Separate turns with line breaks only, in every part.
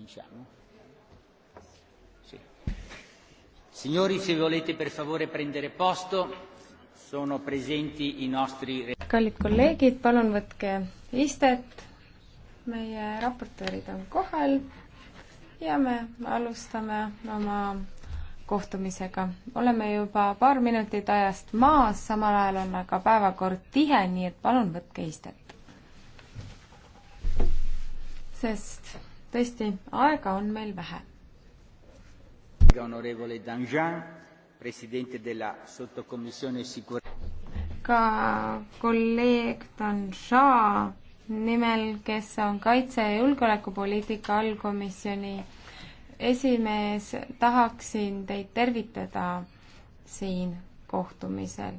diciamo. Sì. Signori, se volete per favore prendere posto, sono presenti i nostri...
Kallid kolleegid, palun võtke istet. Meie raportöörid on kohal ja me alustame oma kohtumisega. oleme juba paar minutit ajast maas, samal ajal on aga päevakord tihe, nii et palun võtke istet. sest tõesti, aega on meil vähe. ka kolleeg Danjean nimel, kes on kaitse- ja julgeolekupoliitika allkomisjoni esimees, tahaksin teid tervitada siin kohtumisel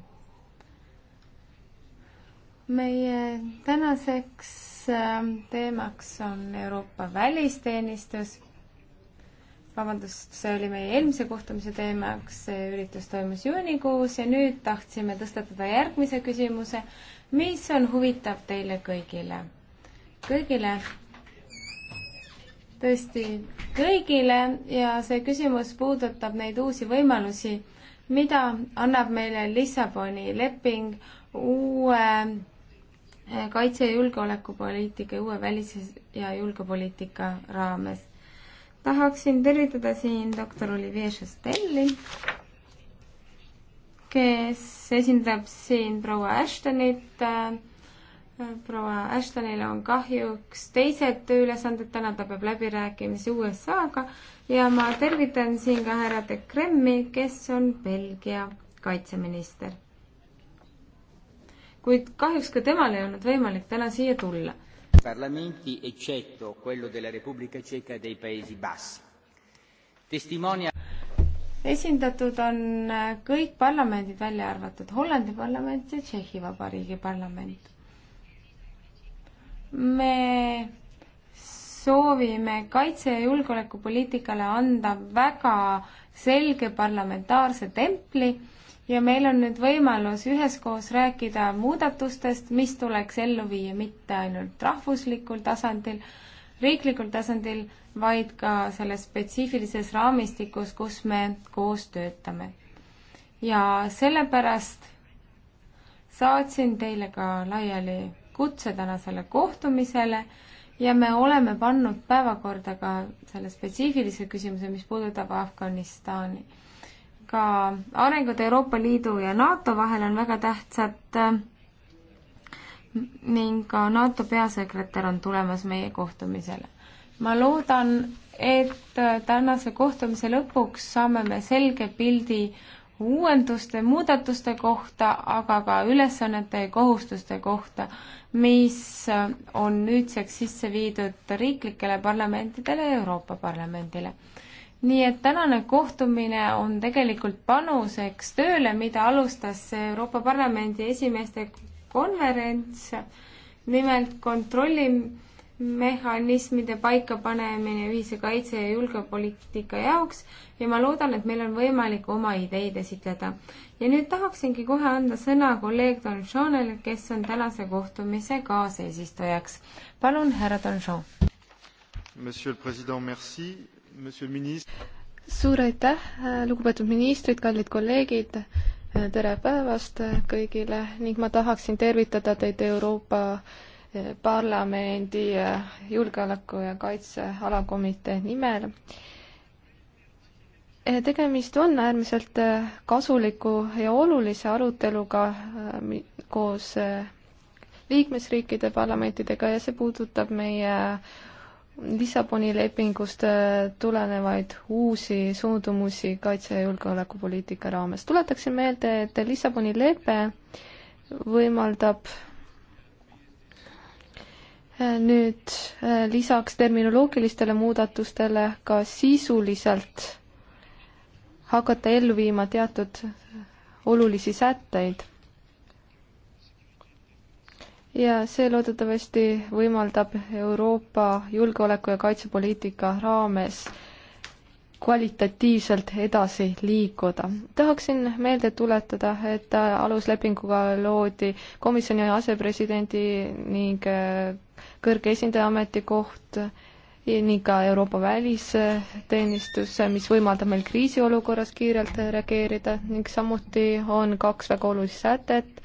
meie tänaseks ähm, teemaks on Euroopa välisteenistus. vabandust, see oli meie eelmise kohtumise teemaks, see üritus toimus juunikuus ja nüüd tahtsime tõstatada järgmise küsimuse, mis on huvitav teile kõigile. kõigile, tõesti kõigile ja see küsimus puudutab neid uusi võimalusi, mida annab meile Lissaboni leping uue kaitse- ja julgeolekupoliitika ja uue välis- ja julgepoliitika raames. tahaksin tervitada siin doktor Olivier Chastelli, kes esindab siin proua Ashtonit. proua Ashtonil on kahjuks teised tööülesanded, täna ta peab läbirääkimisi USA-ga ja ma tervitan siin ka härra de Kremmi, kes on Belgia kaitseminister kuid kahjuks ka temal ei olnud võimalik täna siia tulla.
parlamenti eccetto quello della Repubblica Ceca dei Paesi Bassi. Testimonia
esindatud on äh, kõik parlamendid, välja arvatud Hollandi parlament ja Tšehhi Vabariigi parlament. me soovime kaitse- ja julgeolekupoliitikale anda väga selge parlamentaarse templi ja meil on nüüd võimalus üheskoos rääkida muudatustest, mis tuleks ellu viia mitte ainult rahvuslikul tasandil, riiklikul tasandil, vaid ka selles spetsiifilises raamistikus, kus me koos töötame. ja sellepärast saatsin teile ka laiali kutse tänasele kohtumisele ja me oleme pannud päevakorda ka selle spetsiifilise küsimuse, mis puudutab Afganistani ka arengud Euroopa Liidu ja NATO vahel on väga tähtsad ning ka NATO peasekretär on tulemas meie kohtumisele. ma loodan, et tänase kohtumise lõpuks saame me selge pildi uuenduste, muudatuste kohta, aga ka ülesannete ja kohustuste kohta, mis on nüüdseks sisse viidud riiklikele parlamentidele ja Euroopa Parlamendile nii et tänane kohtumine on tegelikult panuseks tööle, mida alustas Euroopa Parlamendi esimeeste konverents, nimelt kontrollimehhanismide paikapanemine ühise kaitse ja julgepoliitika jaoks ja ma loodan, et meil on võimalik oma ideid esitleda. ja nüüd tahaksingi kohe anda sõna kolleeg Donžonele, kes on tänase kohtumise kaaseesistujaks. palun,
härra Donžon.
Monsieur le Président, merci
suur aitäh, lugupeetud ministrid, kallid kolleegid, tere päevast kõigile ning ma tahaksin tervitada teid Euroopa eh, Parlamendi eh, julgeoleku ja kaitse alakomitee nimel eh, tegemist on äärmiselt kasuliku ja olulise aruteluga koos liikmesriikide parlamentidega ja see puudutab meie Lissaboni lepingust äh, tulenevaid uusi suundumusi kaitse- ja julgeolekupoliitika raames. tuletaksin meelde, et Lissaboni lepe võimaldab äh, nüüd äh, lisaks terminoloogilistele muudatustele ka sisuliselt hakata ellu viima teatud olulisi sätteid ja see loodetavasti võimaldab Euroopa julgeoleku- ja kaitsepoliitika raames kvalitatiivselt edasi liikuda. tahaksin meelde tuletada, et aluslepinguga loodi komisjoni asepresidendi ning äh, kõrge esindaja ametikoht ning ka Euroopa välisteenistus, mis võimaldab meil kriisiolukorras kiirelt reageerida ning samuti on kaks väga olulist sätet,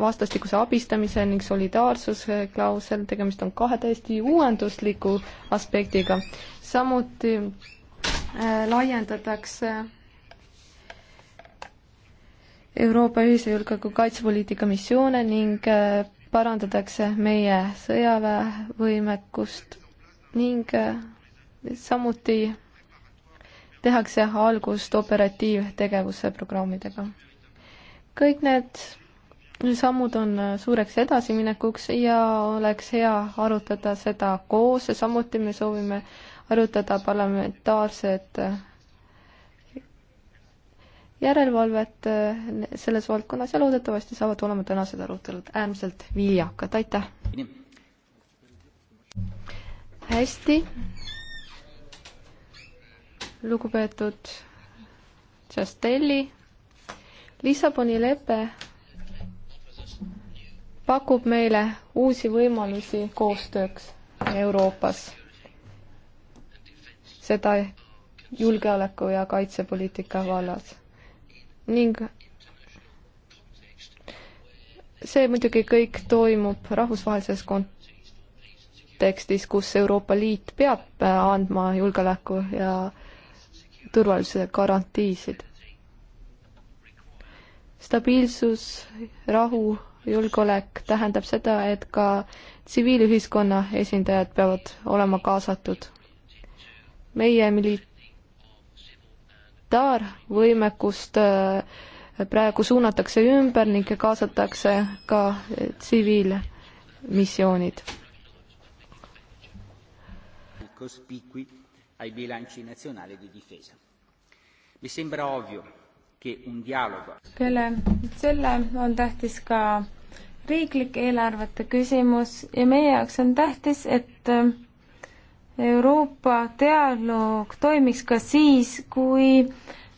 vastastikuse abistamise ning solidaarsuse klausel, tegemist on kahe täiesti uuendusliku aspektiga. samuti äh, laiendatakse Euroopa ühise julgeoleku kaitsepoliitika missioone ning äh, parandatakse meie sõjaväevõimekust ning äh, samuti tehakse algust operatiivtegevuse programmidega. kõik need sammud on suureks edasiminekuks ja oleks hea arutada seda koos, samuti me soovime arutada parlamentaarset järelevalvet selles valdkonnas ja loodetavasti saavad olema tänased arutelud äärmiselt viljakad, aitäh! hästi, lugupeetud Tšastelli, Lissaboni lepe pakub meile uusi võimalusi koostööks Euroopas. seda julgeoleku ja kaitsepoliitika vallas. ning see muidugi kõik toimub rahvusvahelises kontekstis, kus Euroopa Liit peab andma julgeoleku ja turvalisuse garantiisid. stabiilsus, rahu julgeolek tähendab seda, et ka tsiviilühiskonna esindajad peavad olema kaasatud. meie militaarvõimekust äh, praegu suunatakse ümber ning kaasatakse ka äh, tsiviilmissioonid.
cospicui ai bilanci nazionali di difesa. Mi sembra ovvio peale
selle on tähtis ka riiklike eelarvete küsimus ja meie jaoks on tähtis, et äh, Euroopa dialoog toimiks ka siis, kui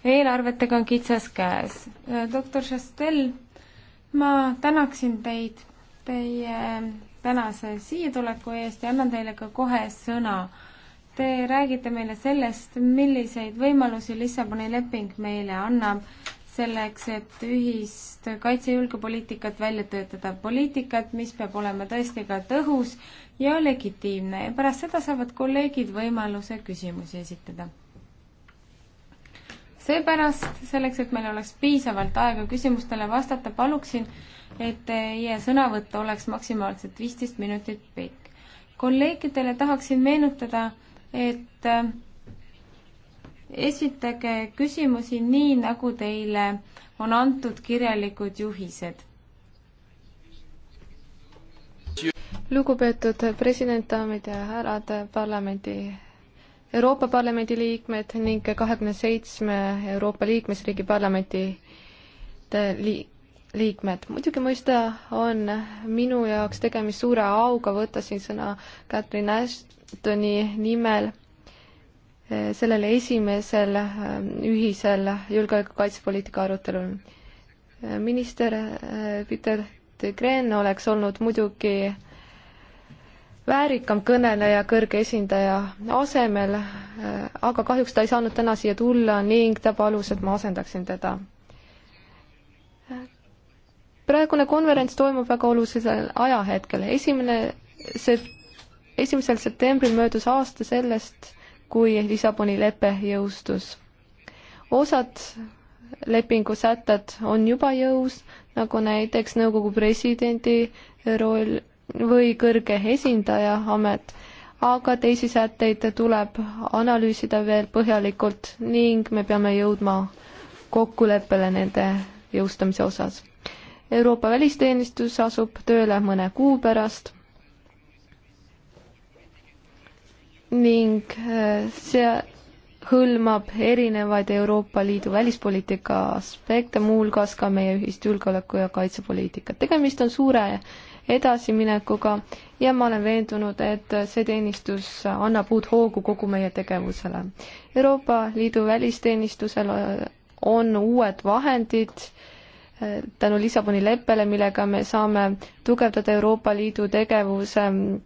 eelarvetega on kitsas käes. Äh, doktor Šestel, ma tänaksin teid teie tänase siiatuleku eest ja annan teile ka kohe sõna Te räägite meile sellest, milliseid võimalusi Lissaboni leping meile annab selleks, et ühist kaitse- ja julgepoliitikat välja töötada. poliitikat, mis peab olema tõesti ka tõhus ja legitiimne ja pärast seda saavad kolleegid võimaluse küsimusi esitada seepärast, selleks, et meil oleks piisavalt aega küsimustele vastata, paluksin, et teie sõnavõtt oleks maksimaalselt viisteist minutit pikk. kolleegidele tahaksin meenutada, et äh, esitage küsimusi nii, nagu teile on antud kirjalikud juhised.
lugupeetud president, daamid ja härrad, parlamendi Euroopa Parlamendi liikmed ning kahekümne seitsme Euroopa liikmesriigi parlamendi liik-, liikmed. muidugi mõista on minu jaoks tegemist suure auga võtta siin sõna Catherine Ashtoni nimel eh, sellel esimesel eh, ühisel julgeoleku kaitsepoliitika arutelul. Eh, minister Peter de Kreen oleks olnud muidugi väärikam kõneleja kõrge esindaja asemel, aga kahjuks ta ei saanud täna siia tulla ning ta palus, et ma asendaksin teda praegune konverents toimub väga olulisel ajahetkel. esimene sep-, esimesel septembril möödus aasta sellest, kui Lissaboni lepe jõustus. osad lepingu sätted on juba jõus, nagu näiteks nõukogu presidendi roll või kõrge esindaja amet, aga teisi sätteid tuleb analüüsida veel põhjalikult ning me peame jõudma kokkuleppele nende jõustamise osas Euroopa välisteenistus asub tööle mõne kuu pärast ning äh, see hõlmab erinevaid Euroopa Liidu välispoliitika aspekte, muuhulgas ka meie ühist julgeoleku- ja kaitsepoliitikat. tegemist on suure edasiminekuga ja ma olen veendunud, et see teenistus annab uut hoogu kogu meie tegevusele. Euroopa Liidu välisteenistusel äh, on uued vahendid tänu Lissaboni leppele, millega me saame tugevdada Euroopa Liidu tegevuse, ähm,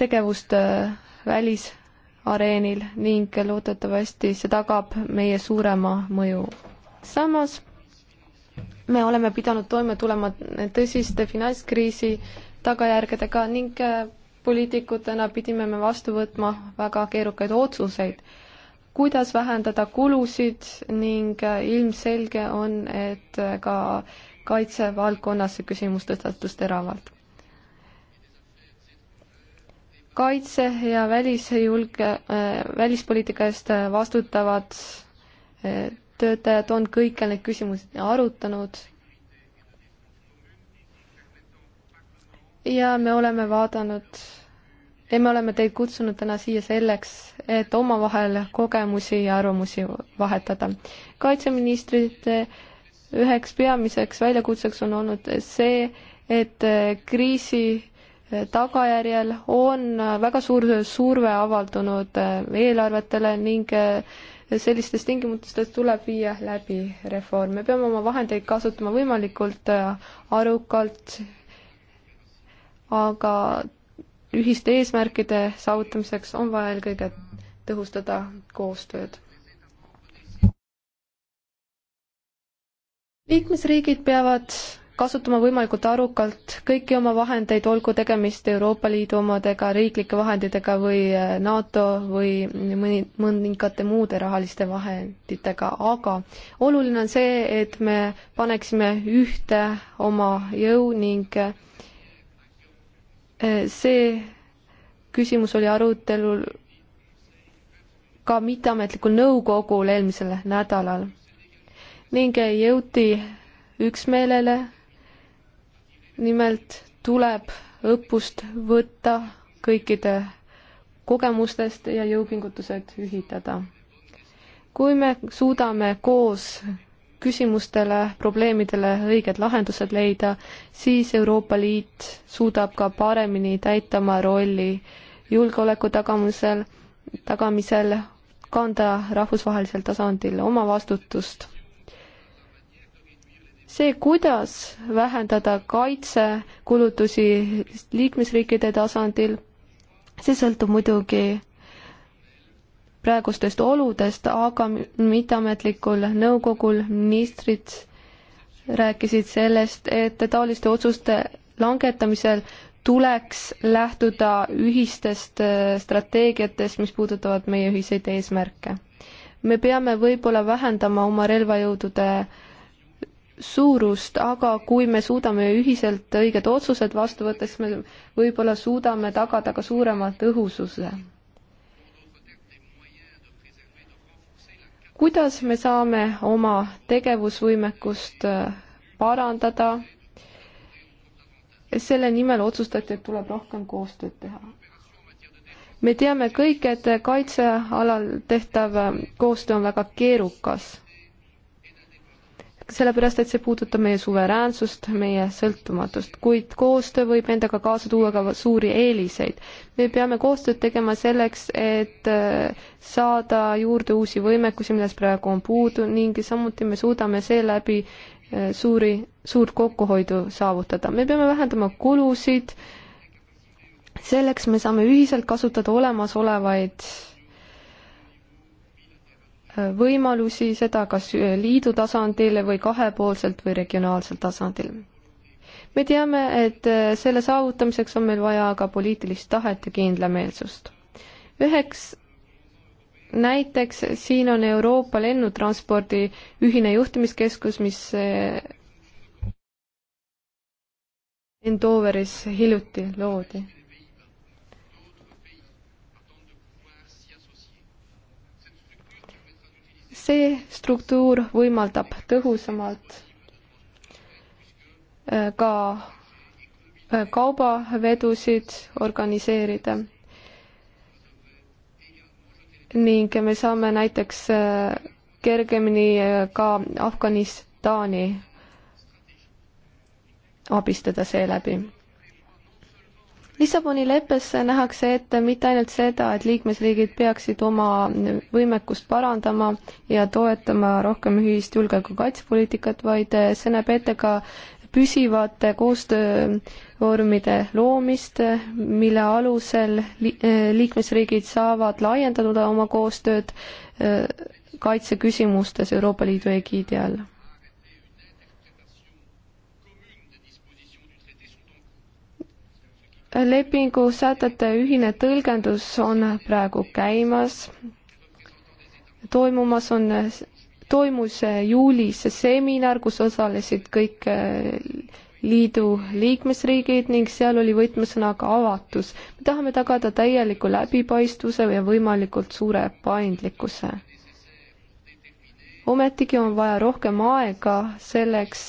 tegevust äh, välisareenil ning loodetavasti see tagab meie suurema mõju. samas me oleme pidanud toime tulema tõsiste finantskriisi tagajärgedega ning äh, poliitikutena pidime me vastu võtma väga keerukaid otsuseid kuidas vähendada kulusid ning äh, ilmselge on, et äh, ka kaitsevaldkonnas see küsimus tõstatus teravalt. kaitse ja välisjulge, äh, välispoliitika eest vastutavad töötajad on kõiki neid küsimusi arutanud ja me oleme vaadanud ja me oleme teid kutsunud täna siia selleks, et omavahel kogemusi ja arvamusi vahetada. kaitseministrite üheks peamiseks väljakutseks on olnud see, et kriisi tagajärjel on väga suur surve avaldunud eelarvetele ning sellistes tingimustes tuleb viia läbi reform. me peame oma vahendeid kasutama võimalikult arukalt, aga ühiste eesmärkide saavutamiseks on vaja eelkõige tõhustada koostööd. liikmesriigid peavad kasutama võimalikult arukalt kõiki oma vahendeid, olgu tegemist Euroopa Liidu omadega, riiklike vahenditega või äh, NATO või mõni, mõningate muude rahaliste vahenditega, aga oluline on see, et me paneksime ühte oma jõu ning äh, Äh, see küsimus oli arutelul ka mitteametlikul nõukogul eelmisel nädalal ning jõuti üksmeelele. nimelt tuleb õppust võtta kõikide kogemustest ja jõupingutused ühitada. kui me suudame koos küsimustele, probleemidele õiged lahendused leida, siis Euroopa Liit suudab ka paremini täita oma rolli julgeoleku tagamisel, tagamisel, kanda rahvusvahelisel tasandil oma vastutust. see, kuidas vähendada kaitsekulutusi liikmesriikide tasandil, see sõltub muidugi praegustest oludest, aga mitteametlikul nõukogul ministrid rääkisid sellest, et taoliste otsuste langetamisel tuleks lähtuda ühistest äh, strateegiatest, mis puudutavad meie ühiseid eesmärke. me peame võib-olla vähendama oma relvajõudude suurust, aga kui me suudame ühiselt õiged otsused vastu võtta, siis me võib-olla suudame tagada ka suurema tõhususe kuidas me saame oma tegevusvõimekust äh, parandada. selle nimel otsustati, et tuleb rohkem koostööd teha. me teame kõik, et kaitsealal tehtav äh, koostöö on väga keerukas sellepärast et see puudutab meie suveräänsust, meie sõltumatust, kuid koostöö võib endaga kaasa tuua ka suuri eeliseid. me peame koostööd tegema selleks, et äh, saada juurde uusi võimekusi, millest praegu on puudu ning samuti me suudame seeläbi äh, suuri, suurt kokkuhoidu saavutada. me peame vähendama kulusid, selleks me saame ühiselt kasutada olemasolevaid võimalusi, seda kas liidu tasandil või kahepoolselt või regionaalsel tasandil. me teame, et selle saavutamiseks on meil vaja ka poliitilist tahet ja kindlameelsust. üheks näiteks siin on Euroopa lennutranspordi ühine juhtimiskeskus, mis eh, Endoveris hiljuti loodi see struktuur võimaldab tõhusamalt äh, ka äh, kaubavedusid organiseerida. ning me saame näiteks äh, kergemini ka Afganistani abistada seeläbi Lissaboni leppesse nähakse ette mitte ainult seda, et liikmesriigid peaksid oma võimekust parandama ja toetama rohkem ühist julgeoleku kaitsepoliitikat, vaid see näeb ette ka püsivate koostöövormide loomist, mille alusel li liikmesriigid saavad laiendada oma koostööd äh, kaitseküsimustes Euroopa Liidu egiidi all lepingu sätete ühine tõlgendus on praegu käimas. toimumas on, toimus juulis seminar, kus osalesid kõik eh, liidu liikmesriigid ning seal oli võtmesõnaga avatus. me tahame tagada täieliku läbipaistvuse ja võimalikult suure paindlikkuse. ometigi on vaja rohkem aega selleks,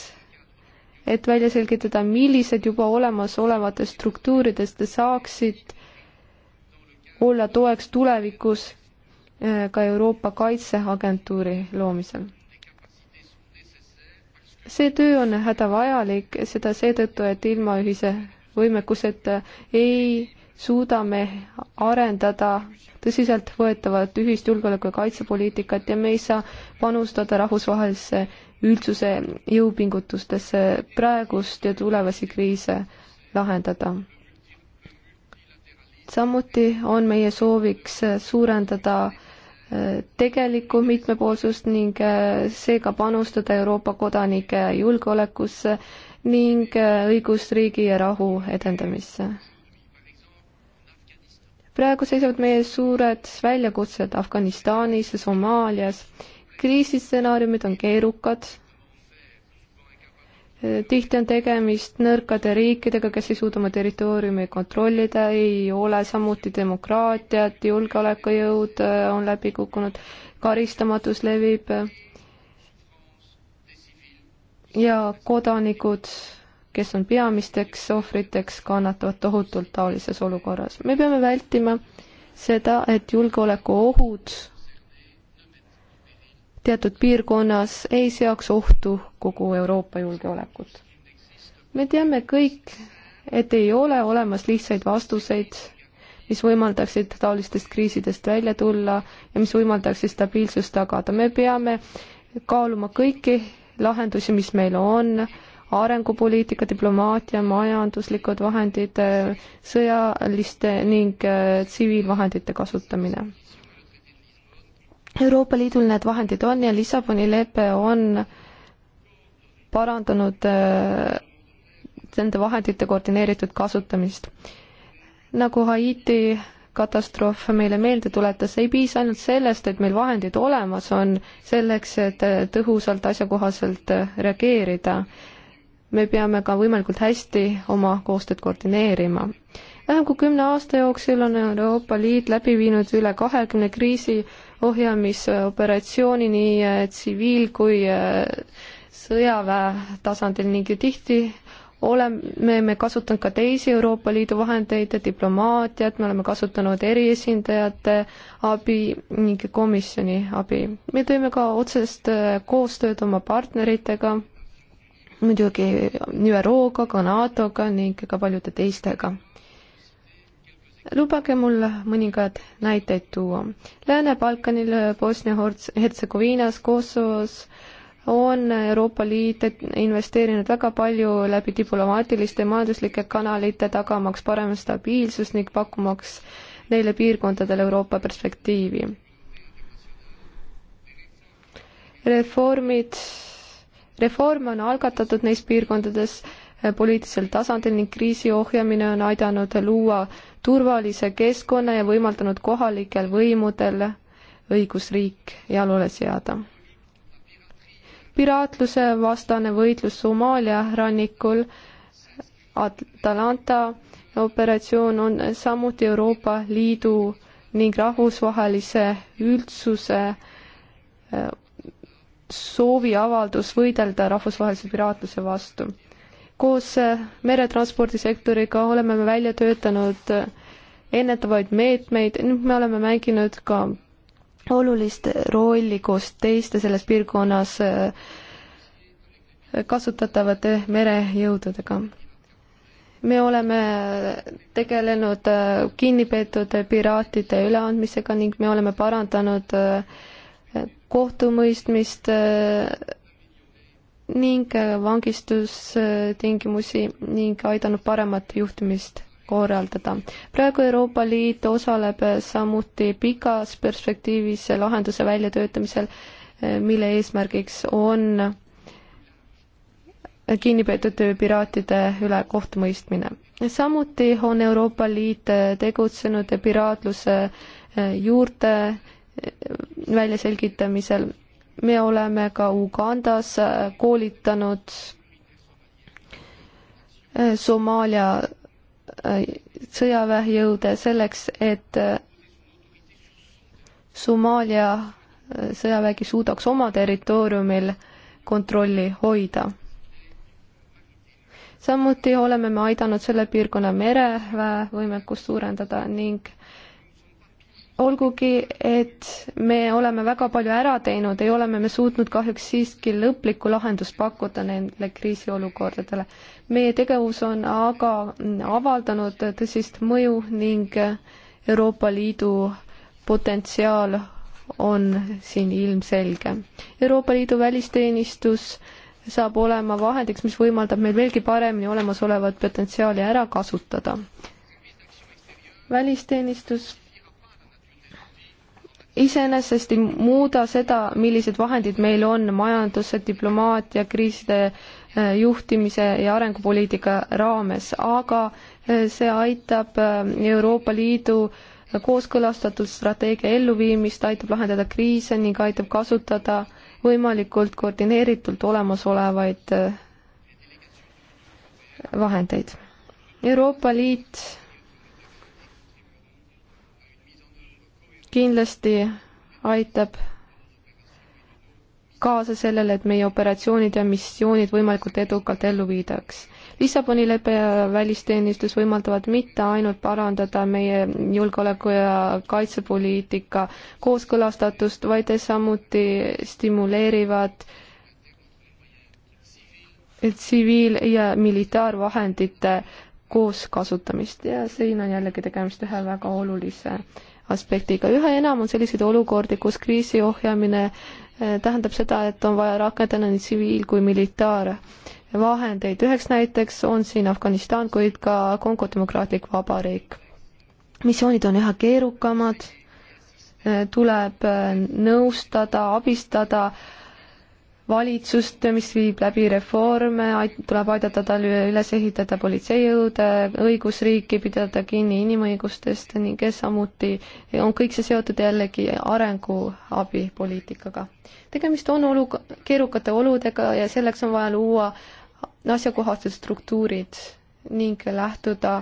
et välja selgitada, millised juba olemasolevatest struktuuridest saaksid olla toeks tulevikus eh, ka Euroopa Kaitseagentuuri loomisel. see töö on hädavajalik, seda seetõttu, et ilma ühise võimekuseta ei suuda me arendada tõsiseltvõetavat ühist julgeoleku- ja kaitsepoliitikat ja me ei saa panustada rahvusvahelisse üldsuse jõupingutustesse praegust ja tulevasi kriise lahendada. samuti on meie sooviks suurendada äh, tegelikku mitmepoolsust ning äh, seega panustada Euroopa kodanike julgeolekusse ning äh, õigusriigi ja rahu edendamisse. praegu seisavad meie suured väljakutsed Afganistanis ja Somaalias kriisistsenaariumid on keerukad, tihti on tegemist nõrkade riikidega, kes ei suuda oma territooriumi kontrollida, ei ole samuti demokraatiat, julgeolekujõud äh, on läbi kukkunud, karistamatus levib ja kodanikud, kes on peamisteks ohvriteks, kannatavad tohutult taolises olukorras. me peame vältima seda, et julgeolekuohud teatud piirkonnas ei seaks ohtu kogu Euroopa julgeolekut. me teame kõik, et ei ole olemas lihtsaid vastuseid, mis võimaldaksid taolistest kriisidest välja tulla ja mis võimaldaksid stabiilsust tagada. me peame kaaluma kõiki lahendusi, mis meil on, arengupoliitika, diplomaatia, majanduslikud vahendid, sõjaliste ning äh, tsiviilvahendite kasutamine Euroopa Liidul need vahendid on ja Lissaboni lepe on parandanud äh, nende vahendite koordineeritud kasutamist. nagu Haiti katastroof meile meelde tuletas, ei piisa ainult sellest, et meil vahendid olemas on selleks, et äh, tõhusalt, asjakohaselt äh, reageerida. me peame ka võimalikult hästi oma koostööd koordineerima vähem kui kümne aasta jooksul on Euroopa Liit läbi viinud üle kahekümne kriisi ohjamisoperatsiooni nii eh, tsiviil- kui eh, sõjaväe tasandil ning tihti oleme me kasutanud ka teisi Euroopa Liidu vahendeid, diplomaatiat, me oleme kasutanud eriesindajate abi ning komisjoni abi. me teeme ka otsest eh, koostööd oma partneritega, muidugi ÜRO-ga, ka NATO-ga ning ka paljude teistega lubage mul mõningad näiteid tuua. Lääne-Balkanil, Bosnia-Hertsegoviinas, Kosovos on Euroopa Liit investeerinud väga palju läbi diplomaatiliste majanduslike kanalite, tagamaks parem stabiilsus ning pakkumaks neile piirkondadele Euroopa perspektiivi. reformid, reforme on algatatud neis piirkondades Eh, poliitilisel tasandil ning kriisi ohjamine on aidanud luua turvalise keskkonna ja võimaldanud kohalikel võimudel õigusriik jalule seada. piraatluse vastane võitlus Somaalia rannikul Atalanta operatsioon on samuti Euroopa Liidu ning rahvusvahelise üldsuse eh, sooviavaldus võidelda rahvusvahelise piraatluse vastu koos äh, meretranspordisektoriga oleme me välja töötanud äh, ennetavaid meetmeid, nüüd me oleme mänginud ka olulist rolli koos teiste selles piirkonnas äh, kasutatavate merejõududega. me oleme tegelenud kinnipeetud piraatide üleandmisega ning me oleme parandanud kohtumõistmist ning äh, vangistustingimusi ning aidanud paremat juhtimist korraldada. praegu Euroopa Liit osaleb äh, samuti pikas perspektiivis lahenduse väljatöötamisel, äh, mille eesmärgiks on kinnipeetud piraatide üle kohtumõistmine. samuti on Euroopa Liit tegutsenud piraatluse juurte väljaselgitamisel me oleme ka Ugandas äh, koolitanud äh, Somaalia äh, sõjaväejõude selleks, et Somaalia sõjavägi suudaks oma territooriumil kontrolli hoida. samuti oleme me aidanud selle piirkonna mereväe võimekust suurendada ning olgugi, et me oleme väga palju ära teinud, ei ole me suutnud kahjuks siiski lõplikku lahendust pakkuda nendele kriisiolukordadele. meie tegevus on aga avaldanud tõsist mõju ning Euroopa Liidu potentsiaal on siin ilmselge. Euroopa Liidu välisteenistus saab olema vahendiks, mis võimaldab meil veelgi paremini olemasolevat potentsiaali ära kasutada. välisteenistus iseenesest ei muuda seda, millised vahendid meil on majanduse, diplomaatia, kriiside äh, juhtimise ja arengupoliitika raames, aga äh, see aitab äh, Euroopa Liidu kooskõlastatud strateegia elluviimist, aitab lahendada kriise ning aitab kasutada võimalikult koordineeritult olemasolevaid vahendeid. Euroopa Liit kindlasti aitab kaasa sellele, et meie operatsioonid ja missioonid võimalikult edukalt ellu viidaks. Lissaboni lepe ja välisteenistus võimaldavad mitte ainult parandada meie julgeoleku ja kaitsepoliitika kooskõlastatust, vaid samuti stimuleerivad tsiviil- ja militaarvahendite kooskasutamist ja siin on jällegi tegemist ühe väga olulise aspektiga. üha enam on selliseid olukordi, kus kriisi ohjamine eh, tähendab seda, et on vaja rakendada nii tsiviil- kui militaarvahendeid. üheks näiteks on siin Afganistan, kuid ka Kongo Demokraatlik Vabariik. missioonid on üha keerukamad, eh, tuleb eh, nõustada, abistada äh, valitsust, mis viib läbi reforme, tuleb aidata tal üles ehitada politseijõude, õigusriiki, pidada kinni inimõigustest ning samuti on kõik see seotud jällegi arenguabipoliitikaga. tegemist on olu-, keerukate oludega ja selleks on vaja luua asjakohased struktuurid ning lähtuda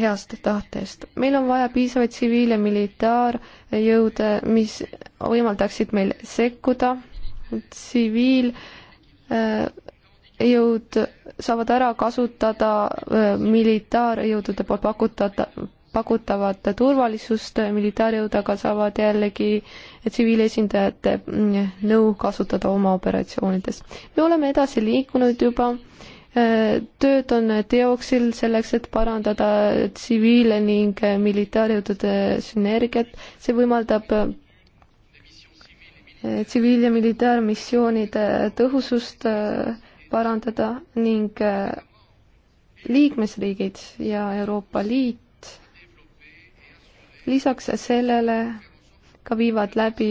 heast tahtest. meil on vaja piisavaid tsiviil- ja militaarjõude, mis võimaldaksid meil sekkuda tsiviiljõud äh, saavad ära kasutada äh, militaarjõudude poolt pakutada, pakutavat turvalisust, äh, militaarjõud aga saavad jällegi tsiviilesindajate mm, nõu kasutada oma operatsioonides. me oleme edasi liikunud juba, tööd on teoksil selleks, et parandada tsiviil- ning militaarjõudude sünergiat, see võimaldab Eh, tsiviil- ja militaarmissioonide tõhusust eh, parandada ning eh, liikmesriigid ja Euroopa Liit lisaks sellele ka viivad läbi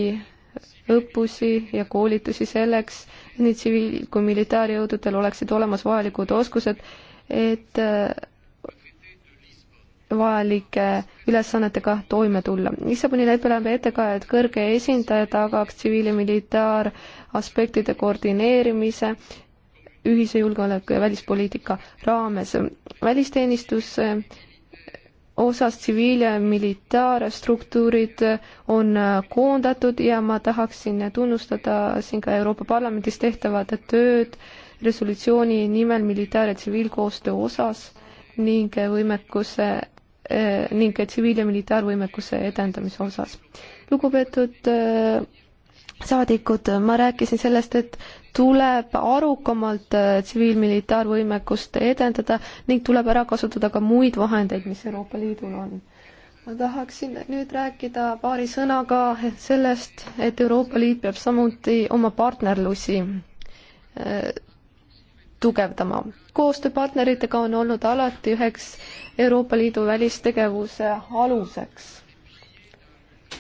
õppusi ja koolitusi selleks, et nii tsiviil- kui militaarjõududel oleksid olemas vajalikud oskused, et vajalike ülesannetega toime tulla. Lissaboni lepe näeb ette ka, et kõrge esindaja tagaks tsiviil- ja militaaraspektide koordineerimise ühise julgeoleku ja välispoliitika raames. välisteenistus eh, osas tsiviil- ja militaarstruktuurid on eh, koondatud ja ma tahaksin tunnustada siin ka Euroopa Parlamendis tehtavat tööd resolutsiooni nimel militaar- ja tsiviilkoostöö osas ning võimekuse Äh, ning tsiviil- ja militaarvõimekuse edendamise osas. lugupeetud äh, saadikud, ma rääkisin sellest, et tuleb arukamalt äh, tsiviil-militaarvõimekust edendada ning tuleb ära kasutada ka muid vahendeid, mis Euroopa Liidul on. ma tahaksin nüüd rääkida paari sõnaga sellest, et Euroopa Liit peab samuti oma partnerlusi tugevdama. koostöö partneritega on olnud alati üheks Euroopa Liidu välistegevuse aluseks.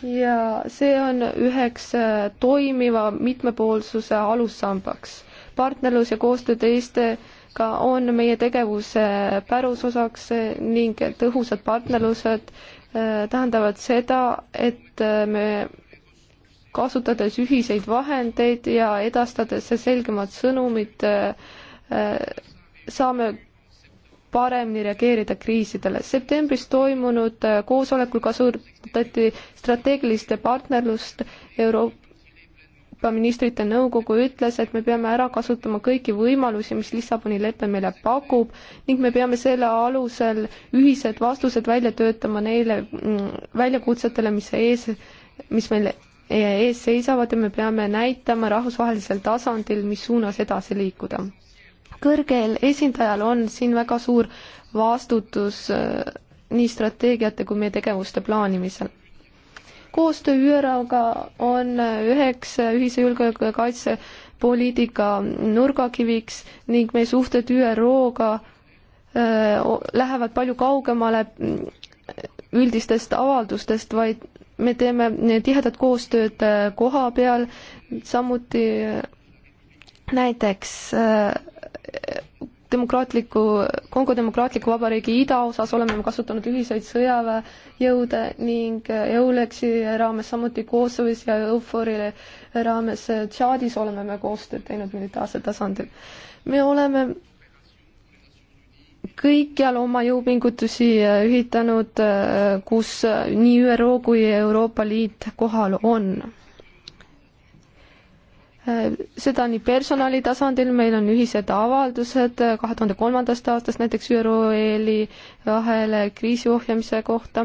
ja see on üheks äh, toimiva mitmepoolsuse alussambaks. partnerlus ja koostöö teiste ka on meie tegevuse äh, pärusosaks äh, ning tõhusad partnerlused tähendavad seda, et me kasutades ühiseid vahendeid ja edastades selgemad sõnumid Äh, saame paremini reageerida kriisidele. septembris toimunud äh, koosolekul kasutati strateegiliste partnerlust Euroopa ministrite nõukogu ütles, et me peame ära kasutama kõiki võimalusi, mis Lissaboni lepe meile pakub ning me peame selle alusel ühised vastused välja töötama neile mm, väljakutsetele, mis ees, mis meil ees seisavad ja me peame näitama rahvusvahelisel tasandil, mis suunas edasi liikuda kõrgel esindajal on siin väga suur vastutus äh, nii strateegiate kui meie tegevuste plaanimisel. koostöö ÜRO-ga on äh, üheks äh, ühise julgeoleku ja kaitsepoliitika nurgakiviks ning meie suhted ÜRO-ga lähevad palju kaugemale mm, üldistest avaldustest, vaid me teeme tihedat koostööd koha peal, samuti näiteks demokraatliku, Kongo Demokraatliku Vabariigi idaosas oleme kasutanud ühiseid sõjaväejõude ning EULEX-i raames, samuti Kosovos ja EUFOR-i raames Tšaadis oleme me koostööd teinud militaarsel tasandil. me oleme kõikjal oma jõupingutusi ühitanud, kus nii ÜRO kui Euroopa Liit kohal on Äh, seda nii personali tasandil, meil on ühised avaldused äh, kahe tuhande kolmandast aastast näiteks ÜRO EL-i vahele kriisi ohjamise kohta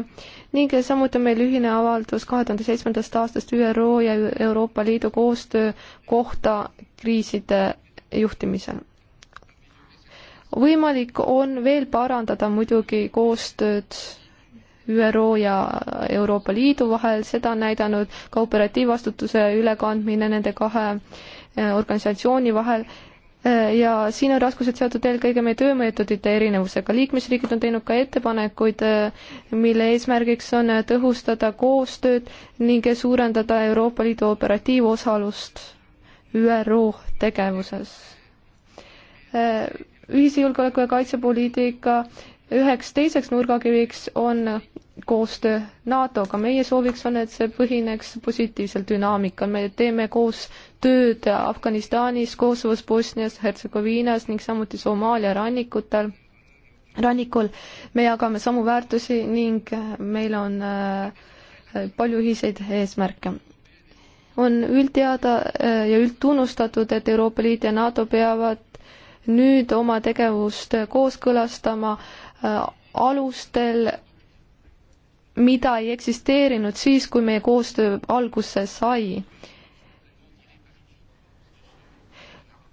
ning samuti on meil ühine avaldus kahe tuhande seitsmendast aastast ÜRO ja Euroopa Liidu koostöö kohta kriiside juhtimisel. võimalik on veel parandada muidugi koostööd ÜRO ja Euroopa Liidu vahel, seda on näidanud ka operatiivvastutuse ülekandmine nende kahe eh, organisatsiooni vahel eh, ja siin on raskused seotud eelkõige meie töömeetodite erinevusega. liikmesriigid on teinud ka ettepanekuid, eh, mille eesmärgiks on tõhustada koostööd ning suurendada Euroopa Liidu operatiivosalust ÜRO tegevuses ühise julgeoleku- ja kaitsepoliitika üheks teiseks nurgakiviks on koostöö NATO-ga. meie sooviks on, et see põhineks positiivsel dünaamikal. me teeme koos tööd Afganistanis, Kosovos, Bosnias, Hertsegoviinas ning samuti Somaalia rannikutel, rannikul. me jagame samu väärtusi ning meil on äh, palju ühiseid eesmärke. on üldteada äh, ja üldtunnustatud, et Euroopa Liit ja NATO peavad nüüd oma tegevust kooskõlastama äh, Äh, alustel, mida ei eksisteerinud siis, kui meie koostöö alguse sai.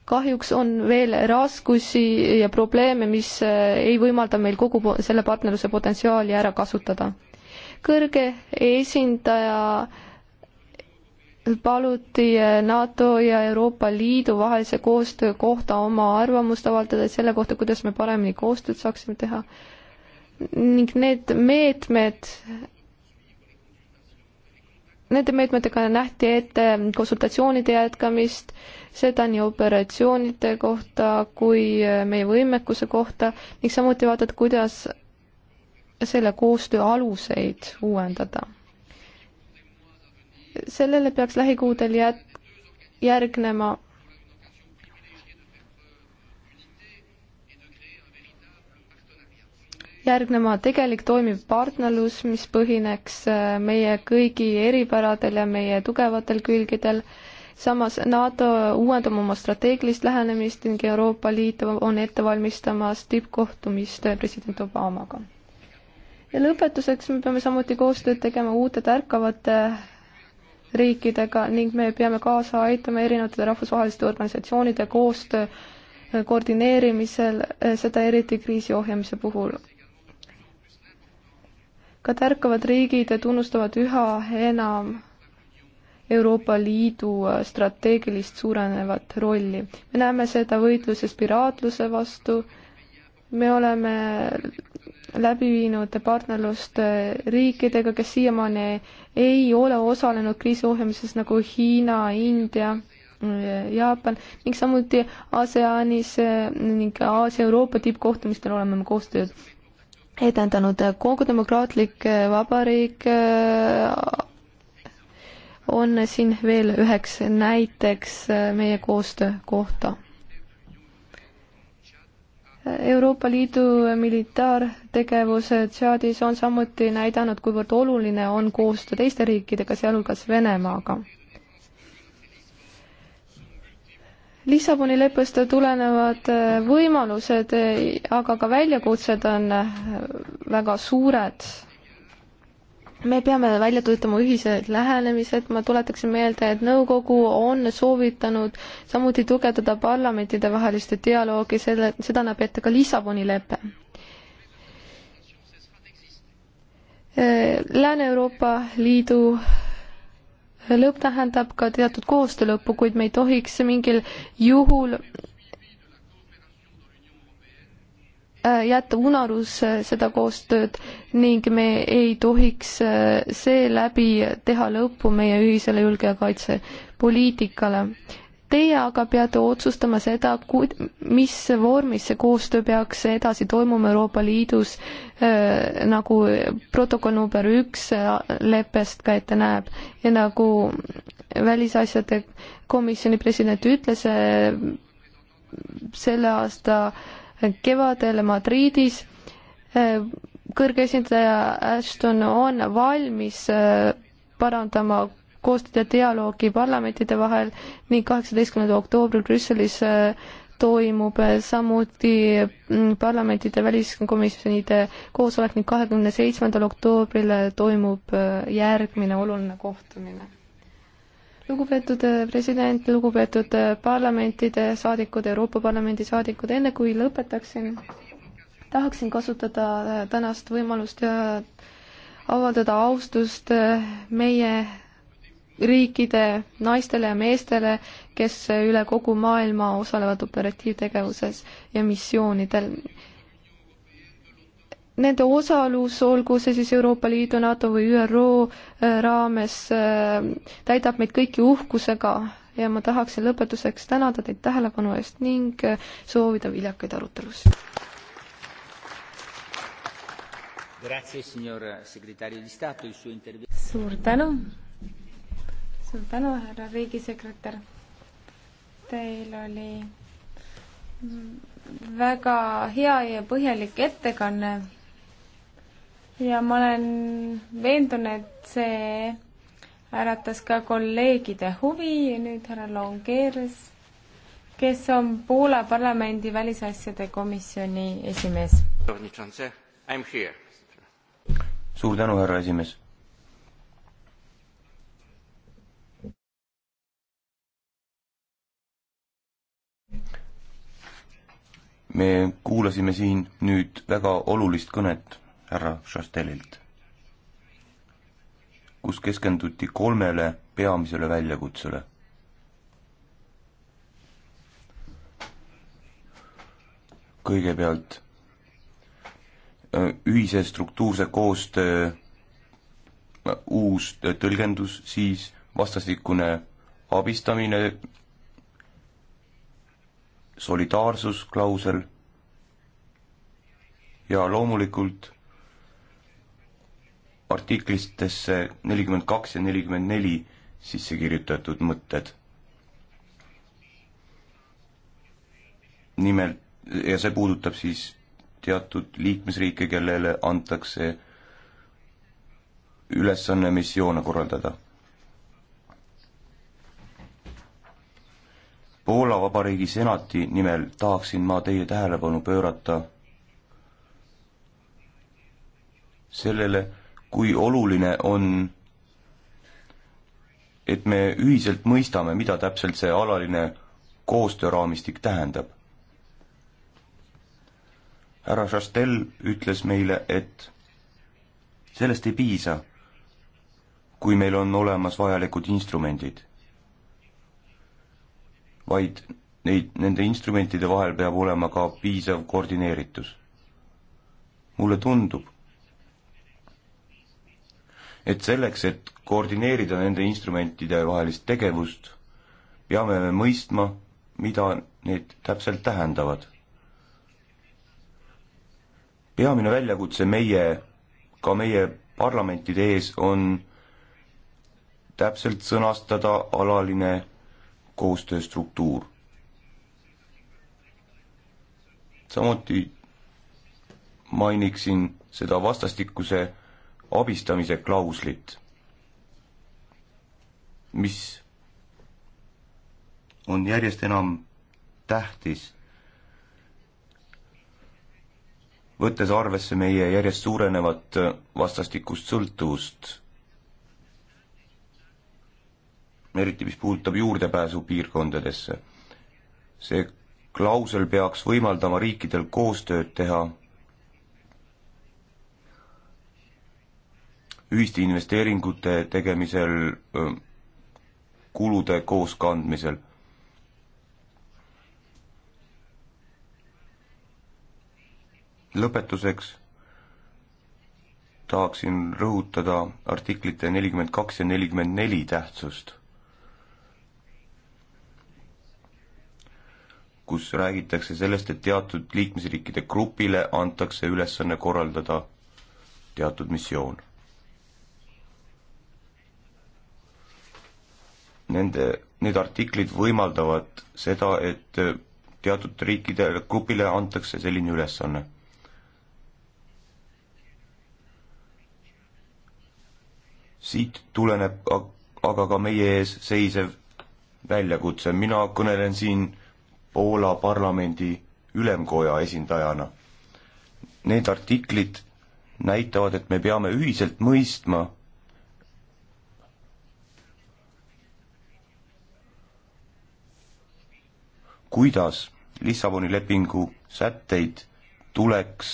kahjuks on veel raskusi ja probleeme, mis äh, ei võimalda meil kogu selle partnerluse potentsiaali ära kasutada. kõrge esindaja äh, paluti eh, NATO ja Euroopa Liidu vahelise koostöö kohta oma arvamust avaldada, et selle kohta, kuidas me paremini koostööd saaksime teha. ning need meetmed, nende meetmetega nähti ette konsultatsioonide jätkamist, seda nii operatsioonide kohta kui eh, meie võimekuse kohta ning samuti vaadata, kuidas selle koostöö aluseid uuendada sellele peaks lähikuudel jät-, järgnema järgnema tegelik toimiv partnerlus, mis põhineks äh, meie kõigi eripäradel ja meie tugevatel külgedel. samas NATO uuendab oma strateegilist lähenemist ning Euroopa Liit on ette valmistamas tippkohtumist äh, president Obamaga. ja lõpetuseks me peame samuti koostööd tegema uute tärkavate riikidega ning me peame kaasa aitama erinevate rahvusvaheliste organisatsioonide koostöö eh, koordineerimisel, eh, seda eriti kriisi ohjamise puhul. ka tärkavad riigid tunnustavad üha enam Euroopa Liidu eh, strateegilist suurenevat rolli. me näeme seda võitluses piraatluse vastu, me oleme läbi viinud partnerlust riikidega, kes siiamaani ei ole osalenud kriisi ohjamises nagu Hiina, India, Jaapan ning samuti ASEANis ning Aasia-Euroopa tippkohtumistel oleme me koostööd edendanud. Kongo demokraatlik vabariik äh, on siin veel üheks näiteks meie koostöö kohta Euroopa Liidu militaartegevus Tšaadis on samuti näidanud, kuivõrd oluline on koostöö teiste riikidega, sealhulgas Venemaaga. Lissaboni leppest tulenevad võimalused, aga ka väljakutsed on väga suured me peame välja töötama ühised lähenemised, ma tuletaksin meelde, et nõukogu on soovitanud samuti tugevdada parlamentidevaheliste dialoogi, selle, seda näeb ette ka Lissaboni lepe. Äh, Lääne-Euroopa Liidu lõpp tähendab ka teatud koostöö lõppu, kuid me ei tohiks mingil juhul Äh, jätta unarusse äh, seda koostööd ning me ei tohiks äh, seeläbi teha lõppu meie ühisele julge- ja kaitsepoliitikale. Teie aga peate otsustama seda, kuid, mis vormis see koostöö peaks edasi toimuma Euroopa Liidus äh,, nagu protokoll number üks leppest ka ette näeb ja nagu välisasjade komisjoni president ütles äh,, selle aasta äh, kevadel Madridis. Eh, kõrge esindaja Ashton on valmis eh, parandama koostööd ja dialoogi parlamentide vahel ning kaheksateistkümnendal oktoobril Brüsselis eh, toimub samuti mm, parlamentide väliskomisjonide koosolek ning kahekümne seitsmendal oktoobril toimub järgmine oluline kohtumine lugupeetud äh, president, lugupeetud äh, parlamentide saadikud, Euroopa Parlamendi saadikud, enne kui lõpetaksin, tahaksin kasutada äh, tänast võimalust ja avaldada austust meie riikide naistele ja meestele, kes üle kogu maailma osalevad operatiivtegevuses ja missioonidel nende osalus, olgu see siis Euroopa Liidu, NATO või ÜRO äh, raames, äh, täidab meid kõiki uhkusega ja ma tahaksin lõpetuseks tänada teid tähelepanu eest ning äh, soovida viljakaid arutelusid.
suur tänu,
suur tänu, härra riigisekretär. Teil oli väga hea ja põhjalik ettekanne ja ma olen veendunud, et see äratas ka kolleegide huvi ja nüüd härra Longeres, kes on Poola parlamendi välisasjade komisjoni esimees.
suur tänu, härra esimees me kuulasime siin nüüd väga olulist kõnet härra Chastelilt, kus keskenduti kolmele peamisele väljakutsele. kõigepealt ühise struktuurse koostöö uus tõlgendus, siis vastastikune abistamine, solidaarsusklausel ja loomulikult artiklitesse nelikümmend kaks ja nelikümmend neli sisse kirjutatud mõtted. nimelt, ja see puudutab siis teatud liikmesriike, kellele antakse ülesanne missioone korraldada. Poola Vabariigi senati nimel tahaksin ma teie tähelepanu pöörata sellele, kui oluline on, et me ühiselt mõistame, mida täpselt see alaline koostööraamistik tähendab. härra Chastel ütles meile, et sellest ei piisa, kui meil on olemas vajalikud instrumendid, vaid neid, nende instrumentide vahel peab olema ka piisav koordineeritus. mulle tundub et selleks, et koordineerida nende instrumentide vahelist tegevust, peame me mõistma, mida need täpselt tähendavad. peamine väljakutse meie, ka meie parlamentide ees on täpselt sõnastada alaline koostööstruktuur. samuti mainiksin seda vastastikuse abistamise klauslit, mis on järjest enam tähtis, võttes arvesse meie järjest suurenevat äh, vastastikust sõltuvust, eriti mis puudutab juurdepääsu piirkondadesse. see klausel peaks võimaldama riikidel koostööd teha ühiste investeeringute tegemisel, kulude kooskandmisel. lõpetuseks tahaksin rõhutada artiklite nelikümmend kaks ja nelikümmend neli tähtsust, kus räägitakse sellest, et teatud liikmesriikide grupile antakse ülesanne korraldada teatud missioon. nende, need artiklid võimaldavad seda, et teatud riikide grupile antakse selline ülesanne. siit tuleneb aga ka meie ees seisev väljakutse, mina kõnelen siin Poola parlamendi ülemkoja esindajana. Need artiklid näitavad, et me peame ühiselt mõistma, kuidas Lissaboni lepingu sätteid tuleks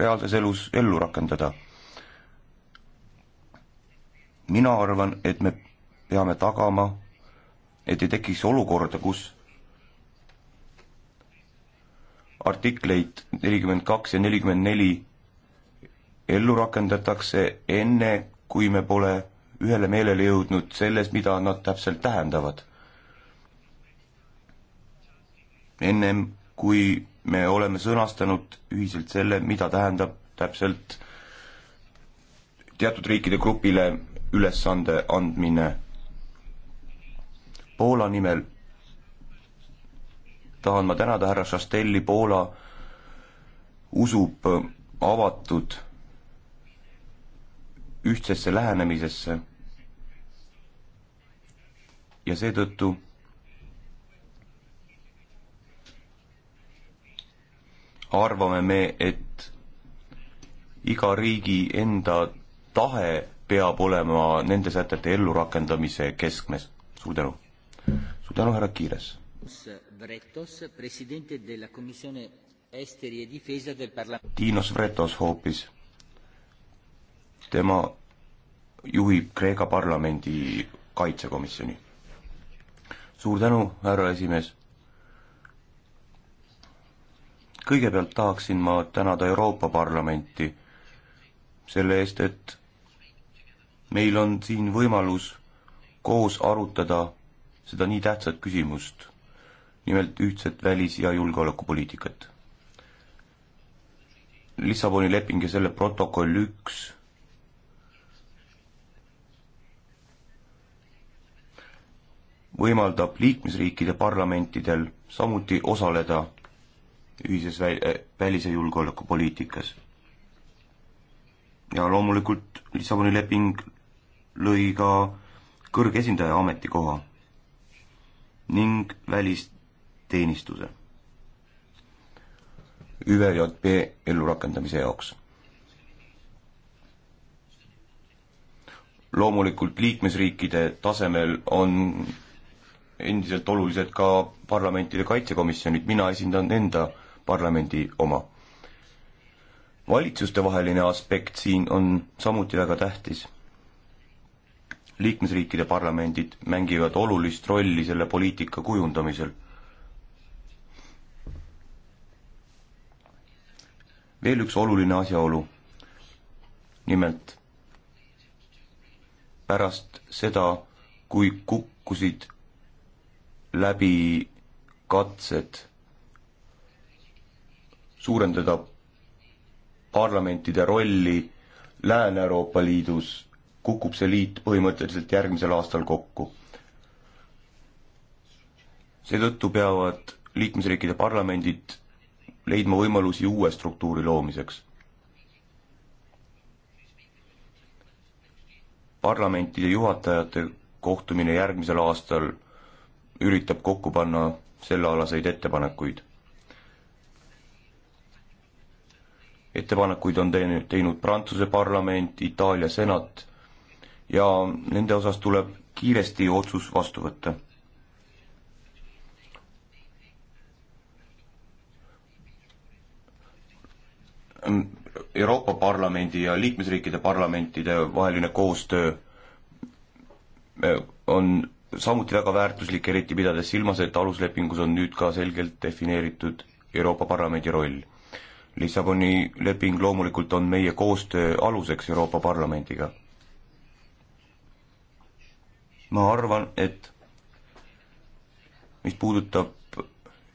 reaalses elus ellu rakendada. mina arvan, et me peame tagama, et ei tekiks olukorda, kus artikleid nelikümmend kaks ja nelikümmend neli ellu rakendatakse enne, kui me pole ühele meelele jõudnud selles, mida nad täpselt tähendavad. ennem kui me oleme sõnastanud ühiselt selle, mida tähendab täpselt teatud riikide grupile ülesande andmine. Poola nimel tahan ma tänada härra Šastelli, Poola usub avatud ühtsesse lähenemisesse ja seetõttu arvame me, et iga riigi enda tahe peab olema nende sätete ellurakendamise keskmes. suur tänu. suur tänu, härra Kiires.
Tiinos e Vretos
hoopis. tema juhib Kreeka parlamendi kaitsekomisjoni. suur tänu, härra esimees kõigepealt tahaksin ma tänada Euroopa Parlamenti selle eest, et meil on siin võimalus koos arutada seda nii tähtsat küsimust, nimelt ühtset välis- ja julgeolekupoliitikat. Lissaboni leping ja selle protokoll üks võimaldab liikmesriikide parlamentidel samuti osaleda ühises väl-, äh, välis- ja julgeolekupoliitikas. ja loomulikult Lissaboni leping lõi ka kõrge esindaja ametikoha ning välisteenistuse ÜVJP ellurakendamise jaoks. loomulikult liikmesriikide tasemel on endiselt olulised ka parlamentide kaitsekomisjonid, mina esindan enda parlamendi oma. valitsustevaheline aspekt siin on samuti väga tähtis. liikmesriikide parlamendid mängivad olulist rolli selle poliitika kujundamisel. veel üks oluline asjaolu. nimelt pärast seda, kui kukkusid läbi katsed suurendada parlamentide rolli Lääne-Euroopa Liidus, kukub see liit põhimõtteliselt järgmisel aastal kokku. seetõttu peavad liikmesriikide parlamendid leidma võimalusi uue struktuuri loomiseks. parlamentide juhatajate kohtumine järgmisel aastal üritab kokku panna sellealaseid ettepanekuid ettepanekuid on teine, teinud Prantsuse parlament, Itaalia senat ja nende osas tuleb kiiresti otsus vastu võtta. Euroopa Parlamendi ja liikmesriikide parlamentide vaheline koostöö eh, on samuti väga väärtuslik, eriti pidades silmas, et aluslepingus on nüüd ka selgelt defineeritud Euroopa Parlamendi roll Lissaboni leping loomulikult on meie koostöö aluseks Euroopa Parlamendiga. ma arvan, et mis puudutab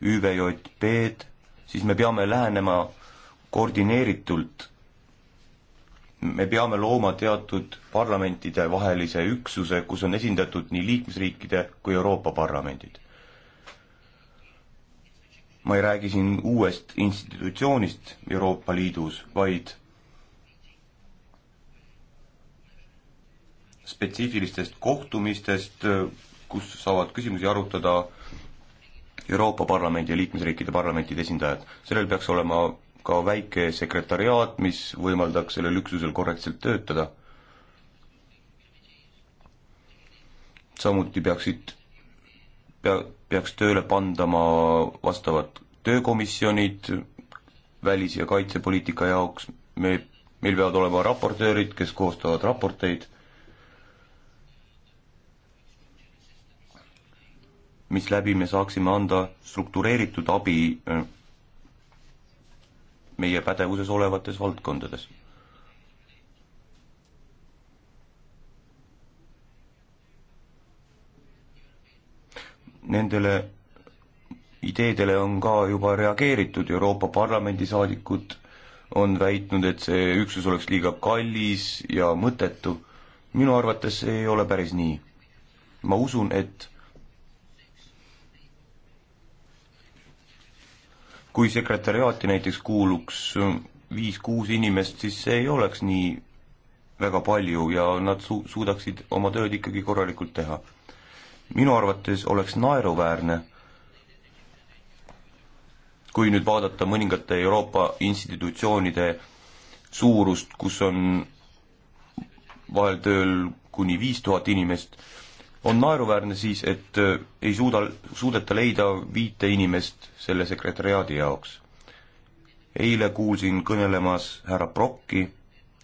ÜVJP-d, siis me peame lähenema koordineeritult. me peame looma teatud parlamentide vahelise üksuse, kus on esindatud nii liikmesriikide kui Euroopa parlamendid ma ei räägi siin uuest institutsioonist Euroopa Liidus, vaid spetsiifilistest kohtumistest, kus saavad küsimusi arutada Euroopa Parlamendi ja liikmesriikide parlamentide esindajad. sellel peaks olema ka väike sekretariaat, mis võimaldaks sellel üksusel korrektselt töötada. samuti peaksid, pea-, peaks tööle pandama vastavad töökomisjonid välis- ja kaitsepoliitika jaoks, me, meil peavad olema raportöörid, kes koostavad raporteid, misläbi me saaksime anda struktureeritud abi äh, meie pädevuses olevates valdkondades nendele ideedele on ka juba reageeritud, Euroopa Parlamendi saadikud on väitnud, et see üksus oleks liiga kallis ja mõttetu. minu arvates see ei ole päris nii. ma usun, et kui sekretäriaati näiteks kuuluks viis-kuus inimest, siis see ei oleks nii väga palju ja nad su-, suudaksid oma tööd ikkagi korralikult teha minu arvates oleks naeruväärne, kui nüüd vaadata mõningate Euroopa institutsioonide suurust, kus on vahel tööl kuni viis tuhat inimest, on naeruväärne siis, et äh, ei suuda, suudeta leida viite inimest selle sekretäriaadi jaoks. eile kuulsin kõnelemas härra Brocki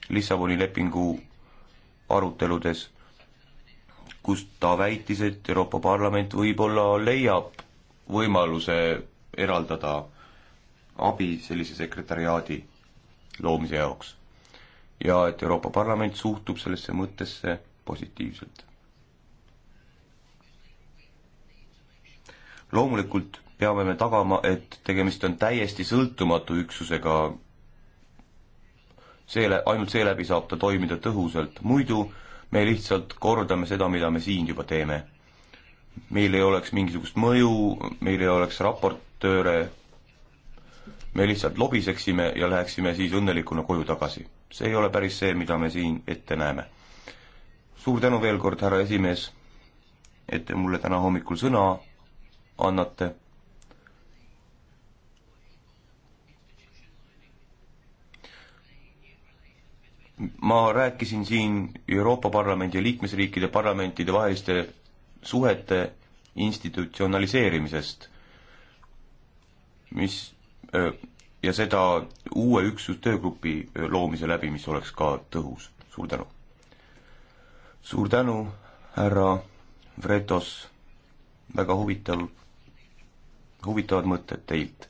Lissaboni lepingu aruteludes kus ta väitis, et Euroopa Parlament võib-olla leiab võimaluse eraldada abi sellise sekretäriaadi loomise jaoks. ja et Euroopa Parlament suhtub sellesse mõttesse positiivselt. loomulikult peame me tagama, et tegemist on täiesti sõltumatu üksusega, seele, ainult seeläbi saab ta toimida tõhusalt, muidu me lihtsalt kordame seda, mida me siin juba teeme. meil ei oleks mingisugust mõju, meil ei oleks raportööre, me lihtsalt lobiseksime ja läheksime siis õnnelikuna koju tagasi. see ei ole päris see, mida me siin ette näeme. suur tänu veel kord, härra esimees, et te mulle täna hommikul sõna annate ma rääkisin siin Euroopa Parlamendi ja liikmesriikide parlamentide vaheliste suhete institutsionaliseerimisest, mis ja seda uue üksustöögrupi loomise läbi, mis oleks ka tõhus. suur tänu! suur tänu, härra Vretos, väga huvitav, huvitavad mõtted teilt.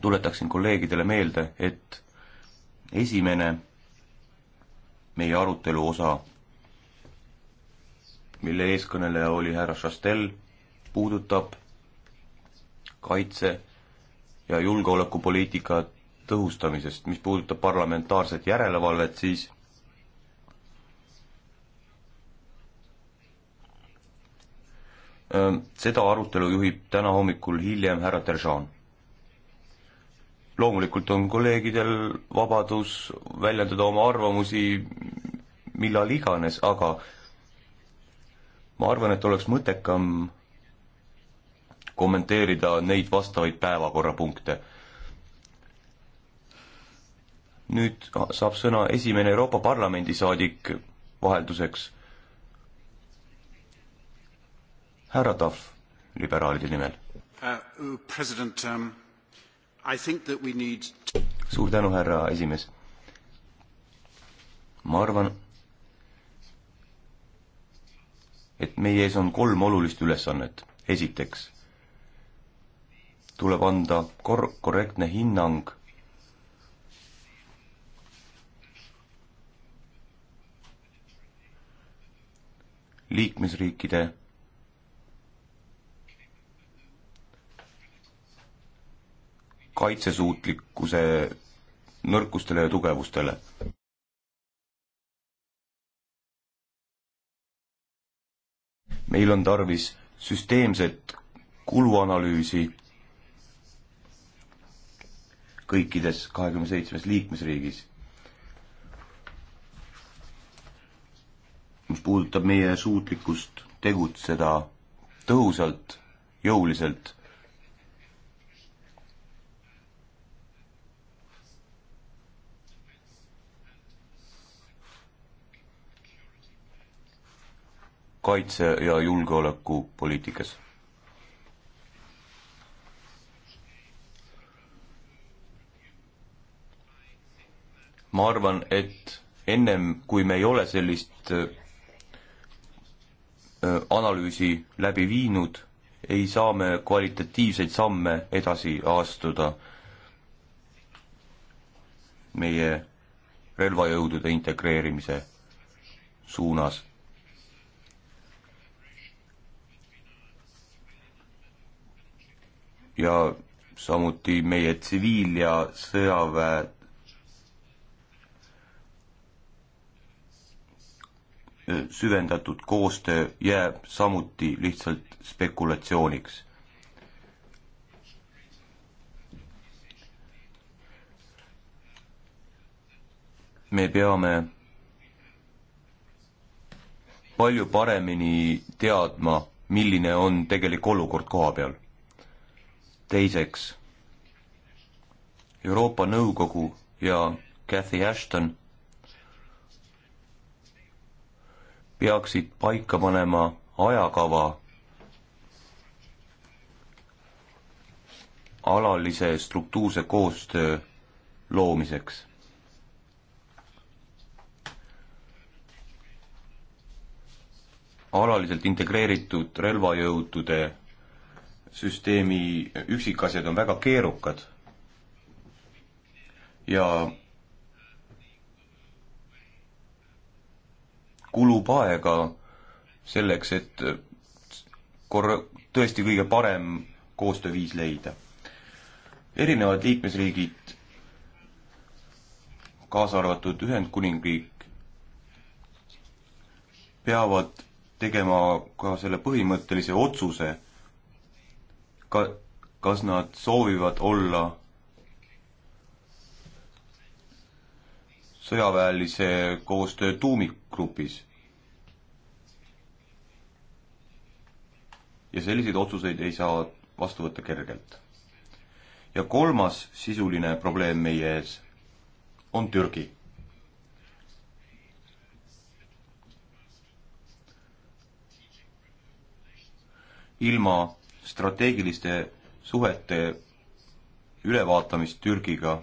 tuletaksin kolleegidele meelde, et esimene meie arutelu osa, mille eeskõneleja oli härra Chastel, puudutab kaitse- ja julgeolekupoliitika tõhustamisest, mis puudutab parlamentaarset järelevalvet, siis seda arutelu juhib täna hommikul hiljem härra Teržan loomulikult on kolleegidel vabadus väljendada oma arvamusi millal iganes, aga ma arvan, et oleks mõttekam kommenteerida neid vastavaid päevakorrapunkte. nüüd saab sõna esimene Euroopa Parlamendi saadik vahelduseks. härra Tahv, liberaalide nimel
uh,. president um Need...
suur tänu, härra esimees. ma arvan, et meie ees on kolm olulist ülesannet. esiteks tuleb anda kor-, korrektne hinnang liikmesriikide kaitsesuutlikkuse nõrkustele ja tugevustele. meil on tarvis süsteemset kuluanalüüsi kõikides kahekümne seitsmes liikmesriigis. mis puudutab meie suutlikkust tegutseda tõhusalt, jõuliselt kaitse- ja julgeolekupoliitikas. ma arvan, et ennem kui me ei ole sellist äh, äh, analüüsi läbi viinud, ei saa me kvalitatiivseid samme edasi astuda meie relvajõudude integreerimise suunas ja samuti meie tsiviil- ja sõjaväe süvendatud koostöö jääb samuti lihtsalt spekulatsiooniks. me peame palju paremini teadma, milline on tegelik olukord koha peal teiseks, Euroopa Nõukogu ja Cathy Ashton peaksid paika panema ajakava alalise struktuurse koostöö loomiseks. alaliselt integreeritud relvajõudude süsteemi üksikasjad on väga keerukad ja kulub aega selleks, et korra-, tõesti kõige parem koostööviis leida. erinevad liikmesriigid, kaasa arvatud Ühendkuningriik, peavad tegema ka selle põhimõttelise otsuse, ka, kas nad soovivad olla sõjaväelise koostöö tuumikgrupis. ja selliseid otsuseid ei saa vastu võtta kergelt. ja kolmas sisuline probleem meie ees on Türgi. ilma strateegiliste suhete ülevaatamist Türgiga.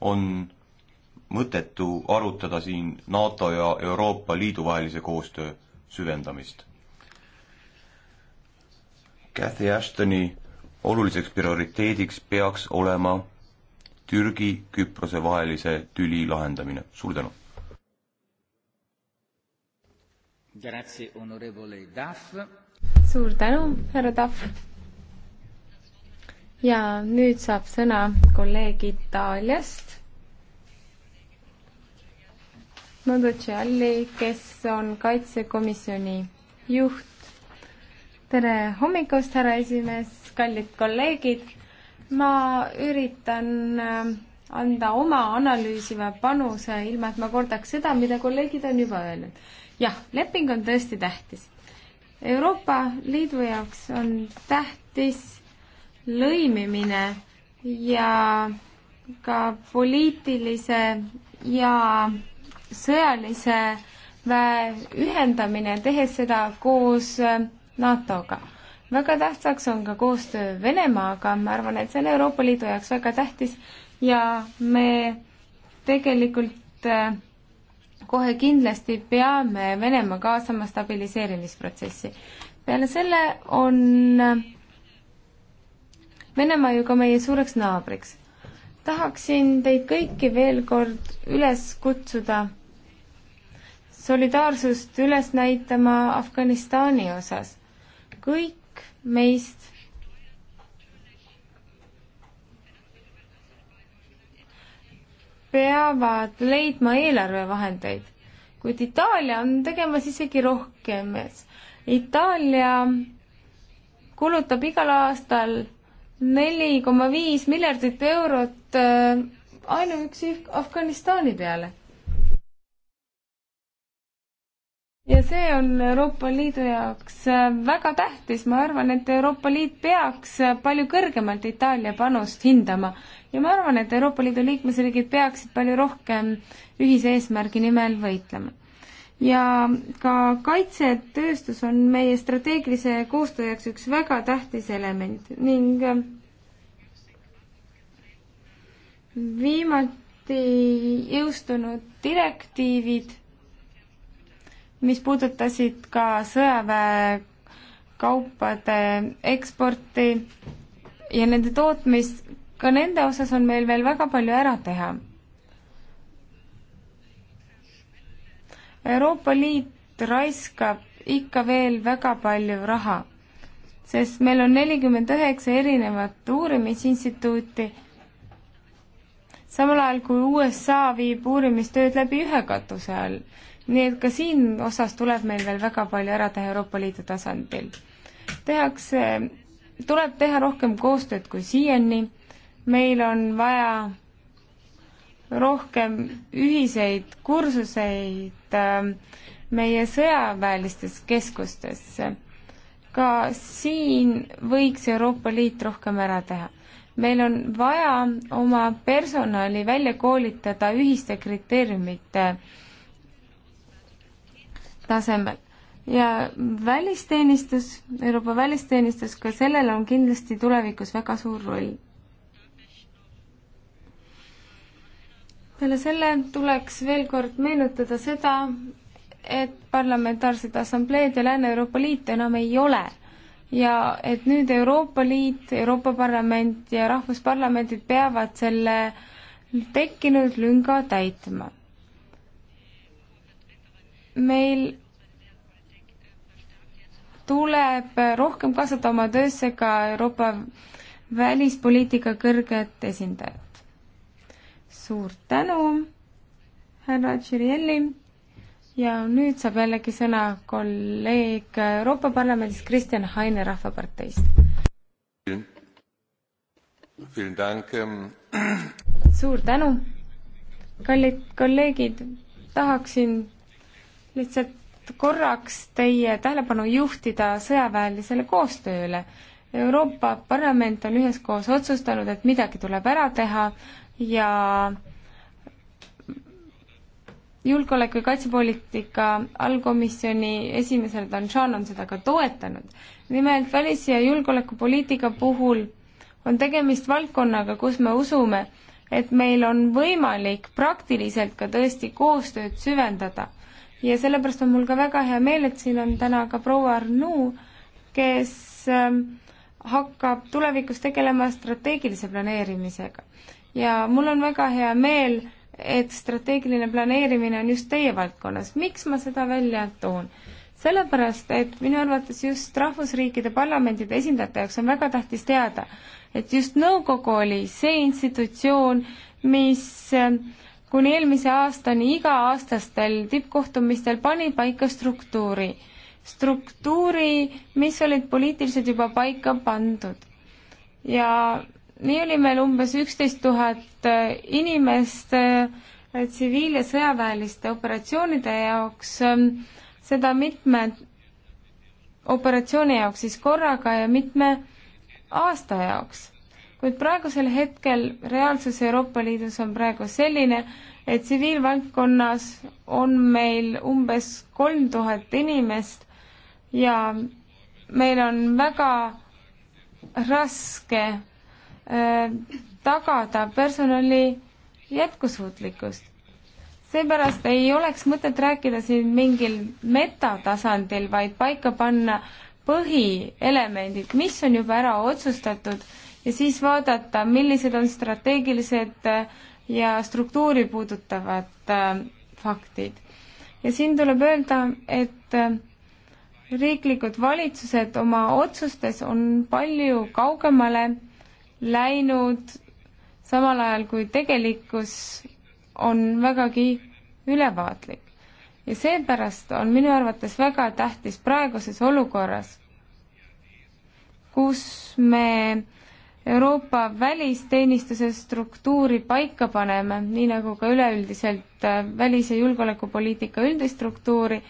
on mõttetu arutada siin NATO ja Euroopa Liidu vahelise koostöö süvendamist. Cathy Ashtoni oluliseks prioriteediks peaks olema Türgi-Küprose vahelise tüli lahendamine. suur tänu!
Grazie, onorevole Duff.
suur tänu, härra Duff. ja nüüd saab sõna kolleeg Itaaliast. Nodocelli, kes on kaitsekomisjoni juht. tere hommikust, härra esimees, kallid kolleegid. ma üritan ähm, anda oma analüüsiva panuse, ilma et ma kordaks seda, mida kolleegid on juba öelnud jah, leping on tõesti tähtis. Euroopa Liidu jaoks on tähtis lõimimine ja ka poliitilise ja sõjalise väe ühendamine, tehes seda koos äh, NATO-ga. väga tähtsaks on ka koostöö Venemaaga, ma arvan, et see on Euroopa Liidu jaoks väga tähtis ja me tegelikult äh, kohe kindlasti peame Venemaa kaasama stabiliseerimisprotsessi. peale selle on Venemaa ju ka meie suureks naabriks. tahaksin teid kõiki veel kord üles kutsuda solidaarsust üles näitama Afganistani osas. kõik meist peavad leidma eelarvevahendeid, kuid Itaalia on tegemas isegi rohkem. Itaalia kulutab igal aastal neli koma viis miljardit eurot äh, ainuüksi Afganistani peale. ja see on Euroopa Liidu jaoks äh, väga tähtis, ma arvan, et Euroopa Liit peaks palju kõrgemalt Itaalia panust hindama ja ma arvan, et Euroopa Liidu liikmesriigid peaksid palju rohkem ühise eesmärgi nimel võitlema. ja ka kaitsetööstus on meie strateegilise koostöö jaoks üks väga tähtis element ning äh, viimati jõustunud direktiivid, mis puudutasid ka sõjaväekaupade eksporti ja nende tootmist, ka nende osas on meil veel väga palju ära teha. Euroopa Liit raiskab ikka veel väga palju raha, sest meil on nelikümmend üheksa erinevat uurimisinstituuti, samal ajal kui USA viib uurimistööd läbi ühe katuse all. nii et ka siin osas tuleb meil veel väga palju ära teha Euroopa Liidu tasandil. tehakse, tuleb teha rohkem koostööd kui siiani meil on vaja rohkem ühiseid kursuseid äh, meie sõjaväelistes keskustes. ka siin võiks Euroopa Liit rohkem ära teha. meil on vaja oma personali välja koolitada ühiste kriteeriumite tasemel ja välisteenistus, Euroopa välisteenistus, ka sellel on kindlasti tulevikus väga suur roll peale selle tuleks veel kord meenutada seda, et parlamentaarsed assambleed ja Lääne-Euroopa Liit enam ei ole ja et nüüd Euroopa Liit, Euroopa Parlament ja rahvusparlamendid peavad selle tekkinud lünga täitma. meil tuleb rohkem kaasata oma töösse ka Euroopa välispoliitika kõrged esindajad suur tänu, härra Tširielli ja nüüd saab jällegi sõna kolleeg Euroopa Parlamendis Kristjan Haine Rahvaparteist. Ähm. suur tänu, kallid kolleegid, tahaksin lihtsalt korraks teie tähelepanu juhtida sõjaväelisele koostööle. Euroopa Parlament on üheskoos otsustanud, et midagi tuleb ära teha ja julgeoleku- ja kaitsepoliitika allkomisjoni esimesel Danšan on seda ka toetanud. nimelt välis- ja julgeolekupoliitika puhul on tegemist valdkonnaga, kus me usume, et meil on võimalik praktiliselt ka tõesti koostööd süvendada. ja sellepärast on mul ka väga hea meel, et siin on täna ka proua Arnu, kes ähm, hakkab tulevikus tegelema strateegilise planeerimisega ja mul on väga hea meel, et strateegiline planeerimine on just teie valdkonnas. miks ma seda välja toon? sellepärast, et minu arvates just rahvusriikide parlamendide esindajate jaoks on väga tähtis teada, et just nõukogu oli see institutsioon, mis äh, kuni eelmise aastani iga-aastastel tippkohtumistel pani paika struktuuri, struktuuri, mis olid poliitiliselt juba paika pandud. ja nii oli meil umbes üksteist tuhat äh, inimest äh, tsiviil- ja sõjaväeliste operatsioonide jaoks, ähm, seda mitme operatsiooni jaoks siis korraga ja mitme aasta jaoks. kuid praegusel hetkel reaalsus Euroopa Liidus on praegu selline, et tsiviilvaldkonnas on meil umbes kolm tuhat inimest ja meil on väga raske Äh, tagada personali jätkusuutlikkust. seepärast ei oleks mõtet rääkida siin mingil metatasandil, vaid paika panna põhielemendid, mis on juba ära otsustatud ja siis vaadata, millised on strateegilised äh, ja struktuuri puudutavad äh, faktid. ja siin tuleb öelda, et riiklikud valitsused oma otsustes on palju kaugemale läinud, samal ajal kui tegelikkus on vägagi ülevaatlik. ja seepärast on minu arvates väga tähtis praeguses olukorras, kus me Euroopa välisteenistuse struktuuri paika paneme, nii nagu ka üleüldiselt äh, välis- ja julgeolekupoliitika üldist struktuuri,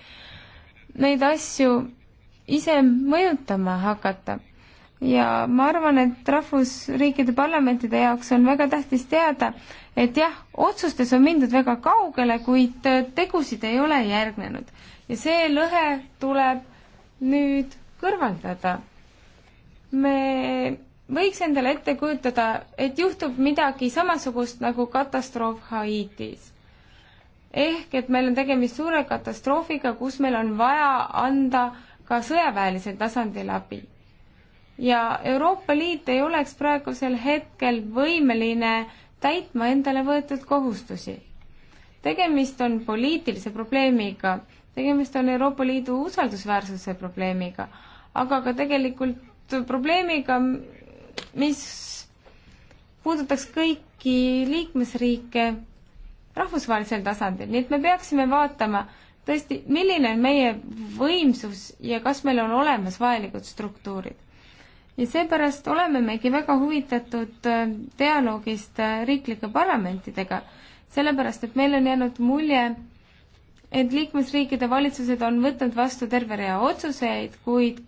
neid asju ise mõjutama hakata ja ma arvan, et rahvusriikide parlamentide jaoks on väga tähtis teada, et jah, otsustes on mindud väga kaugele, kuid tegusid ei ole järgnenud. ja see lõhe tuleb nüüd kõrvaldada. me võiks endale ette kujutada, et juhtub midagi samasugust nagu katastroof Haitis. ehk et meil on tegemist suure katastroofiga, kus meil on vaja anda ka sõjaväelisel tasandil abi ja Euroopa Liit ei oleks praegusel hetkel võimeline täitma endale võetud kohustusi. tegemist on poliitilise probleemiga, tegemist on Euroopa Liidu usaldusväärsuse probleemiga, aga ka tegelikult probleemiga, mis puudutaks kõiki liikmesriike rahvusvahelisel tasandil, nii et me peaksime vaatama tõesti, milline on meie võimsus ja kas meil on olemas vajalikud struktuurid ja seepärast olemegi väga huvitatud äh, dialoogist äh, riiklike parlamentidega, sellepärast et meil on jäänud mulje, et liikmesriikide valitsused on võtnud vastu terve rea otsuseid, kuid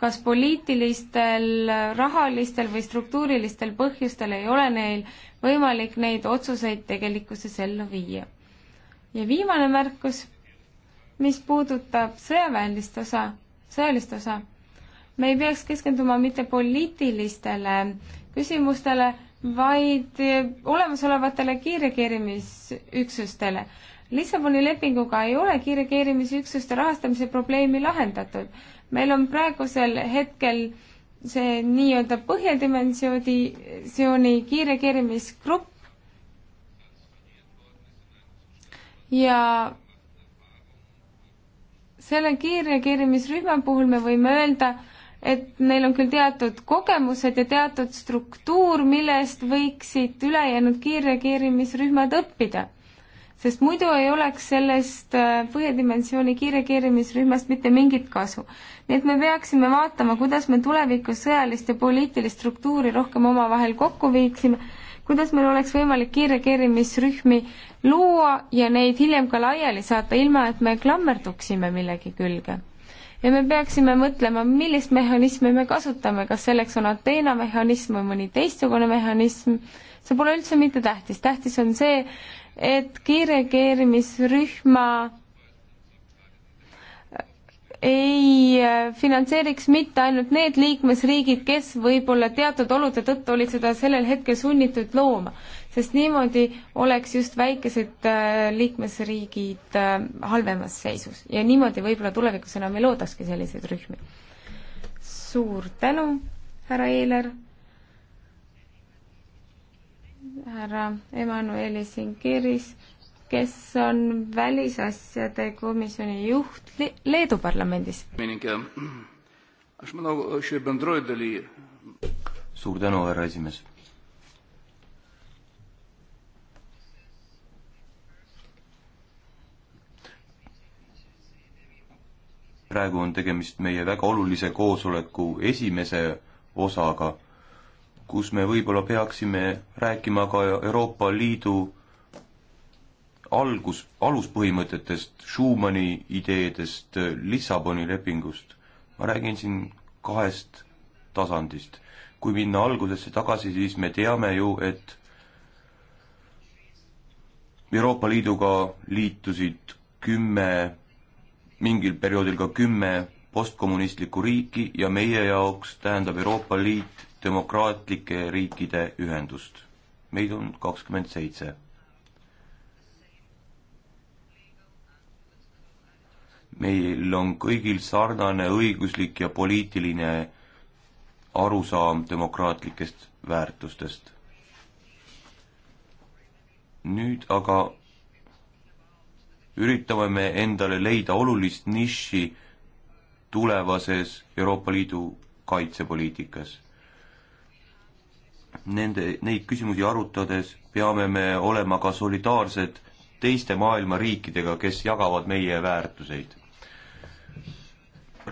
kas poliitilistel, rahalistel või struktuurilistel põhjustel ei ole neil võimalik neid otsuseid tegelikkuses ellu viia. ja viimane märkus, mis puudutab sõjaväelist osa, sõjalist osa me ei peaks keskenduma mitte poliitilistele küsimustele, vaid olemasolevatele kiirreageerimisüksustele. Lissaboni lepinguga ei ole kiirreageerimisüksuste rahastamise probleemi lahendatud. meil on praegusel hetkel see nii-öelda põhjadimensiooni kiirreageerimisgrupp ja selle kiirreageerimisrühma puhul me võime öelda, et neil on küll teatud kogemused ja teatud struktuur, millest võiksid ülejäänud kiirreageerimisrühmad õppida. sest muidu ei oleks sellest äh, põhjadimensiooni kiirreageerimisrühmast mitte mingit kasu. nii et me peaksime vaatama, kuidas me tulevikus sõjalist ja poliitilist struktuuri rohkem omavahel kokku viiksime, kuidas meil oleks võimalik kiirreageerimisrühmi luua ja neid hiljem ka laiali saata, ilma et me klammerduksime millegi külge ja me peaksime mõtlema, millist mehhanismi me kasutame, kas selleks on Ateena mehhanism või mõni teistsugune mehhanism, see pole üldse mitte tähtis, tähtis on see, et kiirreageerimisrühma ei finantseeriks mitte ainult need liikmesriigid, kes võib-olla teatud olude tõttu olid seda sellel hetkel sunnitud looma sest niimoodi oleks just väikesed äh, liikmesriigid äh, halvemas seisus ja niimoodi võib-olla tulevikus enam ei loodakski selliseid rühmi. suur tänu, härra Eeler, härra Emanueli Singeris, kes on välisasjade komisjoni juht Le Leedu parlamendis.
Äh,
suur tänu, härra esimees praegu on tegemist meie väga olulise koosoleku esimese osaga, kus me võib-olla peaksime rääkima ka Euroopa Liidu algus, aluspõhimõtetest, Schumanni ideedest, Lissaboni lepingust. ma räägin siin kahest tasandist. kui minna algusesse tagasi, siis me teame ju, et Euroopa Liiduga liitusid kümme mingil perioodil ka kümme postkommunistlikku riiki ja meie jaoks tähendab Euroopa Liit demokraatlike riikide ühendust. meid on kakskümmend seitse. meil on kõigil sarnane õiguslik ja poliitiline arusaam demokraatlikest väärtustest. nüüd aga üritame me endale leida olulist nišši tulevases Euroopa Liidu kaitsepoliitikas. Nende, neid küsimusi arutades peame me olema ka solidaarsed teiste maailma riikidega, kes jagavad meie väärtuseid.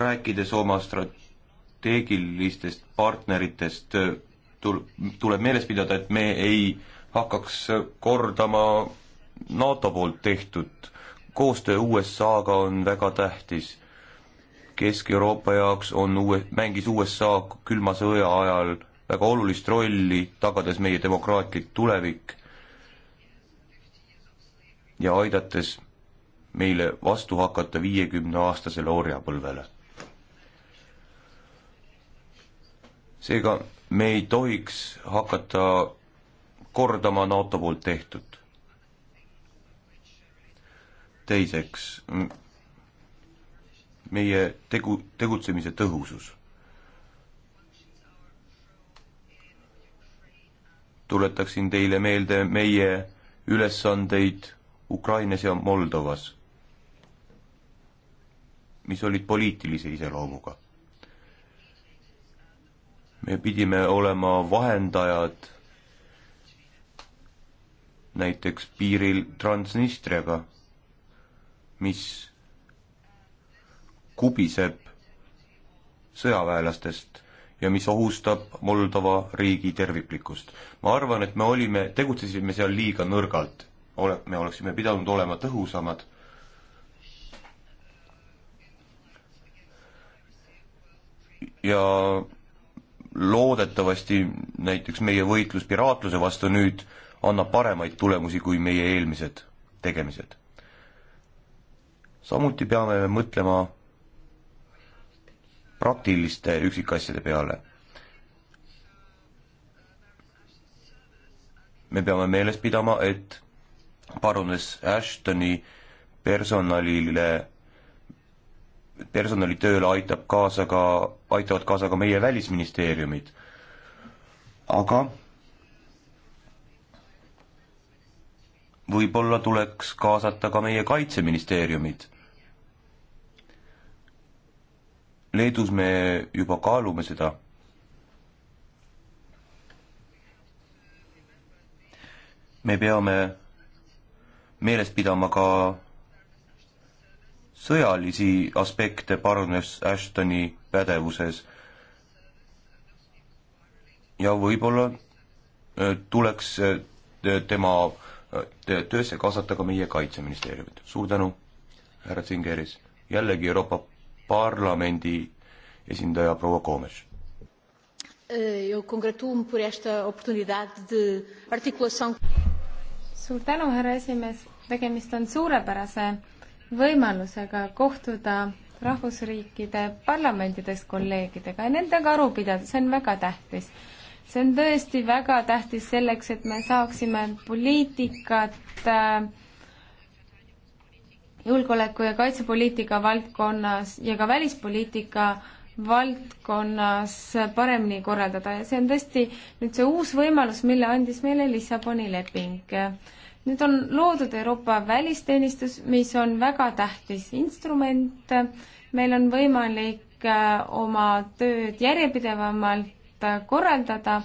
rääkides oma strateegilistest partneritest, tul-, tuleb meeles pidada, et me ei hakkaks kordama NATO poolt tehtud koostöö USA-ga on väga tähtis. Kesk-Euroopa jaoks on uue, mängis USA külma sõja ajal väga olulist rolli, tagades meie demokraatlik tulevik ja aidates meile vastu hakata viiekümneaastasele orjapõlvele. seega me ei tohiks hakata kordama NATO poolt tehtut teiseks, meie tegu, tegutsemise tõhusus. tuletaksin teile meelde meie ülesandeid Ukrainas ja Moldovas, mis olid poliitilise iseloomuga. me pidime olema vahendajad näiteks piiril Transnistriaga mis kubiseb sõjaväelastest ja mis ohustab Moldova riigi terviklikkust. ma arvan, et me olime, tegutsesime seal liiga nõrgalt, ole-, me oleksime pidanud olema tõhusamad ja loodetavasti näiteks meie võitlus piraatluse vastu nüüd annab paremaid tulemusi kui meie eelmised tegemised samuti peame mõtlema praktiliste üksikasjade peale. me peame meeles pidama, et parunes Ashtoni personalile, personali tööle aitab kaasa ka, aitavad kaasa ka meie välisministeeriumid. aga võib-olla tuleks kaasata ka meie kaitseministeeriumid Leedus me juba kaalume seda. me peame meeles pidama ka sõjalisi aspekte Barnes Ashtoni pädevuses. ja võib-olla äh, tuleks äh, tema äh, töösse kaasata ka meie kaitseministeeriumit. suur tänu, härra Tsingeris. jällegi Euroopa parlamendi esindaja proua Koomes.
Eh, eu congratulo-me por
esta oportunidade de articulação. suur tänu, härra esimees, tegemist on suurepärase võimalusega kohtuda rahvusriikide parlamentidest kolleegidega ja nendega aru pidada, see on väga tähtis. see on tõesti väga tähtis selleks, et me saaksime poliitikat äh, julgeoleku- ja kaitsepoliitika valdkonnas ja ka välispoliitika valdkonnas paremini korraldada ja see on tõesti nüüd see uus võimalus, mille andis meile Lissaboni leping. nüüd on loodud Euroopa välisteenistus, mis on väga tähtis instrument, meil on võimalik äh, oma tööd järjepidevamalt äh, korraldada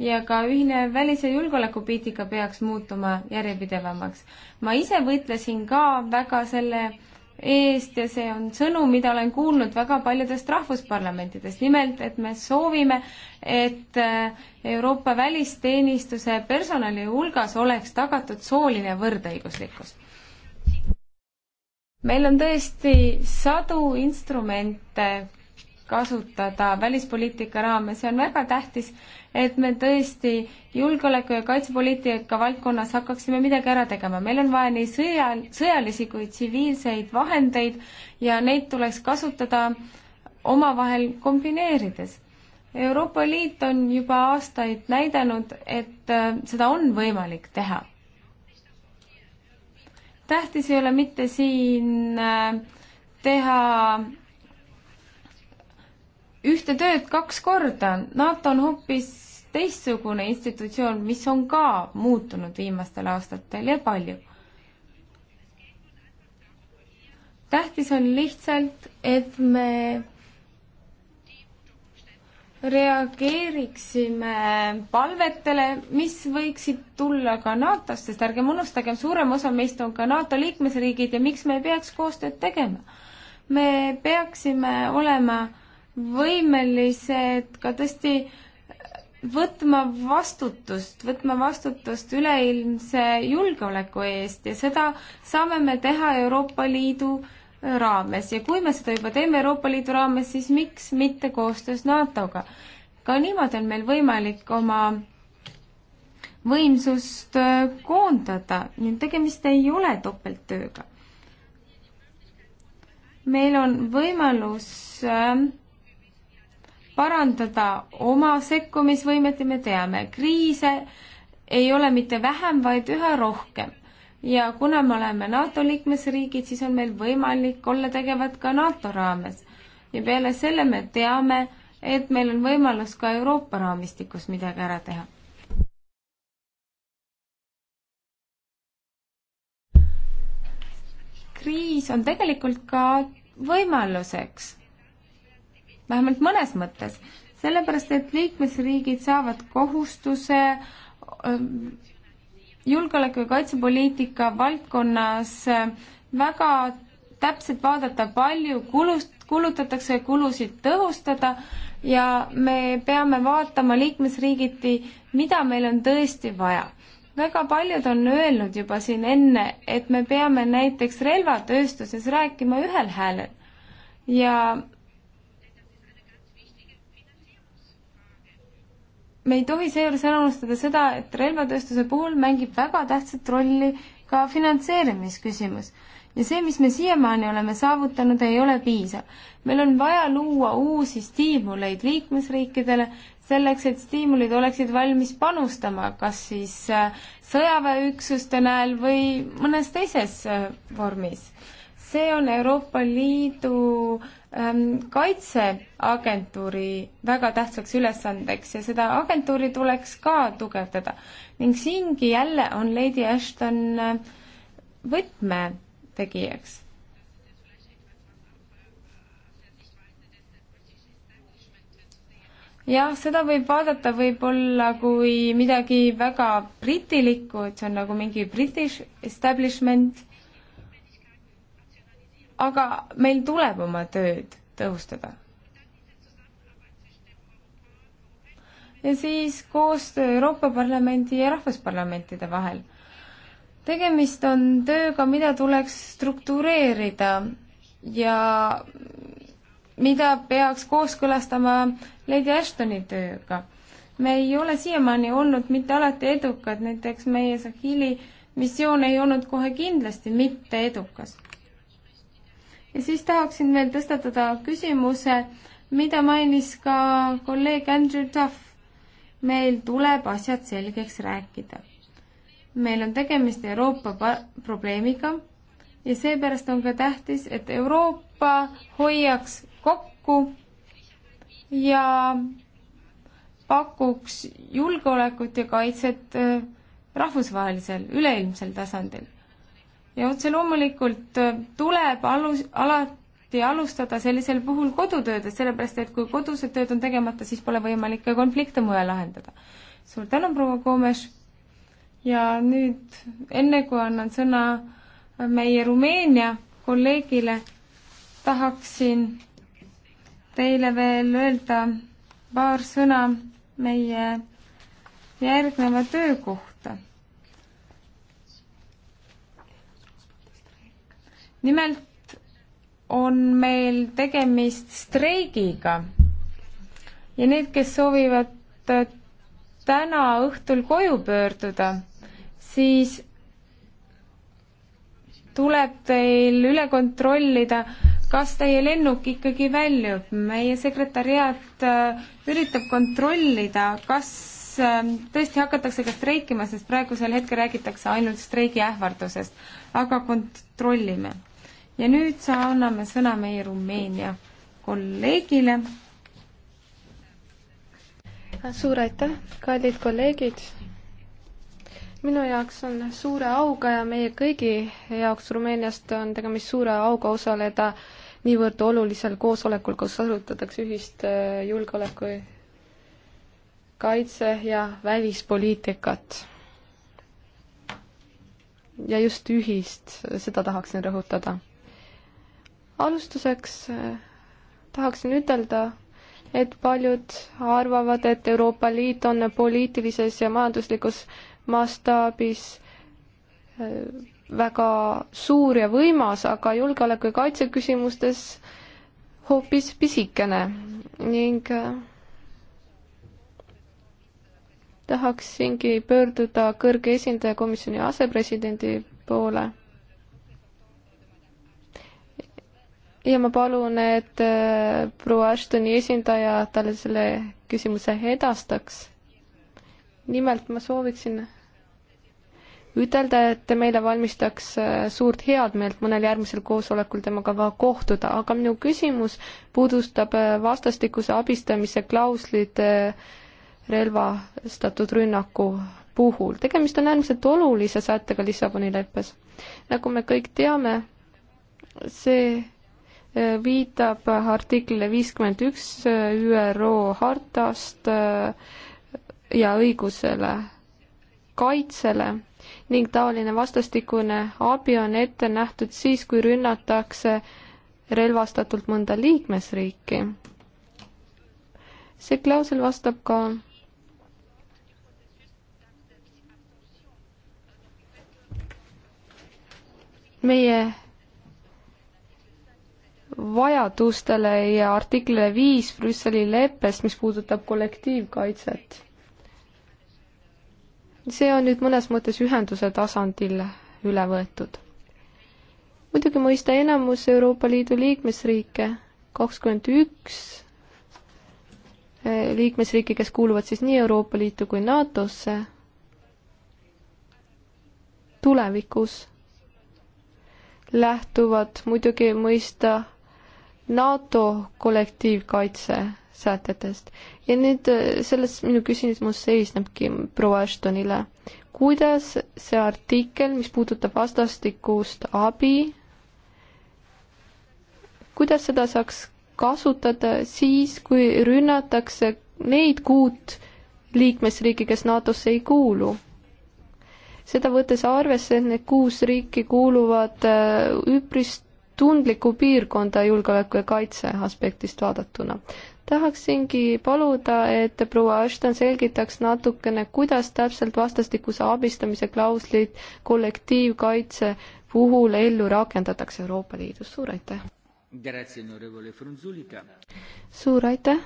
ja ka ühine välis- ja julgeolekupoliitika peaks muutuma järjepidevamaks. ma ise võitlesin ka väga selle eest ja see on sõnum, mida olen kuulnud väga paljudest rahvusparlamentidest, nimelt et me soovime, et äh, Euroopa välisteenistuse personali hulgas oleks tagatud sooline võrdõiguslikkus. meil on tõesti sadu instrumente kasutada välispoliitika raames ja on väga tähtis, et me tõesti julgeoleku ja kaitsepoliitika valdkonnas hakkaksime midagi ära tegema. meil on vaja nii sõja, sõjalisi kui tsiviilseid vahendeid ja neid tuleks kasutada omavahel kombineerides. Euroopa Liit on juba aastaid näidanud, et äh, seda on võimalik teha. tähtis ei ole mitte siin äh, teha ühte tööd kaks korda. NATO on hoopis teistsugune institutsioon, mis on ka muutunud viimastel aastatel ja palju. tähtis on lihtsalt, et me reageeriksime palvetele, mis võiksid tulla ka NATO-st, sest ärgem unustagem, suurem osa meist on ka NATO liikmesriigid ja miks me ei peaks koostööd tegema? me peaksime olema võimelised ka tõesti võtma vastutust, võtma vastutust üleilmse julgeoleku eest ja seda saame me teha Euroopa Liidu raames ja kui me seda juba teeme Euroopa Liidu raames, siis miks mitte koostöös NATO-ga. ka niimoodi on meil võimalik oma võimsust äh, koondada, nii et tegemist ei ole topelttööga. meil on võimalus äh, parandada oma sekkumisvõimet ja me teame, kriise ei ole mitte vähem, vaid üha rohkem. ja kuna me oleme NATO liikmesriigid, siis on meil võimalik olla tegevad ka NATO raames. ja peale selle me teame, et meil on võimalus ka Euroopa raamistikus midagi ära teha. kriis on tegelikult ka võimaluseks vähemalt mõnes mõttes, sellepärast et liikmesriigid saavad kohustuse ähm, julgeoleku ja kaitsepoliitika valdkonnas äh, väga täpselt vaadata, palju kulust, kulutatakse, kulusid tõhustada ja me peame vaatama liikmesriigiti, mida meil on tõesti vaja. väga paljud on öelnud juba siin enne, et me peame näiteks relvatööstuses rääkima ühel häälel ja me ei tohi seejuures ära unustada seda, et relvatööstuse puhul mängib väga tähtsat rolli ka finantseerimisküsimus. ja see, mis me siiamaani oleme saavutanud, ei ole piisav. meil on vaja luua uusi stiimuleid liikmesriikidele, selleks, et stiimulid oleksid valmis panustama, kas siis äh, sõjaväeüksuste näol või mõnes teises äh, vormis. see on Euroopa Liidu äh, Ehm, kaitseagentuuri väga tähtsaks ülesandeks ja seda agentuuri tuleks ka tugevdada. ning siingi jälle on Lady Ashton eh, võtmetegijaks. jah, seda võib vaadata võib-olla kui midagi väga britilikku, et see on nagu mingi British establishment aga meil tuleb oma tööd tõhustada. ja siis koostöö Euroopa Parlamendi ja Rahvusparlamentide vahel. tegemist on tööga, mida tuleks struktureerida ja mida peaks kooskõlastama Lady Ashtoni tööga. me ei ole siiamaani olnud mitte alati edukad, näiteks meie Sahili missioon ei olnud kohe kindlasti mitte edukas ja siis tahaksin veel tõstatada küsimuse, mida mainis ka kolleeg Andrew Duff. meil tuleb asjad selgeks rääkida. meil on tegemist Euroopa probleemiga ja seepärast on ka tähtis, et Euroopa hoiaks kokku ja pakuks julgeolekut ja kaitset äh, rahvusvahelisel, üleilmsel tasandil ja otse loomulikult äh, tuleb alus, alati alustada sellisel puhul kodutöödest, sellepärast et kui kodused tööd on tegemata, siis pole võimalik ka konflikte mujal lahendada. suur tänu, proua Koomes! ja nüüd, enne kui annan sõna äh, meie Rumeenia kolleegile, tahaksin teile veel öelda paar sõna meie järgneva töökohta. nimelt on meil tegemist streigiga ja need, kes soovivad äh, täna õhtul koju pöörduda, siis tuleb teil üle kontrollida, kas teie lennuk ikkagi väljub. meie sekretäriaat äh, üritab kontrollida, kas äh, tõesti hakatakse ka streikima, sest praegusel hetkel räägitakse ainult streigi ähvardusest, aga kontrollime ja nüüd sa anname sõna meie Rumeenia kolleegile.
suur aitäh, kallid kolleegid. minu jaoks on suure auga ja meie kõigi jaoks Rumeeniast on tegemist suure auga osaleda niivõrd olulisel koosolekul, kus asutatakse ühist äh, julgeoleku, kaitse ja välispoliitikat ja just ühist, seda tahaksin rõhutada alustuseks äh, tahaksin ütelda, et paljud arvavad, et Euroopa Liit on poliitilises ja majanduslikus mastaabis äh, väga suur ja võimas, aga julgeoleku ja kaitse küsimustes hoopis pisikene ning äh, tahaksingi pöörduda kõrge esindaja komisjoni asepresidendi poole ja ma palun, et äh, proua Ashtoni esindaja talle selle küsimuse edastaks. nimelt ma sooviksin ütelda, et meile valmistaks äh, suurt headmeelt mõnel järgmisel koosolekul temaga ka kohtuda, aga minu küsimus puudustab äh, vastastikuse abistamise klauslit relvastatud rünnaku puhul. tegemist on äärmiselt olulise sättega Lissaboni leppes. nagu me kõik teame, see viitab artiklile viiskümmend üks ÜRO hartast äh, ja õigusele kaitsele ning taoline vastastikune abi on ette nähtud siis, kui rünnatakse relvastatult mõnda liikmesriiki. see klausel vastab ka meie vajadustele ja artiklile viis Brüsseli leppest, mis puudutab kollektiivkaitset. see on nüüd mõnes mõttes ühenduse tasandil üle võetud. muidugi mõista enamus Euroopa Liidu liikmesriike, kakskümmend üks eh, liikmesriiki, kes kuuluvad siis nii Euroopa Liitu kui NATO-sse, tulevikus lähtuvad muidugi mõista NATO kollektiivkaitse sätetest. ja nüüd äh, selles minu küsimus seisnebki proua Ashtonile. kuidas see artikkel, mis puudutab vastastikust abi, kuidas seda saaks kasutada siis, kui rünnatakse neid kuut liikmesriiki, kes NATO-sse ei kuulu? seda võttes arvesse, et need kuus riiki kuuluvad äh, üpris tundlikku piirkonda julgeoleku ja kaitse aspektist vaadatuna. tahaksingi paluda, et proua Ashton selgitaks natukene, kuidas täpselt vastastikuse abistamise klauslit kollektiivkaitse puhul ellu rakendatakse Euroopa Liidus, suur aitäh! suur aitäh!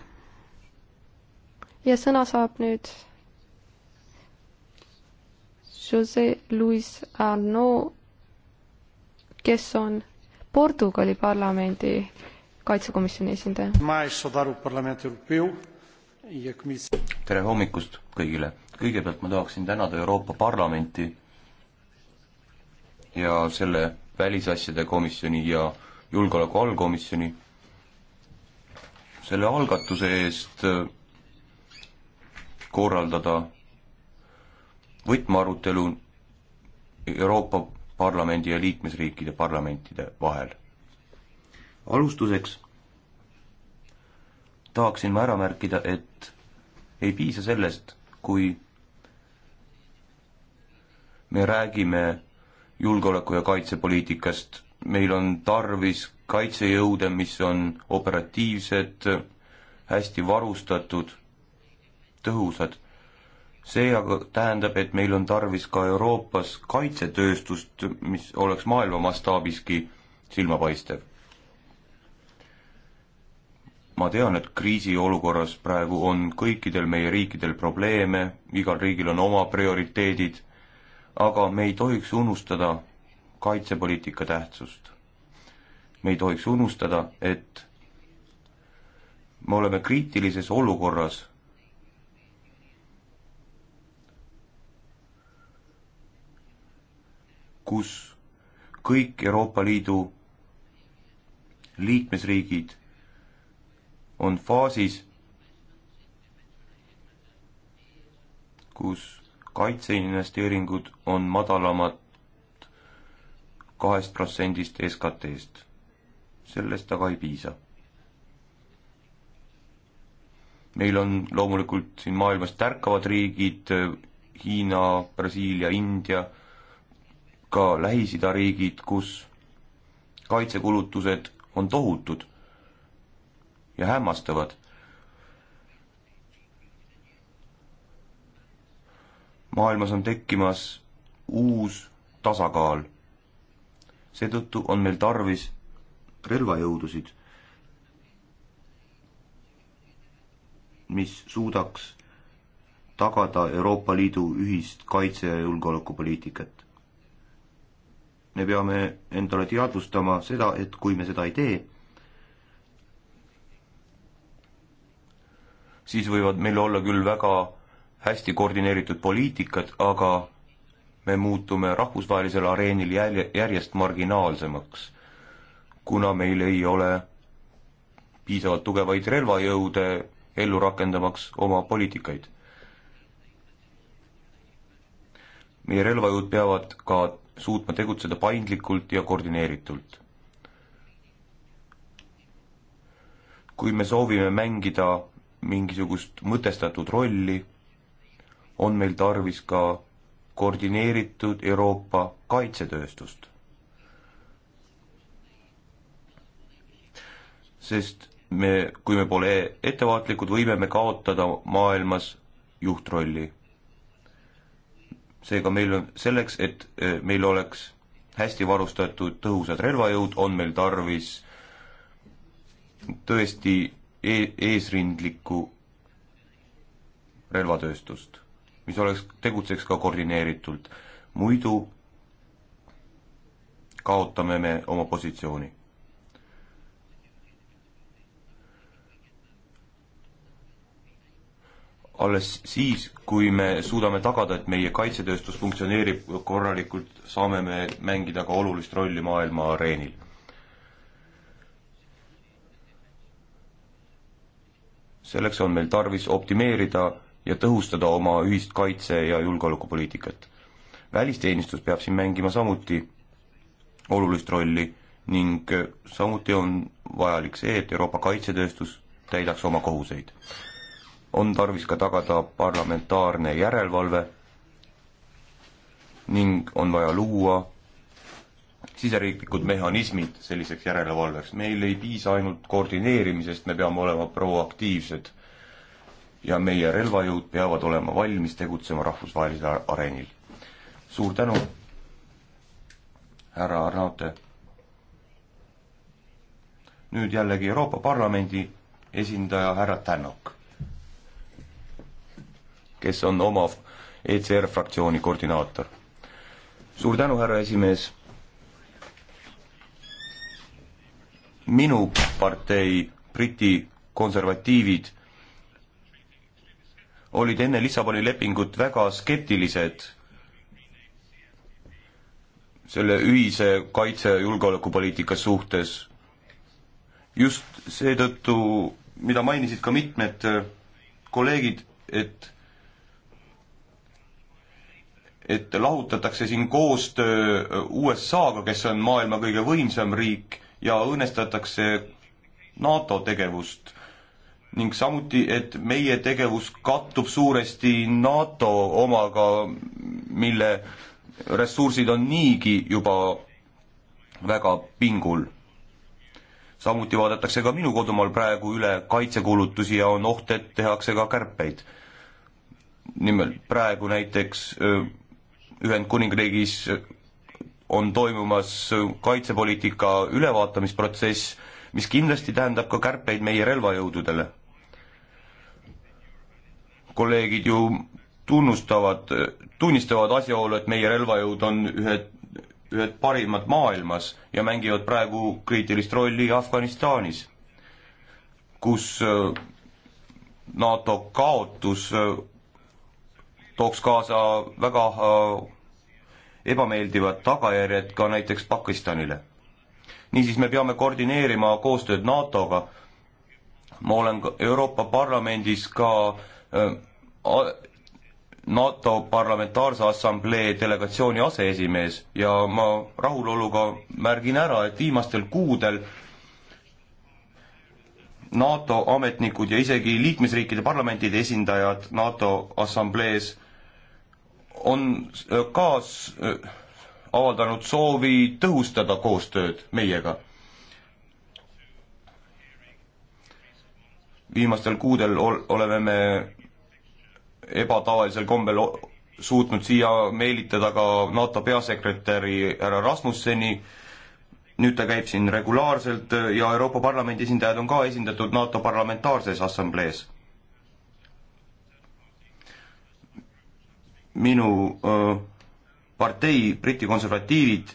ja sõna saab nüüd Jose Luis Arnaud, kes on Portugali parlamendi kaitsekomisjoni
esindaja. E tere hommikust kõigile! kõigepealt ma tahaksin tänada Euroopa Parlamenti ja selle välisasjade komisjoni ja julgeoleku allkomisjoni selle algatuse eest äh, korraldada võtmearutelu Euroopa parlamendi ja liikmesriikide parlamentide vahel. alustuseks tahaksin ma ära märkida, et ei piisa sellest, kui me räägime julgeoleku- ja kaitsepoliitikast, meil on tarvis kaitsejõude, mis on operatiivsed, hästi varustatud, tõhusad see aga tähendab, et meil on tarvis ka Euroopas kaitsetööstust, mis oleks maailma mastaabiski silmapaistev. ma tean, et kriisiolukorras praegu on kõikidel meie riikidel probleeme, igal riigil on oma prioriteedid, aga me ei tohiks unustada kaitsepoliitika tähtsust. me ei tohiks unustada, et me oleme kriitilises olukorras kus kõik Euroopa Liidu liikmesriigid on faasis, kus kaitseinvesteeringud on madalamad kahest protsendist SKT-st. sellest aga ei piisa. meil on loomulikult siin maailmas tärkavad riigid, Hiina, Brasiilia, India ka Lähis-Ida riigid, kus kaitsekulutused on tohutud ja hämmastavad. maailmas on tekkimas uus tasakaal. seetõttu on meil tarvis relvajõudusid, mis suudaks tagada Euroopa Liidu ühist kaitse- ja julgeolekupoliitikat me peame endale teadvustama seda, et kui me seda ei tee, siis võivad meil olla küll väga hästi koordineeritud poliitikad, aga me muutume rahvusvahelisel areenil jälje, järjest marginaalsemaks, kuna meil ei ole piisavalt tugevaid relvajõude ellu rakendamaks oma poliitikaid. meie relvajõud peavad ka suutma tegutseda paindlikult ja koordineeritult. kui me soovime mängida mingisugust mõtestatud rolli, on meil tarvis ka koordineeritud Euroopa kaitsetööstust. sest me, kui me pole ettevaatlikud, võime me kaotada maailmas juhtrolli seega meil on selleks, et eh, meil oleks hästi varustatud tõhusad relvajõud, on meil tarvis tõesti e eesrindlikku relvatööstust, mis oleks, tegutseks ka koordineeritult. muidu kaotame me oma positsiooni alles siis, kui me suudame tagada, et meie kaitsetööstus funktsioneerib korralikult, saame me mängida ka olulist rolli maailma areenil. selleks on meil tarvis optimeerida ja tõhustada oma ühist kaitse- ja julgeolekupoliitikat. välisteenistus peab siin mängima samuti olulist rolli ning samuti on vajalik see, et Euroopa kaitsetööstus täidaks oma kohuseid on tarvis ka tagada parlamentaarne järelevalve ning on vaja luua siseriiklikud mehhanismid selliseks järelevalveks. meil ei piisa ainult koordineerimisest, me peame olema proaktiivsed ja meie relvajõud peavad olema valmis tegutsema rahvusvahelisel areenil. suur tänu, härra Arnaute. nüüd jällegi Euroopa Parlamendi esindaja härra Tännok kes on oma ECR fraktsiooni koordinaator. suur tänu, härra esimees. minu partei, Briti konservatiivid, olid enne Lissaboni lepingut väga skeptilised selle ühise kaitse- ja julgeolekupoliitika suhtes. just seetõttu, mida mainisid ka mitmed kolleegid, et et lahutatakse siin koostöö äh, USA-ga, kes on maailma kõige võimsam riik, ja õõnestatakse NATO tegevust ning samuti, et meie tegevus kattub suuresti NATO omaga, mille ressursid on niigi juba väga pingul. samuti vaadatakse ka minu kodumaal praegu üle kaitsekulutusi ja on oht, et tehakse ka kärpeid. nimelt praegu näiteks öö, äh, Ühendkuningriigis on toimumas kaitsepoliitika ülevaatamisprotsess, mis kindlasti tähendab ka kärpeid meie relvajõududele. kolleegid ju tunnustavad, tunnistavad asjaolu, et meie relvajõud on ühed, ühed parimad maailmas ja mängivad praegu kriitilist rolli Afganistanis, kus NATO kaotus tooks kaasa väga äh, ebameeldivad tagajärjed ka näiteks Pakistanile. niisiis me peame koordineerima koostööd NATO-ga, ma olen ka Euroopa Parlamendis ka äh, NATO Parlamentaarse Assamblee delegatsiooni aseesimees ja ma rahuloluga märgin ära, et viimastel kuudel NATO ametnikud ja isegi liikmesriikide parlamentide esindajad NATO assamblees on äh, kaas äh, avaldanud soovi tõhustada koostööd meiega. viimastel kuudel ol-, oleme me ebatavalisel kombel suutnud siia meelitada ka NATO peasekretäri härra Rasmusseni, nüüd ta käib siin regulaarselt ja Euroopa Parlamendi esindajad on ka esindatud NATO Parlamentaarses Assamblees minu öö, partei, Briti konservatiivid,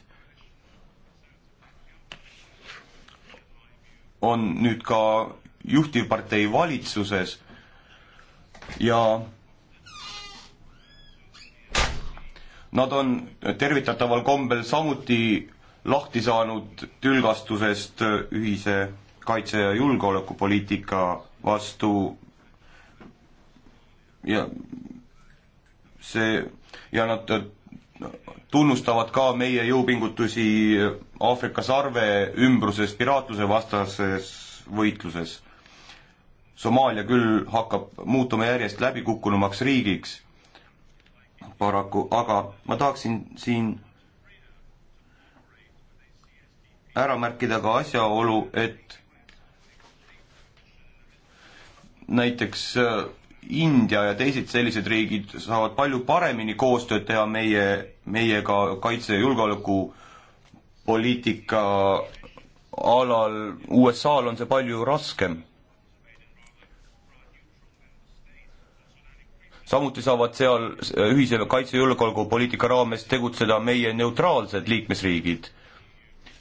on nüüd ka juhtivpartei valitsuses ja nad on tervitataval kombel samuti lahti saanud tülgastusest ühise kaitse- ja julgeolekupoliitika vastu ja see ja nad tunnustavad ka meie jõupingutusi Aafrika sarve ümbruses piraatluse vastases võitluses. Somaalia küll hakkab muutuma järjest läbikukkunumaks riigiks paraku, aga ma tahaksin siin ära märkida ka asjaolu, et näiteks äh, India ja teised sellised riigid saavad palju paremini koostööd teha meie, meiega kaitse- ja julgeolekupoliitika alal, USA-l on see palju raskem. samuti saavad seal ühise kaitse- ja julgeolekupoliitika raames tegutseda meie neutraalsed liikmesriigid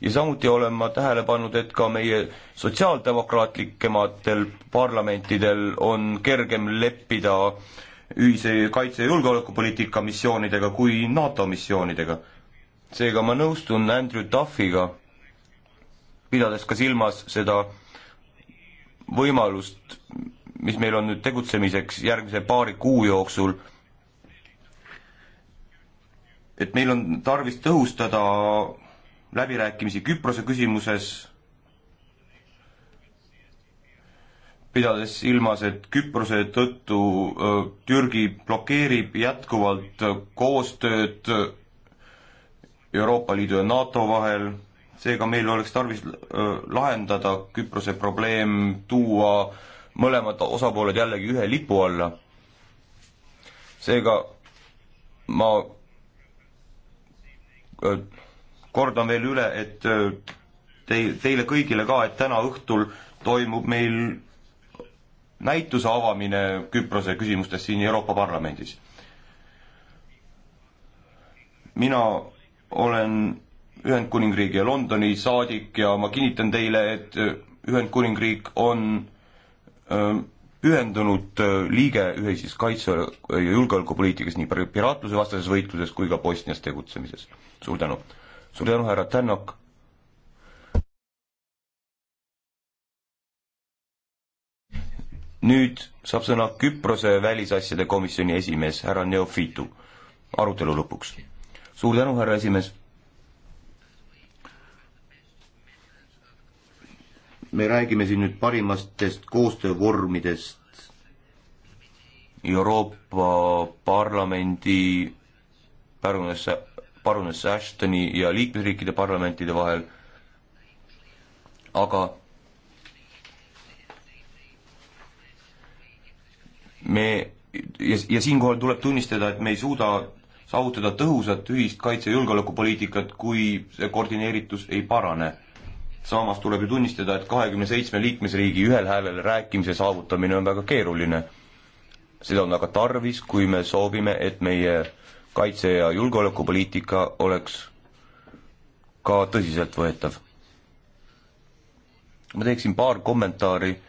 ja samuti olen ma tähele pannud, et ka meie sotsiaaldemokraatlikematel parlamentidel on kergem leppida ühise kaitse- ja julgeolekupoliitika missioonidega kui NATO missioonidega. seega ma nõustun Andrew Duffiga, pidades ka silmas seda võimalust, mis meil on nüüd tegutsemiseks järgmise paari kuu jooksul, et meil on tarvis tõhustada läbirääkimisi Küprose küsimuses, pidades silmas, et Küprose tõttu Türgi blokeerib jätkuvalt koostööd Euroopa Liidu ja NATO vahel, seega meil oleks tarvis lahendada Küprose probleem, tuua mõlemad osapooled jällegi ühe lipu alla. seega ma kordan veel üle, et äh, te, teile kõigile ka, et täna õhtul toimub meil näituse avamine Küprose küsimustes siin Euroopa Parlamendis. mina olen Ühendkuningriigi ja Londoni saadik ja ma kinnitan teile, et äh, Ühendkuningriik on äh, pühendunud liige ühises kaitse- ja julgeolekupoliitikas nii piraatluse vastases võitluses kui ka Bosnias tegutsemises. suur tänu! suur tänu, härra Tännok. nüüd saab sõna Küprose välisasjade komisjoni esimees härra Neofitu arutelu lõpuks. suur tänu, härra esimees. me räägime siin nüüd parimatest koostöövormidest Euroopa Parlamendi pärunesse parunesse Ashtoni ja liikmesriikide parlamentide vahel, aga me ja, ja siinkohal tuleb tunnistada, et me ei suuda saavutada tõhusat ühist kaitse- ja julgeolekupoliitikat, kui see koordineeritus ei parane. samas tuleb ju tunnistada, et kahekümne seitsme liikmesriigi ühel häälel rääkimise saavutamine on väga keeruline. seda on aga tarvis, kui me soovime, et meie kaitse- ja julgeolekupoliitika oleks ka tõsiseltvõetav. ma teeksin paar kommentaari.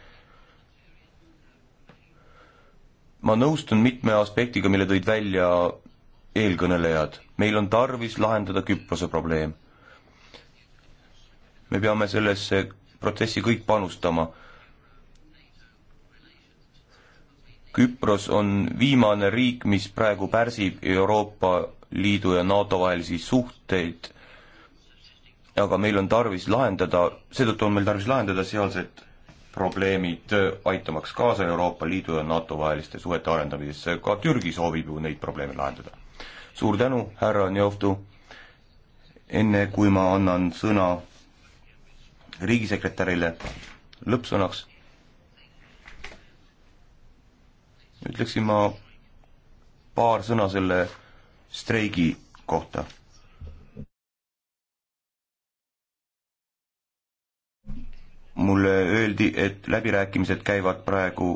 ma nõustun mitme aspektiga, mille tõid välja eelkõnelejad. meil on tarvis lahendada Küprose probleem. me peame sellesse protsessi kõik panustama Küpros on viimane riik, mis praegu pärsib Euroopa Liidu ja NATO vahelisi suhteid, aga meil on tarvis lahendada, seetõttu on meil tarvis lahendada sealsed probleemid, äh, aitamaks kaasa Euroopa Liidu ja NATO vaheliste suhete arendamisesse, ka Türgi soovib ju neid probleeme lahendada. suur tänu, härra Njovtu, enne kui ma annan sõna riigisekretärile lõppsõnaks ütleksin ma paar sõna selle streigi kohta. mulle öeldi, et läbirääkimised käivad praegu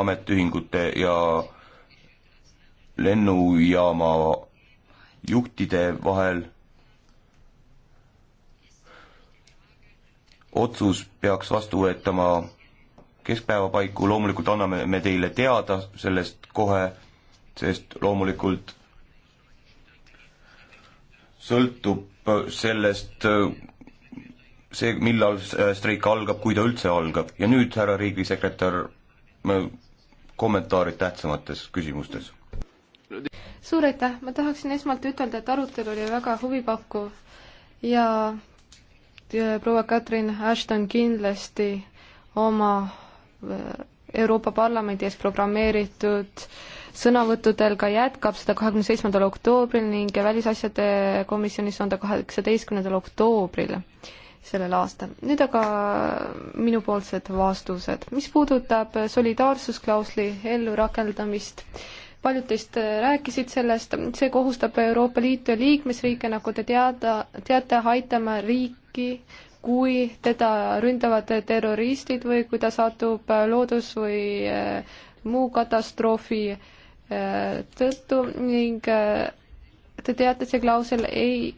ametiühingute ja lennujaama juhtide vahel. otsus peaks vastu võetama keskpäeva paiku, loomulikult anname me teile teada sellest kohe, sest loomulikult sõltub äh, sellest äh, see, millal äh, streik algab, kui ta üldse algab ja nüüd, härra riigisekretär, kommentaarid tähtsamates küsimustes.
suur aitäh, ma tahaksin esmalt ütelda, et arutelu oli väga huvipakkuv ja proua Katrin Ashton kindlasti oma Euroopa Parlamendi ees programmeeritud sõnavõttudel ka jätkab seda kahekümne seitsmendal oktoobril ning välisasjade komisjonis on ta kaheksateistkümnendal oktoobril sellel aastal. nüüd aga minupoolsed vastused. mis puudutab solidaarsusklausli ellurakendamist, paljud teist rääkisid sellest, see kohustab Euroopa Liitu ja liikmesriike, nagu te teada, teate, aitama riiki kui teda ründavad terroristid või kui ta satub äh, loodus- või äh, muu katastroofi äh, tõttu ning te teate, see klausel ei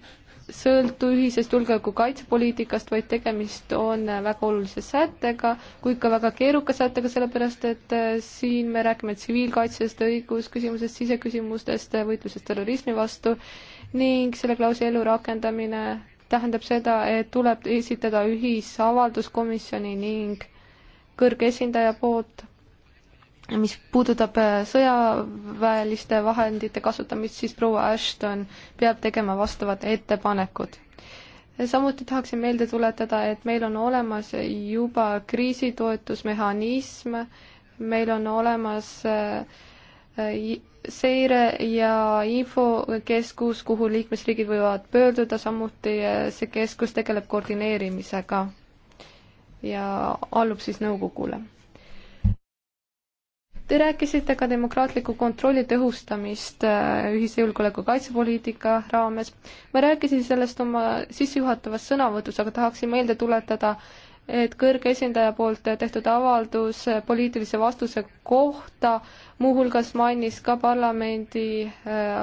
sõltu ühisest julgeoleku kaitsepoliitikast, vaid tegemist on väga olulise sättega, kuid ka väga keeruka sättega, sellepärast et siin me räägime tsiviilkaitsest, õigusküsimusest, siseküsimustest, võitlusest terrorismi vastu ning selle klausli ellurakendamine tähendab seda, et tuleb esitada ühisavaldus komisjoni ning kõrge esindaja poolt mis puudutab äh, sõjaväeliste vahendite kasutamist, siis proua Ashton peab tegema vastavad ettepanekud. samuti tahaksin meelde tuletada, et meil on olemas juba kriisitoetusmehhanism, meil on olemas äh, äh, seire- ja infokeskus, kuhu liikmesriigid võivad pöörduda, samuti eh, see keskus tegeleb koordineerimisega ja allub siis nõukogule. Te rääkisite ka demokraatliku kontrolli tõhustamist eh, ühise julgeoleku kaitsepoliitika raames. ma rääkisin sellest oma sissejuhatavas sõnavõtus, aga tahaksin meelde tuletada äh, et kõrge esindaja poolt tehtud avaldus poliitilise vastuse kohta muuhulgas mainis ka parlamendi äh,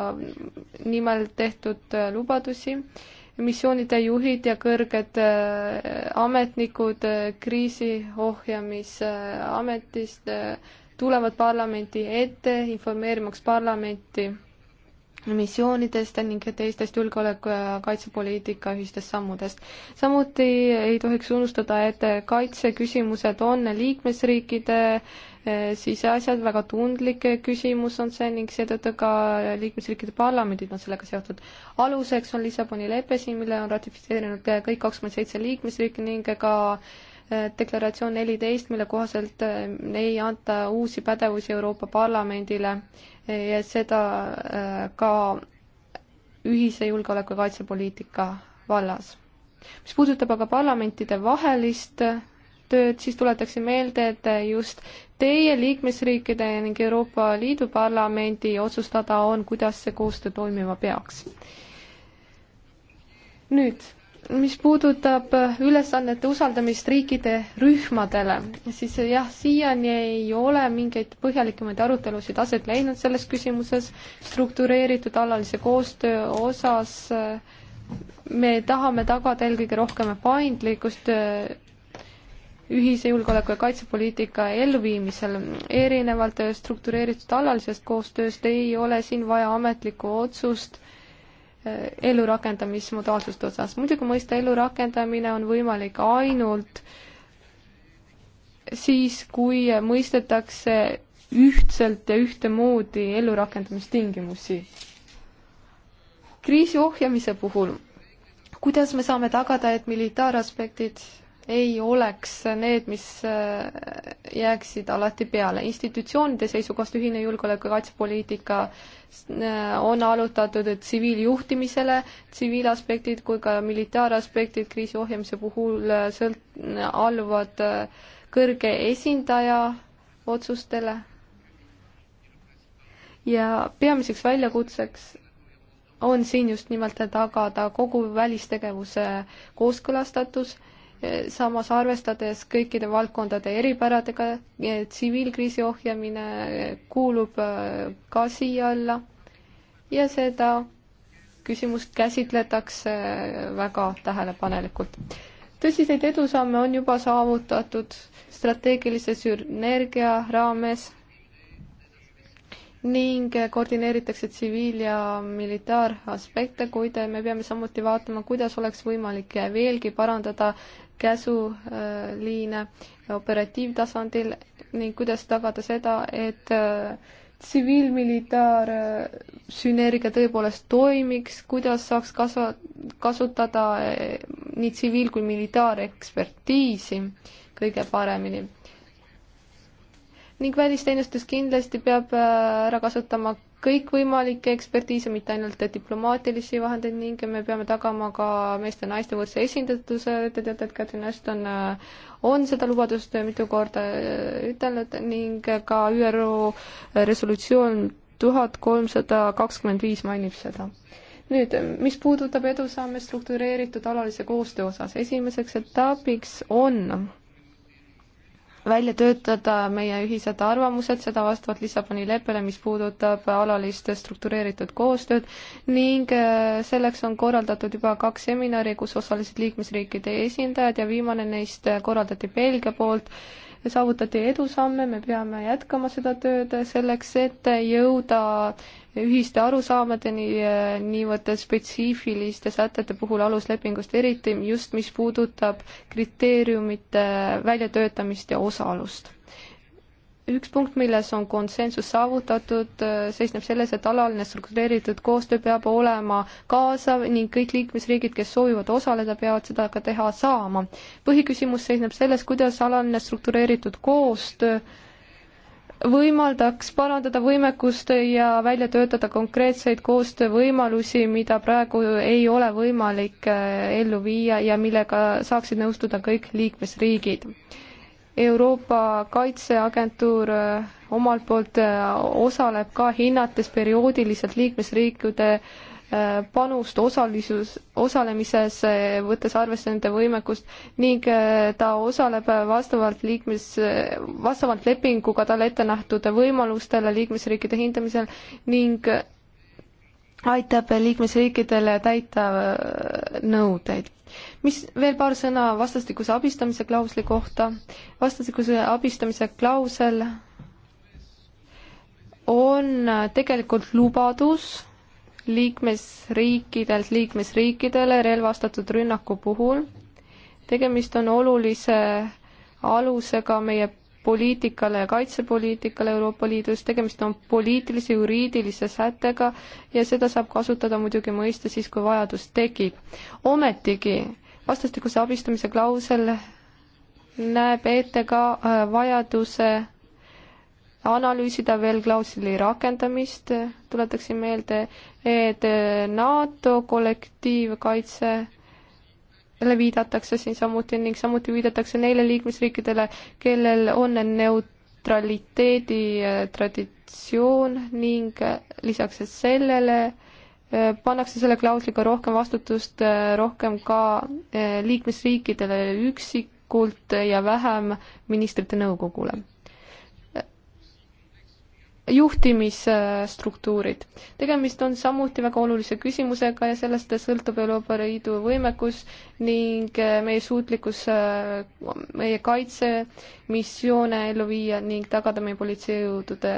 nimel tehtud äh, lubadusi. missioonide juhid ja kõrged äh, ametnikud kriisi ohjamisametist tulevad parlamendi ette informeerimaks parlamenti missioonidest ning teistest julgeoleku- ja kaitsepoliitika ühistest sammudest. samuti ei tohiks unustada, et kaitseküsimused on liikmesriikide eh, siseasjad, väga tundlik küsimus on see ning seetõttu ka liikmesriikide parlamendid on sellega seotud. aluseks on Lissaboni lepe siin, mille on ratifitseerinud kõik kakskümmend seitse liikmesriiki ning ka eh, deklaratsioon neliteist, mille kohaselt eh, ei anta uusi pädevusi Euroopa Parlamendile ja seda äh, ka ühise julgeoleku ja kaitsepoliitika vallas. mis puudutab aga parlamentide vahelist tööd, siis tuletaksin meelde, et just teie liikmesriikide ning Euroopa Liidu parlamendi otsustada on, kuidas see koostöö toimima peaks. nüüd mis puudutab ülesannete usaldamist riikide rühmadele, siis jah, siiani ei ole mingeid põhjalikumaid arutelusid aset leidnud selles küsimuses struktureeritud alalise koostöö osas. Eh, me tahame tagada eelkõige rohkem paindlikkust eh, ühise julgeoleku ja kaitsepoliitika elluviimisel. erinevalt struktureeritud alalisest koostööst ei ole siin vaja ametlikku otsust Eh, ellurakendamismodaalsuste osas. muidugi mõiste ellurakendamine on võimalik ainult siis, kui mõistetakse ühtselt ja ühtemoodi ellurakendamistingimusi. kriisi ohjamise puhul, kuidas me saame tagada, et militaaraspektid ei oleks need, mis äh, jääksid alati peale. institutsioonide seisukohast ühine julgeoleku- ja kaitsepoliitika äh, on allutatud tsiviiljuhtimisele, tsiviilaspektid kui ka militaaraspektid kriisi ohjamise puhul äh, sõlt-, alluvad kõrge esindaja otsustele. ja peamiseks väljakutseks on siin just nimelt tagada kogu välistegevuse kooskõlastatus samas arvestades kõikide valdkondade eripäradega, eh, tsiviilkriisi ohjamine eh, kuulub eh, ka siia alla ja seda küsimust käsitletakse väga tähelepanelikult. tõsiseid edusamme on juba saavutatud strateegilise sünergia raames ning koordineeritakse tsiviil- ja militaaraspekte, kuid me peame samuti vaatama, kuidas oleks võimalik veelgi parandada käsuliine operatiivtasandil ning kuidas tagada seda, et äh, tsiviilmilitaar äh, sünergia tõepoolest toimiks, kuidas saaks kasva-, kasutada äh, nii tsiviil- kui militaarekspertiisi kõige paremini. ning välisteenistus kindlasti peab ära kasutama kõikvõimalikke ekspertiise, mitte ainult diplomaatilisi vahendeid ning me peame tagama ka meeste ja naiste võrdse esindatuse, te teate, et Katrin Ashton äh, on seda lubadust mitu korda äh, ütelnud ning ka ÜRO resolutsioon tuhat kolmsada kakskümmend viis mainib seda. nüüd, mis puudutab edusamme struktureeritud alalise koostöö osas, esimeseks etapiks on välja töötada meie ühised arvamused, seda vastavalt Lissaboni leppele, mis puudutab alalist struktureeritud koostööd ning äh, selleks on korraldatud juba kaks seminari, kus osalesid liikmesriikide esindajad ja viimane neist äh, korraldati Belgia poolt. saavutati edusamme, me peame jätkama seda tööd selleks, et jõuda ühiste arusaamadeni äh, niivõrd spetsiifiliste sätete puhul aluslepingust, eriti just, mis puudutab kriteeriumite väljatöötamist ja osalust. üks punkt, milles on konsensus saavutatud, äh, seisneb selles, et alaline struktureeritud koostöö peab olema kaasav ning kõik liikmesriigid, kes soovivad osaleda, peavad seda ka teha saama. põhiküsimus seisneb selles, kuidas alaline struktureeritud koostöö võimaldaks parandada võimekust ja välja töötada konkreetseid koostöövõimalusi, mida praegu ei ole võimalik äh, ellu viia ja millega saaksid nõustuda kõik liikmesriigid.
Euroopa
Kaitseagentuur äh, omalt poolt äh, osaleb ka hinnates perioodiliselt liikmesriikide äh, panust osalisus, osalemises, võttes arvesse nende võimekust ning äh, ta osaleb vastavalt liikmes, vastavalt lepinguga talle ette nähtud võimalustele liikmesriikide hindamisel ning aitab liikmesriikidele täita äh, nõudeid. mis veel paar sõna vastastikuse abistamise klausli kohta. vastastikuse abistamise klausel on äh, tegelikult lubadus liikmesriikidelt liikmesriikidele relvastatud rünnaku puhul. tegemist on olulise alusega meie poliitikale ja kaitsepoliitikale Euroopa Liidus, tegemist on poliitilise juriidilise sättega ja seda saab kasutada muidugi mõista siis, kui vajadus tekib. ometigi vastastikuse abistamise klausel näeb ette ka äh, vajaduse analüüsida veel klausli rakendamist, tuletaksin meelde, et NATO kollektiivkaitse viidatakse siin samuti ning samuti viidatakse neile liikmesriikidele, kellel on neutraliteedi äh, traditsioon ning äh, lisaks sellele äh, pannakse selle klausliga rohkem vastutust rohkem ka liikmesriikidele üksikult ja vähem ministrite nõukogule juhtimisstruktuurid. tegemist on samuti väga olulise küsimusega ja sellest sõltub Euroopa Liidu võimekus ning äh, meie suutlikkus äh, meie kaitsemissioone ellu viia ning tagada meie politseijõudude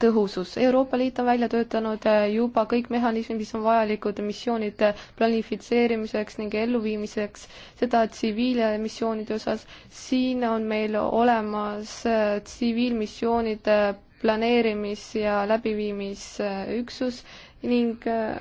tõhusus. Euroopa Liit on välja töötanud äh, juba kõik mehhanismid, mis on vajalikud missioonide planifitseerimiseks ning elluviimiseks, seda tsiviilmissioonide osas. siin on meil olemas äh, tsiviilmissioonide planeerimis- ja läbiviimisüksus ning äh,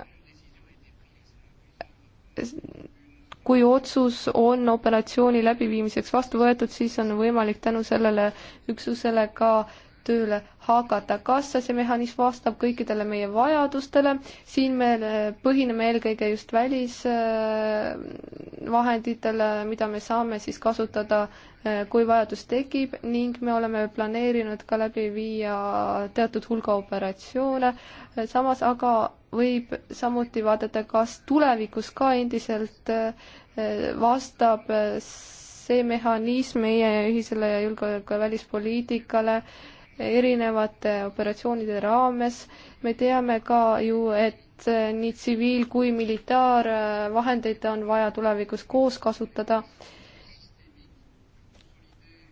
kui otsus on operatsiooni läbiviimiseks vastu võetud, siis on võimalik tänu sellele üksusele ka äh, tööle hakata. kas see mehhanism vastab kõikidele meie vajadustele, siin me äh, põhineme eelkõige just välisvahenditele, äh, mida me saame siis kasutada, äh, kui vajadus tekib ning me oleme planeerinud ka läbi viia teatud hulga operatsioone, samas aga võib samuti vaadata, kas tulevikus ka endiselt vastab see mehhanism meie ühisele julgeoleku- ja välispoliitikale äh, erinevate operatsioonide raames. me teame ka ju, et nii tsiviil- kui militaarvahendeid on vaja tulevikus koos kasutada.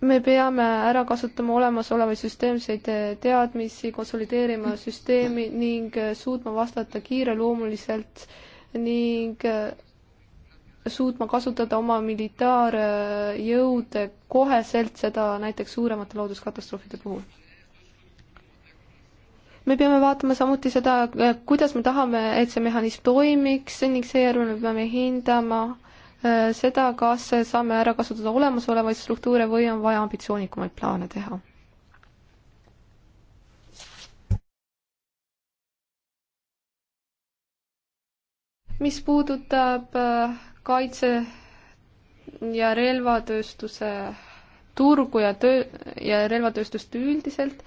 me peame ära kasutama olemasolevaid süsteemseid teadmisi, konsolideerima süsteemi ning suutma vastata kiireloomuliselt ning suutma kasutada oma militaarjõude koheselt, seda näiteks suuremate looduskatastroofide puhul me peame vaatama samuti seda, kuidas me tahame, et see mehhanism toimiks ning seejärel me peame hindama äh, seda, kas saame ära kasutada olemasolevaid struktuure või on vaja ambitsioonikumaid plaane teha. mis puudutab äh, kaitse ja relvatööstuse turgu ja töö ja relvatööstust üldiselt,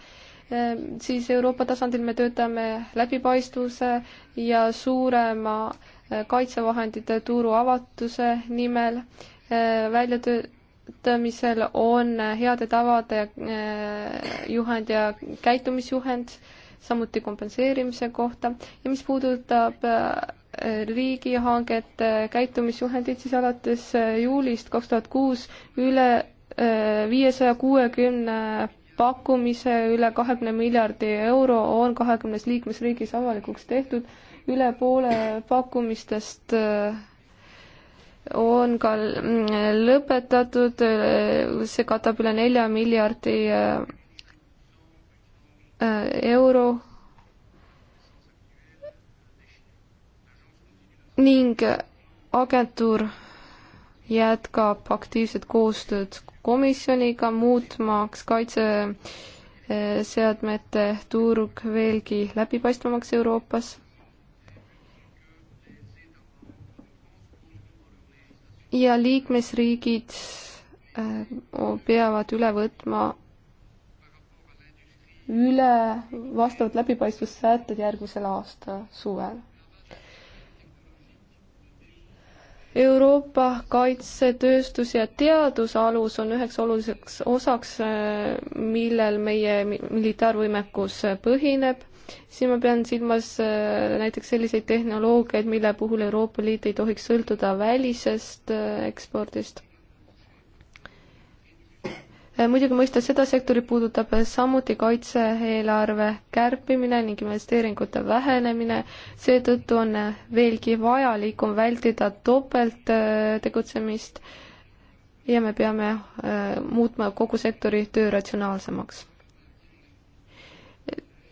Ehm, siis Euroopa tasandil me töötame läbipaistvuse ja suurema eh, kaitsevahendite turu avatuse nimel. Ehm, väljatöötamisel on heade tavade eh, juhend ja käitumisjuhend, samuti kompenseerimise kohta ja mis puudutab eh, riigihangete käitumisjuhendid, siis alates juulist kaks tuhat kuus üle viiesaja kuuekümne pakkumise üle kahekümne miljardi euro on kahekümnes liikmesriigis avalikuks tehtud, üle poole pakkumistest äh, on ka mm, lõpetatud, äh, see katab üle nelja miljardi äh, euro ning agentuur jätkab aktiivset koostööd komisjoniga, muutmaks kaitseseadmete turg veelgi läbipaistvamaks Euroopas. ja liikmesriigid äh, peavad üle võtma üle vastavad läbipaistvussätted järgmisel aasta suvel Euroopa kaitsetööstus ja teadusalus on üheks oluliseks osaks, äh, millel meie militaarvõimekus äh, põhineb. siin ma pean silmas äh, näiteks selliseid tehnoloogiaid, mille puhul Euroopa Liit ei tohiks sõltuda välisest ekspordist Äh, muidugi mõista seda sektorit puudutab äh, samuti kaitse-eelarve kärpimine ning investeeringute vähenemine, seetõttu on äh, veelgi vajalikum vältida topelttegutsemist ja me peame muutma kogu sektori töö ratsionaalsemaks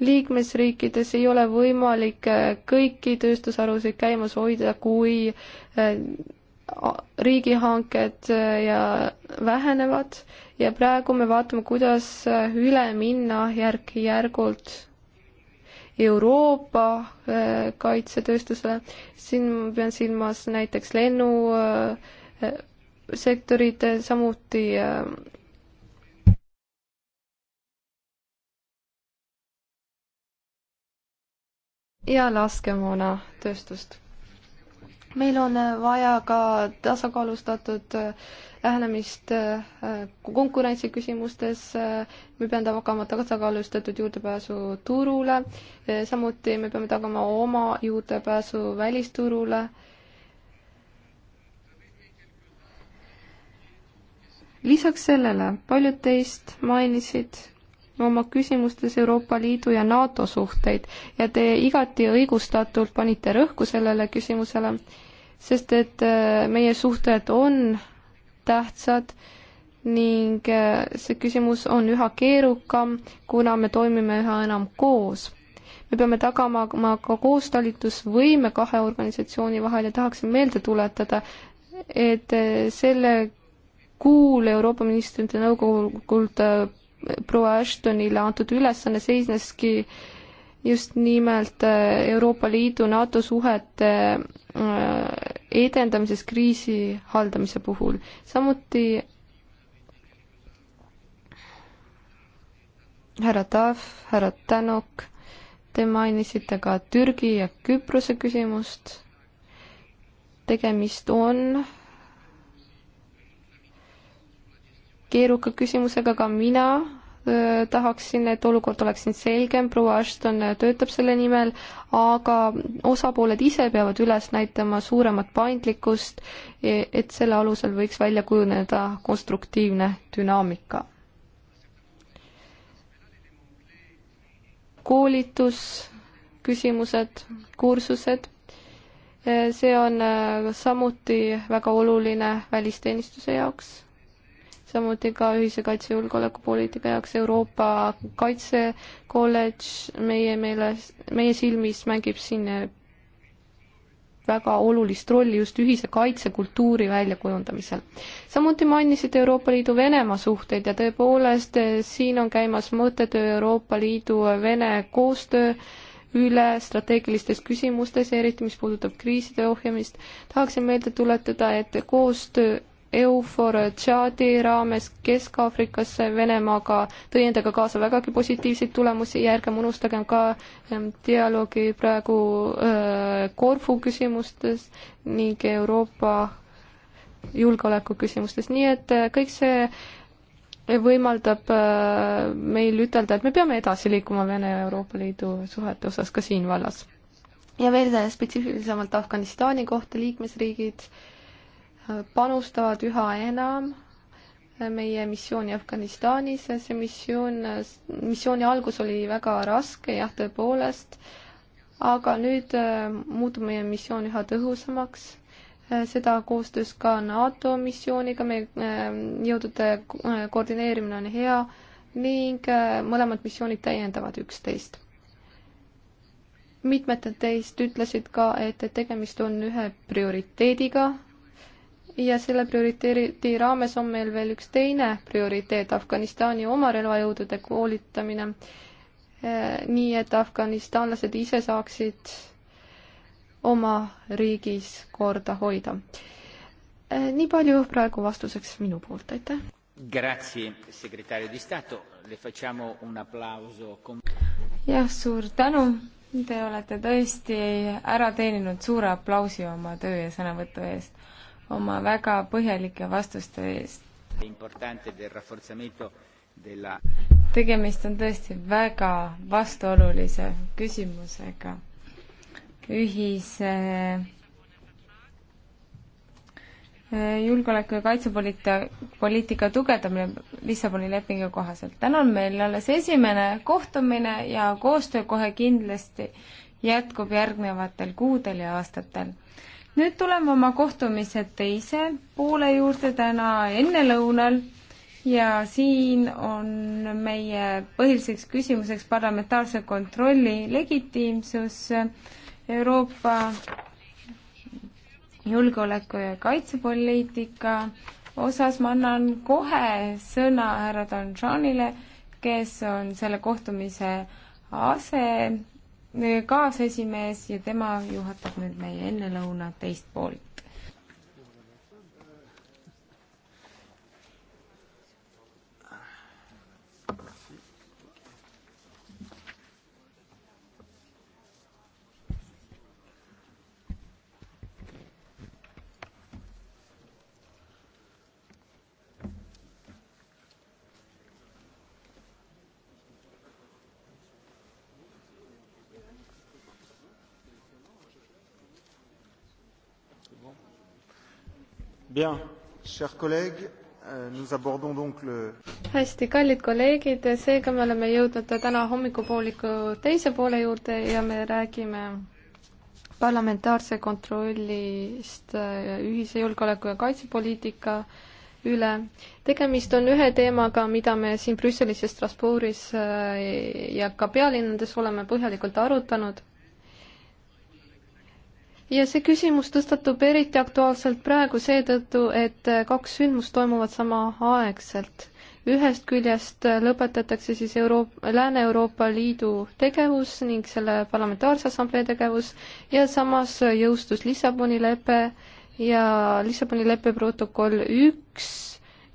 liikmesriikides ei ole võimalik kõiki tööstusharusid käimas hoida, kui riigihanked äh, ja vähenevad ja praegu me vaatame, kuidas äh, üle minna järk-järgult Euroopa äh, kaitsetööstusele. siin ma pean silmas näiteks lennusektorit, samuti ja laskemoonatööstust meil on äh, vaja ka tasakaalustatud äh, lähenemist äh, konkurentsi küsimustes, me peame tagama tasakaalustatud juurdepääsu turule, samuti me peame tagama oma juurdepääsu välisturule. lisaks sellele paljud teist mainisid oma küsimustes Euroopa Liidu ja NATO suhteid ja te igati õigustatult panite rõhku sellele küsimusele, sest et äh, meie suhted on tähtsad ning äh, see küsimus on üha keerukam, kuna me toimime üha enam koos. me peame tagama ka koostalitusvõime kahe organisatsiooni vahel ja tahaksin meelde tuletada, et äh, selle kuul Euroopa Ministrite Nõukogult proua Ashtonile antud ülesanne seisneski just nimelt äh, Euroopa Liidu NATO suhete äh, edendamises kriisi haldamise puhul. samuti härra Tahv, härra Tänok, te mainisite ka Türgi ja Küprose küsimust. tegemist on keeruka küsimusega, ka mina tahaksin, et olukord oleks siin selgem, proua Ashton töötab selle nimel, aga osapooled ise peavad üles näitama suuremat paindlikkust, e, et selle alusel võiks välja kujuneda konstruktiivne dünaamika. koolitus, küsimused, kursused, e, see on samuti väga oluline välisteenistuse jaoks samuti ka ühise kaitse- ja julgeolekupoliitika jaoks Euroopa Kaitsekolledž meie meeles, meie silmis mängib siin väga olulist rolli just ühise kaitsekultuuri väljakujundamisel. samuti mainisid Euroopa Liidu Venemaa suhteid ja tõepoolest eh, siin on käimas mõttetöö Euroopa Liidu Vene koostöö üle strateegilistes küsimustes, eriti mis puudutab kriiside ohjamist. tahaksin meelde tuletada, et koostöö EUFOR Tšaadi raames Kesk-Aafrikasse Venemaaga tõi endaga kaasa vägagi positiivseid tulemusi ja ärgem unustagem ka dialoogi praegu Korfu küsimustes ning Euroopa julgeoleku küsimustes, nii et kõik see võimaldab meil ütelda, et me peame edasi liikuma Vene ja Euroopa Liidu suhete osas ka siin vallas. ja veel spetsiifilisemalt Afganistani kohta liikmesriigid äh, panustavad üha enam meie missiooni Afganistanis. see missioon, missiooni algus oli väga raske, jah, tõepoolest, aga nüüd äh, muutub meie missioon üha tõhusamaks äh, seda koostöös ka NATO missiooniga, meie äh, jõudude koordineerimine on hea ning mõlemad missioonid täiendavad üksteist. mitmed teist ütlesid ka, et tegemist on ühe prioriteediga ja selle prioriteedi raames on meil veel üks teine prioriteet, Afganistani oma relvajõudude koolitamine, äh, nii et afganistanlased ise saaksid oma riigis korda hoida. Äh, nii palju praegu vastuseks minu poolt, aitäh! jah, suur tänu, te
olete tõesti ära teeninud suure aplausi oma töö ja sõnavõtu eest oma väga põhjalike vastuste eest. tegemist on tõesti väga vastuolulise küsimusega. ühise eh, julgeoleku ja kaitsepoliitika tugevdamine Lissaboni lepingu kohaselt. täna on meil alles esimene kohtumine ja koostöö kohe kindlasti jätkub järgnevatel kuudel ja aastatel nüüd tuleme oma kohtumise teise poole juurde täna ennelõunal ja siin on meie põhiliseks küsimuseks parlamentaarse kontrolli legitiimsus Euroopa julgeoleku ja kaitsepoliitika osas ma annan kohe sõna härra Donžanile, kes on selle kohtumise ase kaasesimees ja tema juhatab nüüd meie ennelõuna teist poolt.
Bien, chers collègues, euh, nous abordons donc le...
hästi, kallid kolleegid, seega me oleme jõudnud täna hommikupooliku teise poole juurde ja me räägime parlamentaarse kontrollist äh, ühise julgeoleku- ja kaitsepoliitika üle. tegemist on ühe teemaga, mida me siin Brüsselis ja Strasbourgis äh, ja ka pealinnades oleme põhjalikult arutanud ja see küsimus tõstatub eriti aktuaalselt praegu seetõttu, et kaks sündmust toimuvad samaaegselt. ühest küljest lõpetatakse siis Euroop-, Lääne-Euroopa Liidu tegevus ning selle parlamentaarse assamblee tegevus ja samas jõustus Lissaboni lepe ja Lissaboni leppe protokoll üks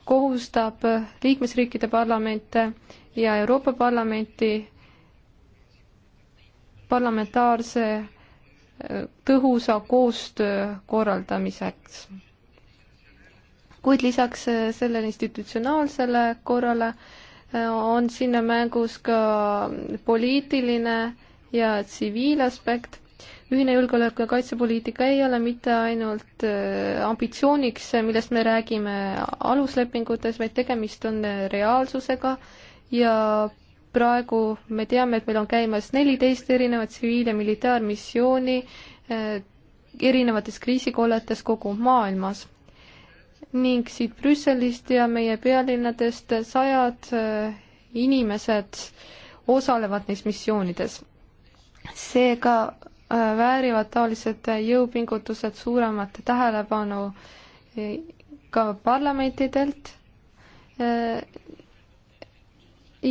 kohustab liikmesriikide parlamente ja Euroopa Parlamenti parlamentaarse tõhusa koostöö korraldamiseks. kuid lisaks eh, sellele institutsionaalsele korrale eh, on sinna mängus ka poliitiline ja tsiviilaspekt. ühine julgeoleku- ja kaitsepoliitika ei ole mitte ainult eh, ambitsiooniks, millest me räägime aluslepingutes, vaid tegemist on reaalsusega ja praegu me teame, et meil on käimas neliteist erinevat tsiviil- ja militaarmissiooni äh, erinevates kriisikolletes kogu maailmas. ning siit Brüsselist ja meie pealinnadest sajad äh, inimesed osalevad neis missioonides. seega äh, väärivad taolised jõupingutused suuremat tähelepanu ka parlamentidelt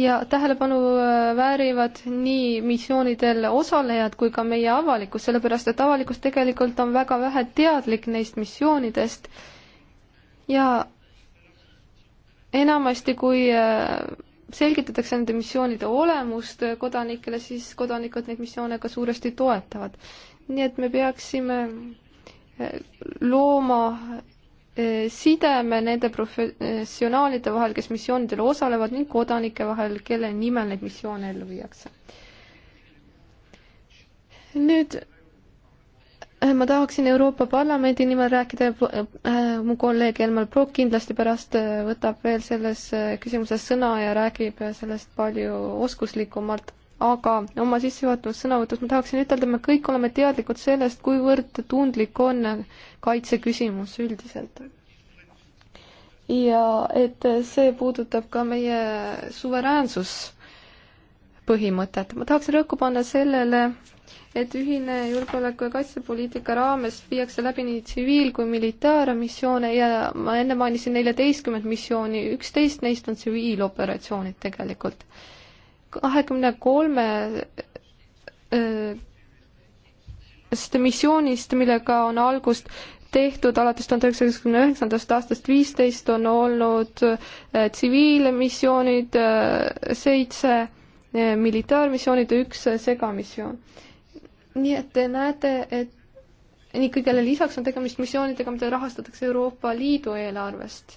ja tähelepanu äh, väärivad nii missioonidel osalejad kui ka meie avalikkus, sellepärast et avalikkus tegelikult on väga vähe teadlik neist missioonidest ja enamasti, kui äh, selgitatakse nende missioonide olemust kodanikele, siis kodanikud neid missioone ka suuresti toetavad. nii et me peaksime äh, looma sideme nende professionaalide vahel, kes missioonidel osalevad ning kodanike vahel, kelle nimel neid missioone ellu viiakse. nüüd äh, ma tahaksin Euroopa Parlamendi nimel rääkida, äh, mu kolleeg Elmar Brok kindlasti pärast äh, võtab veel selles küsimuses sõna ja räägib sellest palju oskuslikumalt aga oma sissejuhatavas sõnavõtus ma tahaksin ütelda, me kõik oleme teadlikud sellest, kuivõrd tundlik on kaitseküsimus üldiselt. ja et see puudutab ka meie suveräänsuspõhimõtet. ma tahaksin rõhku panna sellele, et ühine julgeoleku- ja kaitsepoliitika raames viiakse läbi nii tsiviil- kui militaarmissioone ja ma enne mainisin neljateistkümmet missiooni, üksteist neist on tsiviiloperatsioonid tegelikult kahekümne kolme äh, sest missioonist, millega on algust tehtud alates tuhande üheksasaja üheksandast aastast viisteist on olnud äh, tsiviilmissioonid äh, seitse, militaarmissioonid ja üks segamissioon. nii et te näete, et nii kõigele lisaks on tegemist missioonidega, mida rahastatakse Euroopa Liidu eelarvest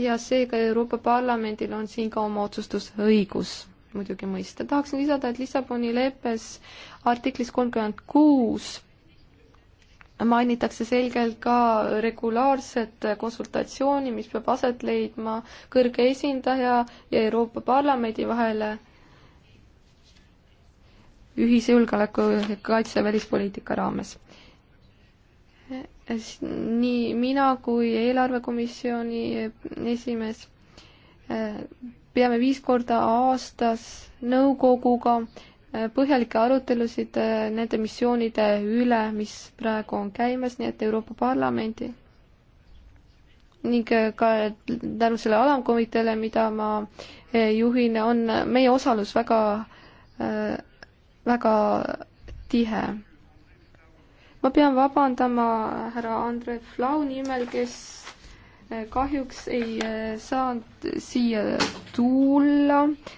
ja seega Euroopa Parlamendil on siin ka oma otsustusõigus muidugi mõista. tahaksin lisada, et Lissaboni leppes artiklis kolmkümmend kuus mainitakse selgelt ka regulaarset konsultatsiooni, mis peab aset leidma kõrge esindaja ja Euroopa Parlamendi vahele ühise julgeoleku ja kaitse välispoliitika raames. nii mina kui eelarvekomisjoni esimees peame viis korda aastas nõukoguga äh, põhjalikke arutelusid äh, nende missioonide üle, mis praegu on käimas, nii et Euroopa Parlamendi ning äh, ka tänu sellele alamkomiteele, mida ma juhin, on meie osalus väga, väga tihe. ma pean vabandama härra Andre Flau nimel, kes kahjuks ei äh, saanud siia tulla,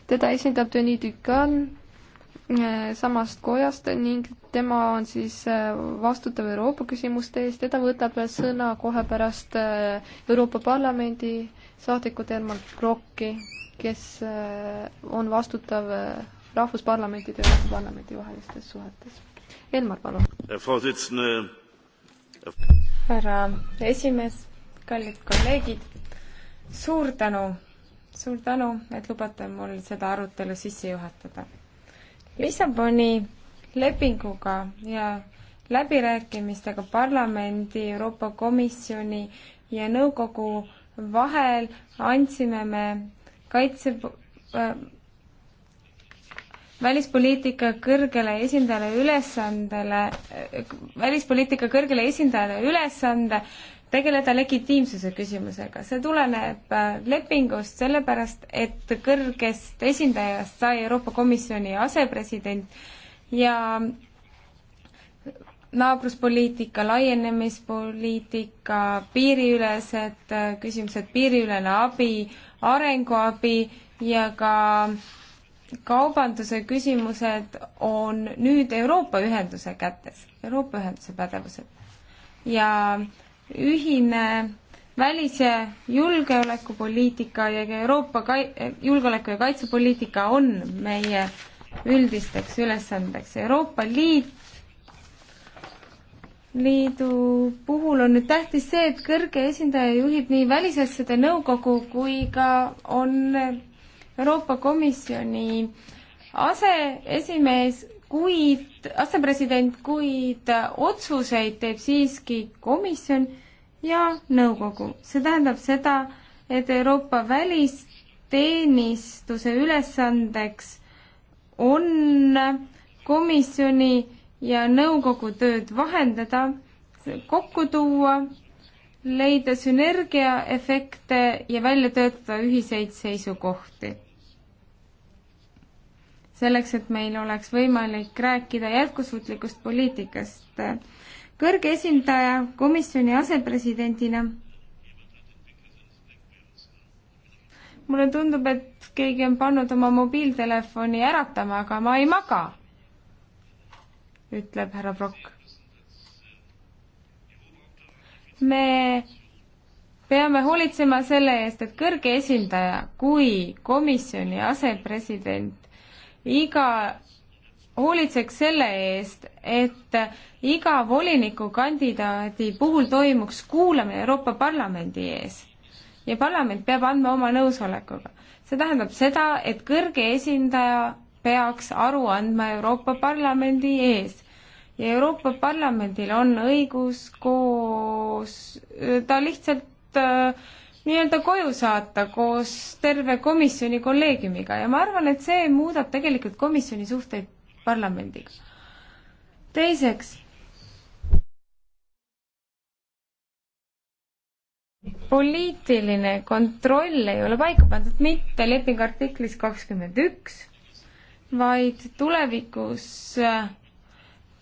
teda esindab Tõni Tükan äh, samast kojast ning tema on siis äh, vastutav Euroopa küsimuste eest, teda võtab sõna kohe pärast Euroopa Parlamendi saadikut Herman Brocki, kes on vastutav rahvusparlamentide ja Euroopa Parlamendi vahelistes suhetes. Elmar, palun. härra esimees
kallid kolleegid, suur tänu, suur tänu, et lubate mul seda arutelu sisse juhatada. Lissaboni lepinguga ja läbirääkimistega parlamendi, Euroopa Komisjoni ja nõukogu vahel andsime me kaitse äh, välispoliitika kõrgele esindajale ülesandele äh,, välispoliitika kõrgele esindajale ülesande tegeleda legitiimsuse küsimusega. see tuleneb äh, lepingust sellepärast, et kõrgest esindajast sai Euroopa Komisjoni asepresident ja naabruspoliitika, laienemispoliitika, piiriülesed äh, küsimused, piiriülene abi, arenguabi ja ka kaubanduse küsimused on nüüd Euroopa Ühenduse kätes, Euroopa Ühenduse pädevused. ja ühine välis- ja julgeolekupoliitika ja ka Euroopa kai-, julgeoleku- ja kaitsepoliitika on meie üldisteks ülesandeks. Euroopa Liit, liidu puhul on nüüd tähtis see, et kõrge esindaja juhib nii Välisasjade Nõukogu kui ka on Euroopa Komisjoni aseesimees kuid, asepresident, kuid otsuseid teeb siiski komisjon ja nõukogu. see tähendab seda, et Euroopa välisteenistuse ülesandeks on komisjoni ja nõukogu tööd vahendada, kokku tuua, leida sünergiaefekte ja välja töötada ühiseid seisukohti selleks, et meil oleks võimalik rääkida jätkusuutlikust poliitikast. kõrge esindaja komisjoni asepresidendina. mulle tundub, et keegi on pannud oma mobiiltelefoni äratama, aga ma ei maga, ütleb härra Brock. me peame hoolitsema selle eest, et kõrge esindaja kui komisjoni asepresident iga, hoolitseks selle eest, et iga volinikukandidaadi puhul toimuks kuulamine Euroopa Parlamendi ees. ja parlament peab andma oma nõusolekuga. see tähendab seda, et kõrge esindaja peaks aru andma Euroopa Parlamendi ees ja Euroopa Parlamendil on õigus koos, ta lihtsalt äh, nii-öelda koju saata koos terve komisjoni kolleegiumiga ja ma arvan, et see muudab tegelikult komisjoni suhteid parlamendiga. teiseks, poliitiline kontroll ei ole paika pandud mitte lepingu artiklis kakskümmend üks, vaid tulevikus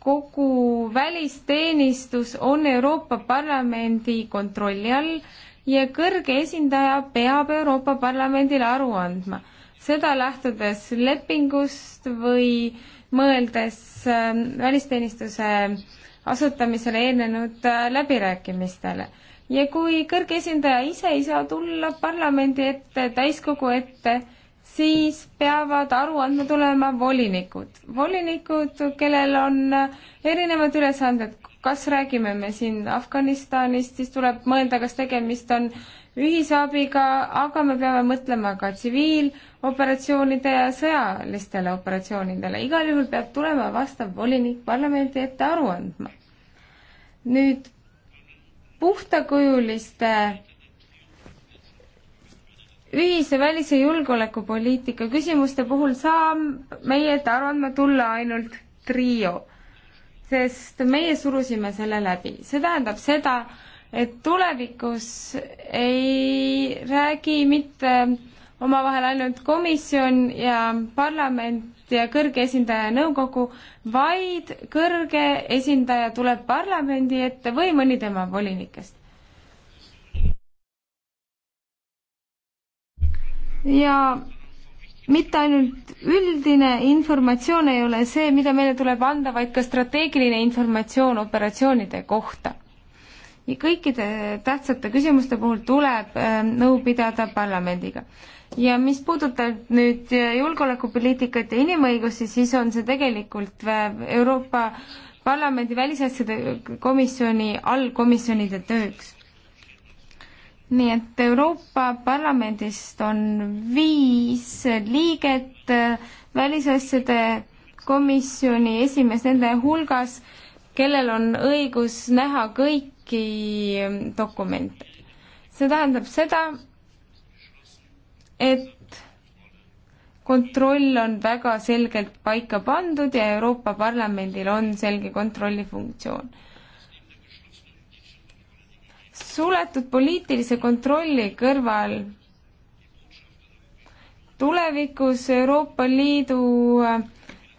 kogu välisteenistus on Euroopa Parlamendi kontrolli all ja kõrge esindaja peab Euroopa Parlamendile aru andma, seda lähtudes lepingust või mõeldes ähm, välisteenistuse asutamisele eelnenud äh, läbirääkimistele. ja kui kõrge esindaja ise ei saa tulla parlamendi ette, täiskogu ette, siis peavad aru andma tulema volinikud. volinikud, kellel on äh, erinevad ülesanded, kas räägime me siin Afganistanist, siis tuleb mõelda, kas tegemist on ühisabiga, aga me peame mõtlema ka tsiviiloperatsioonide ja sõjalistele operatsioonidele. igal juhul peab tulema vastav volinik parlamendi ette aru andma. nüüd puhtakujuliste ühise välis- ja julgeolekupoliitika küsimuste puhul saab meie ette aru andma tulla ainult trio sest meie surusime selle läbi. see tähendab seda, et tulevikus ei räägi mitte omavahel ainult komisjon ja parlament ja kõrge esindaja nõukogu, vaid kõrge esindaja tuleb parlamendi ette või mõni tema volinikest. ja mitte ainult üldine informatsioon ei ole see, mida meile tuleb anda, vaid ka strateegiline informatsioon operatsioonide kohta. ja kõikide tähtsate küsimuste puhul tuleb äh, nõu pidada parlamendiga. ja mis puudutab nüüd äh, julgeolekupoliitikat ja inimõigusi, siis on see tegelikult äh, Euroopa Parlamendi välisasjade komisjoni allkomisjonide tööks nii et Euroopa Parlamendist on viis liiget, äh, välisasjade komisjoni esimees nende hulgas, kellel on õigus näha kõiki ähm, dokumente. see tähendab seda, et kontroll on väga selgelt paika pandud ja Euroopa Parlamendil on selge kontrollifunktsioon suletud poliitilise kontrolli kõrval tulevikus Euroopa Liidu äh,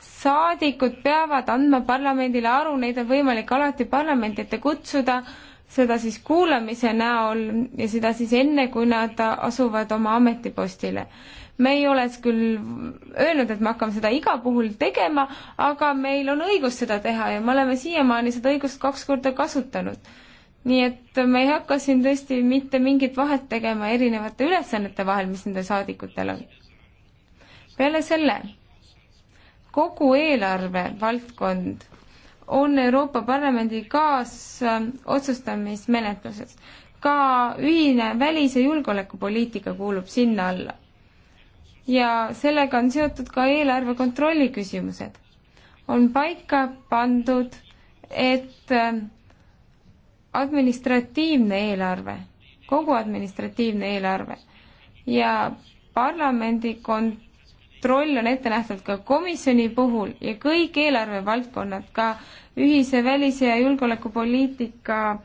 saadikud peavad andma parlamendile aru, neid on võimalik alati parlamendi ette kutsuda, seda siis kuulamise näol ja seda siis enne, kui nad asuvad oma ametipostile. me ei oleks küll öelnud, et me hakkame seda iga puhul tegema, aga meil on õigus seda teha ja me oleme siiamaani seda õigust kaks korda kasutanud nii et me ei hakka siin tõesti mitte mingit vahet tegema erinevate ülesannete vahel, mis nendel saadikutel on. peale selle, kogu eelarve valdkond on Euroopa Parlamendi kaasotsustamismenetluses. ka ühine välis- ja julgeolekupoliitika kuulub sinna alla. ja sellega on seotud ka eelarve kontrolli küsimused. on paika pandud, et administratiivne eelarve, kogu administratiivne eelarve ja parlamendi kontroll on ette nähtud ka komisjoni puhul ja kõik eelarvevaldkonnad, ka ühise välis- ja julgeolekupoliitika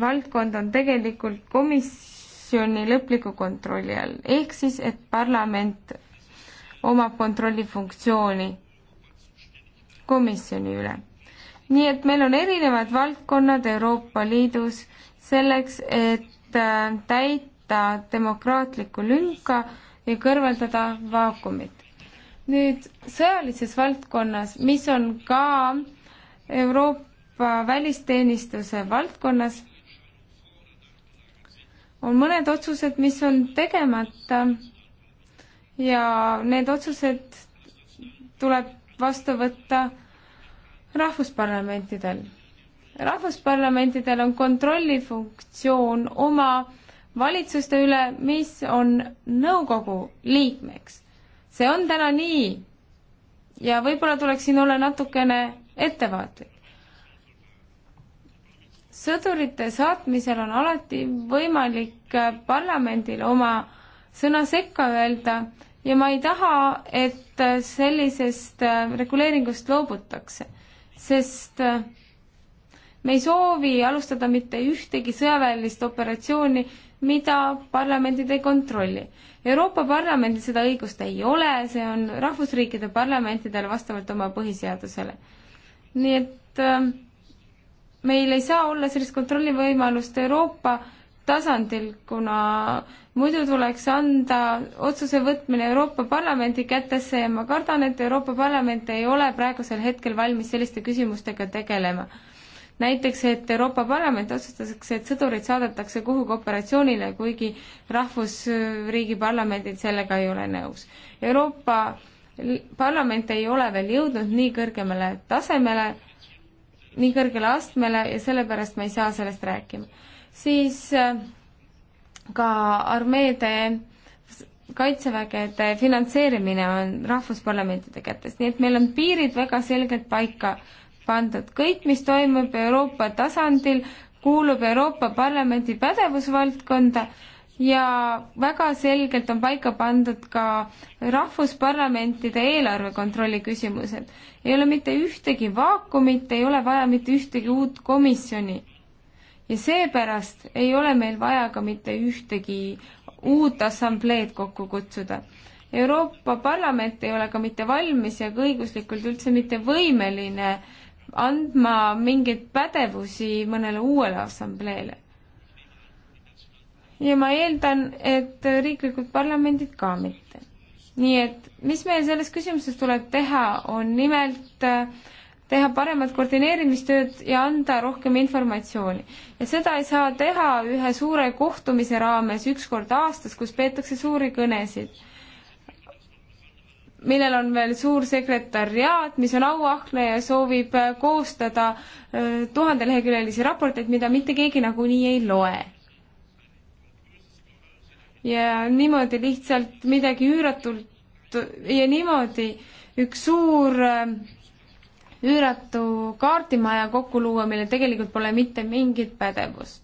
valdkond on tegelikult komisjoni lõpliku kontrolli all, ehk siis, et parlament omab kontrollifunktsiooni komisjoni üle nii et meil on erinevad valdkonnad Euroopa Liidus selleks, et äh, täita demokraatlikku lünka ja kõrvaldada vaakumit. nüüd sõjalises valdkonnas, mis on ka Euroopa välisteenistuse valdkonnas, on mõned otsused, mis on tegemata ja need otsused tuleb vastu võtta rahvusparlamentidel. rahvusparlamentidel on kontrollifunktsioon oma valitsuste üle, mis on nõukogu liikmeks. see on täna nii ja võib-olla tuleks siin olla natukene ettevaatlik. sõdurite saatmisel on alati võimalik parlamendil oma sõna sekka öelda ja ma ei taha, et sellisest äh, reguleeringust loobutakse sest äh, me ei soovi alustada mitte ühtegi sõjaväelist operatsiooni, mida parlamendid ei kontrolli. Euroopa Parlamendil seda õigust ei ole, see on rahvusriikide parlamentidel vastavalt oma põhiseadusele. nii et äh, meil ei saa olla sellist kontrollivõimalust Euroopa äh, tasandil, kuna muidu tuleks anda otsuse võtmine Euroopa Parlamendi kätesse ja ma kardan, et Euroopa Parlament ei ole praegusel hetkel valmis selliste küsimustega tegelema. näiteks, et Euroopa Parlament otsustatakse, et sõdurid saadetakse kuhugi operatsioonile, kuigi rahvusriigi parlamendid sellega ei ole nõus. Euroopa Parlament ei ole veel jõudnud nii kõrgemale tasemele, nii kõrgele astmele ja sellepärast ma ei saa sellest rääkima siis äh, ka armeede kaitsevägede finantseerimine on rahvusparlamentide kätes, nii et meil on piirid väga selgelt paika pandud. kõik, mis toimub Euroopa tasandil, kuulub Euroopa Parlamendi pädevusvaldkonda ja väga selgelt on paika pandud ka rahvusparlamentide eelarve kontrolli küsimused. ei ole mitte ühtegi vaakumit, ei ole vaja mitte ühtegi uut komisjoni ja seepärast ei ole meil vaja ka mitte ühtegi uut assambleed kokku kutsuda. Euroopa Parlament ei ole ka mitte valmis ja ka õiguslikult üldse mitte võimeline andma mingeid pädevusi mõnele uuele assambleele. ja ma eeldan, et riiklikud parlamendid ka mitte. nii et mis meil selles küsimuses tuleb teha, on nimelt äh, teha paremat koordineerimistööd ja anda rohkem informatsiooni. ja seda ei saa teha ühe suure kohtumise raames üks kord aastas, kus peetakse suuri kõnesid, millel on veel suur sekretariaat, mis on auahne ja soovib äh, koostada äh, tuhandeleheküljelisi raporteid, mida mitte keegi nagunii ei loe. ja niimoodi lihtsalt midagi üüratult ja niimoodi üks suur äh, üüratu kaardimaja kokku luua, millel tegelikult pole mitte mingit pädevust.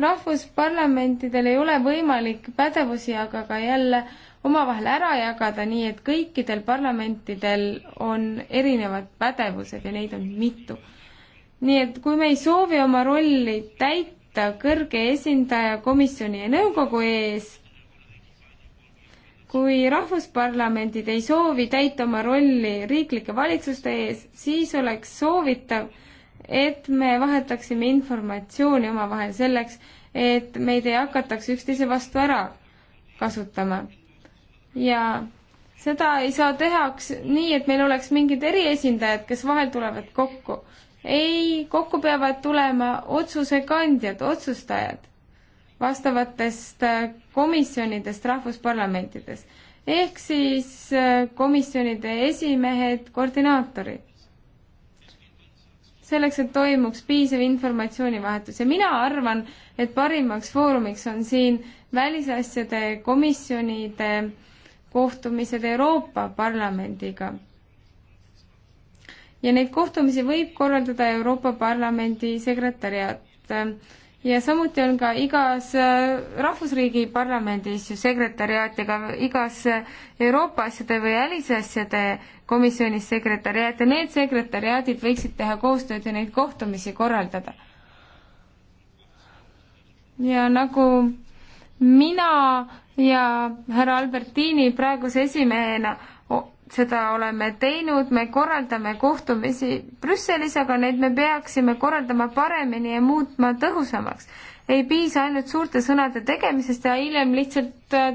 rahvusparlamentidel ei ole võimalik pädevusi aga ka jälle omavahel ära jagada, nii et kõikidel parlamentidel on erinevad pädevused ja neid on mitu. nii et kui me ei soovi oma rolli täita kõrge esindaja komisjoni ja nõukogu ees, kui rahvusparlamendid ei soovi täita oma rolli riiklike valitsuste ees, siis oleks soovitav, et me vahetaksime informatsiooni omavahel selleks, et meid ei hakataks üksteise vastu ära kasutama. ja seda ei saa tehaks nii, et meil oleks mingid eriesindajad, kes vahel tulevad kokku. ei, kokku peavad tulema otsuse kandjad, otsustajad vastavatest äh, komisjonidest rahvusparlamentides. ehk siis äh, komisjonide esimehed, koordinaatorid. selleks, et toimuks piisav informatsioonivahetus ja mina arvan, et parimaks foorumiks on siin välisasjade komisjonide kohtumised Euroopa Parlamendiga ja neid kohtumisi võib korraldada Euroopa Parlamendi sekretäriat ja samuti on ka igas äh, rahvusriigi parlamendis ju sekretäriaat ja ka igas äh, Euroopa asjade või välisasjade komisjonis sekretäriaat ja need sekretäriaadid võiksid teha koostööd ja neid kohtumisi korraldada. ja nagu mina ja härra Albertini praeguse esimehena seda oleme teinud, me korraldame kohtumisi Brüsselis, aga neid me peaksime korraldama paremini ja muutma tõhusamaks. ei piisa ainult suurte sõnade tegemisest ja hiljem lihtsalt äh,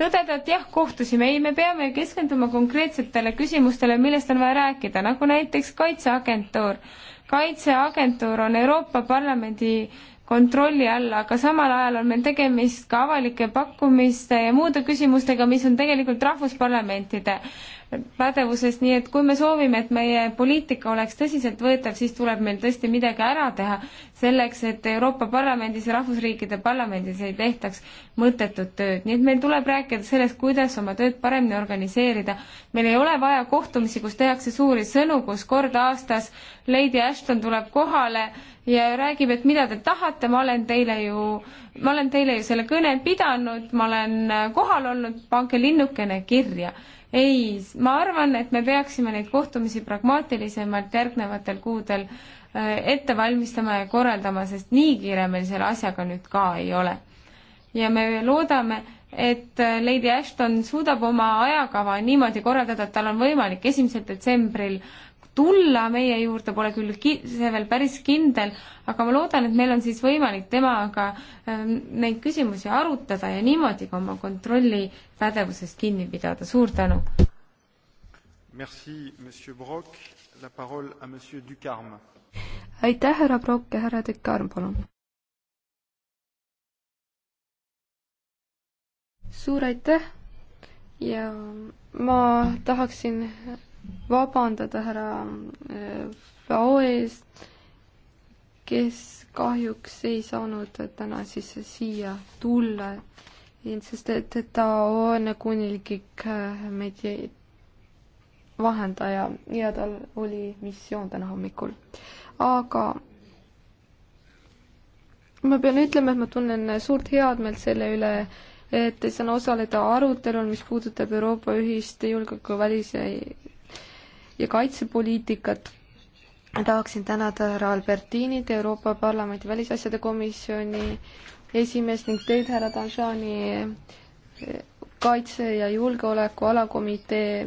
tõdeda, et jah, kohtusime, ei, me peame keskenduma konkreetsetele küsimustele, millest on vaja rääkida, nagu näiteks Kaitseagentuur. kaitseagentuur on Euroopa Parlamendi kontrolli all, aga samal ajal on meil tegemist ka avalike pakkumiste ja muude küsimustega, mis on tegelikult rahvusparlamentide pädevuses, nii et kui me soovime, et meie poliitika oleks tõsiseltvõetav, siis tuleb meil tõesti midagi ära teha selleks, et Euroopa Parlamendis ja rahvusriikide parlamendis ei tehtaks mõttetut tööd. nii et meil tuleb rääkida sellest, kuidas oma tööd paremini organiseerida. meil ei ole vaja kohtumisi, kus tehakse suuri sõnu, kus kord aastas Lady Ashton tuleb kohale ja räägib, et mida te tahate, ma olen teile ju, ma olen teile ju selle kõne pidanud, ma olen kohal olnud, pange linnukene kirja ei, ma arvan, et me peaksime neid kohtumisi pragmaatilisemalt järgnevatel kuudel äh, ette valmistama ja korraldama, sest nii kiire meil selle asjaga nüüd ka ei ole. ja me loodame, et äh, Lady Ashton suudab oma ajakava niimoodi korraldada, et tal on võimalik esimesel detsembril tulla meie juurde, pole küll ki-, see veel päris kindel, aga ma loodan, et meil on siis võimalik temaga ähm, neid küsimusi arutada ja niimoodi ka oma kontrolli pädevusest kinni pidada, suur tänu!
Merci, monsieur Brock, la parole à monsieur Ducarme.
aitäh, härra Brock ja härra Ducarme, palun! suur aitäh ja ma tahaksin vabandada härra äh, Vao eest, kes kahjuks ei saanud täna siis siia tulla, sest et ta on kuninglik äh, media vahendaja ja tal oli missioon täna hommikul. aga ma pean ütlema, et ma tunnen suurt headmeelt selle üle, et saan osaleda arutelul, mis puudutab Euroopa ühist julgeoleku välis- ja kaitsepoliitikat. tahaksin tänada härra Albertinit, Euroopa Parlamendi välisasjade komisjoni esimeest ning teid, härra Danjani, kaitse- ja julgeoleku alakomitee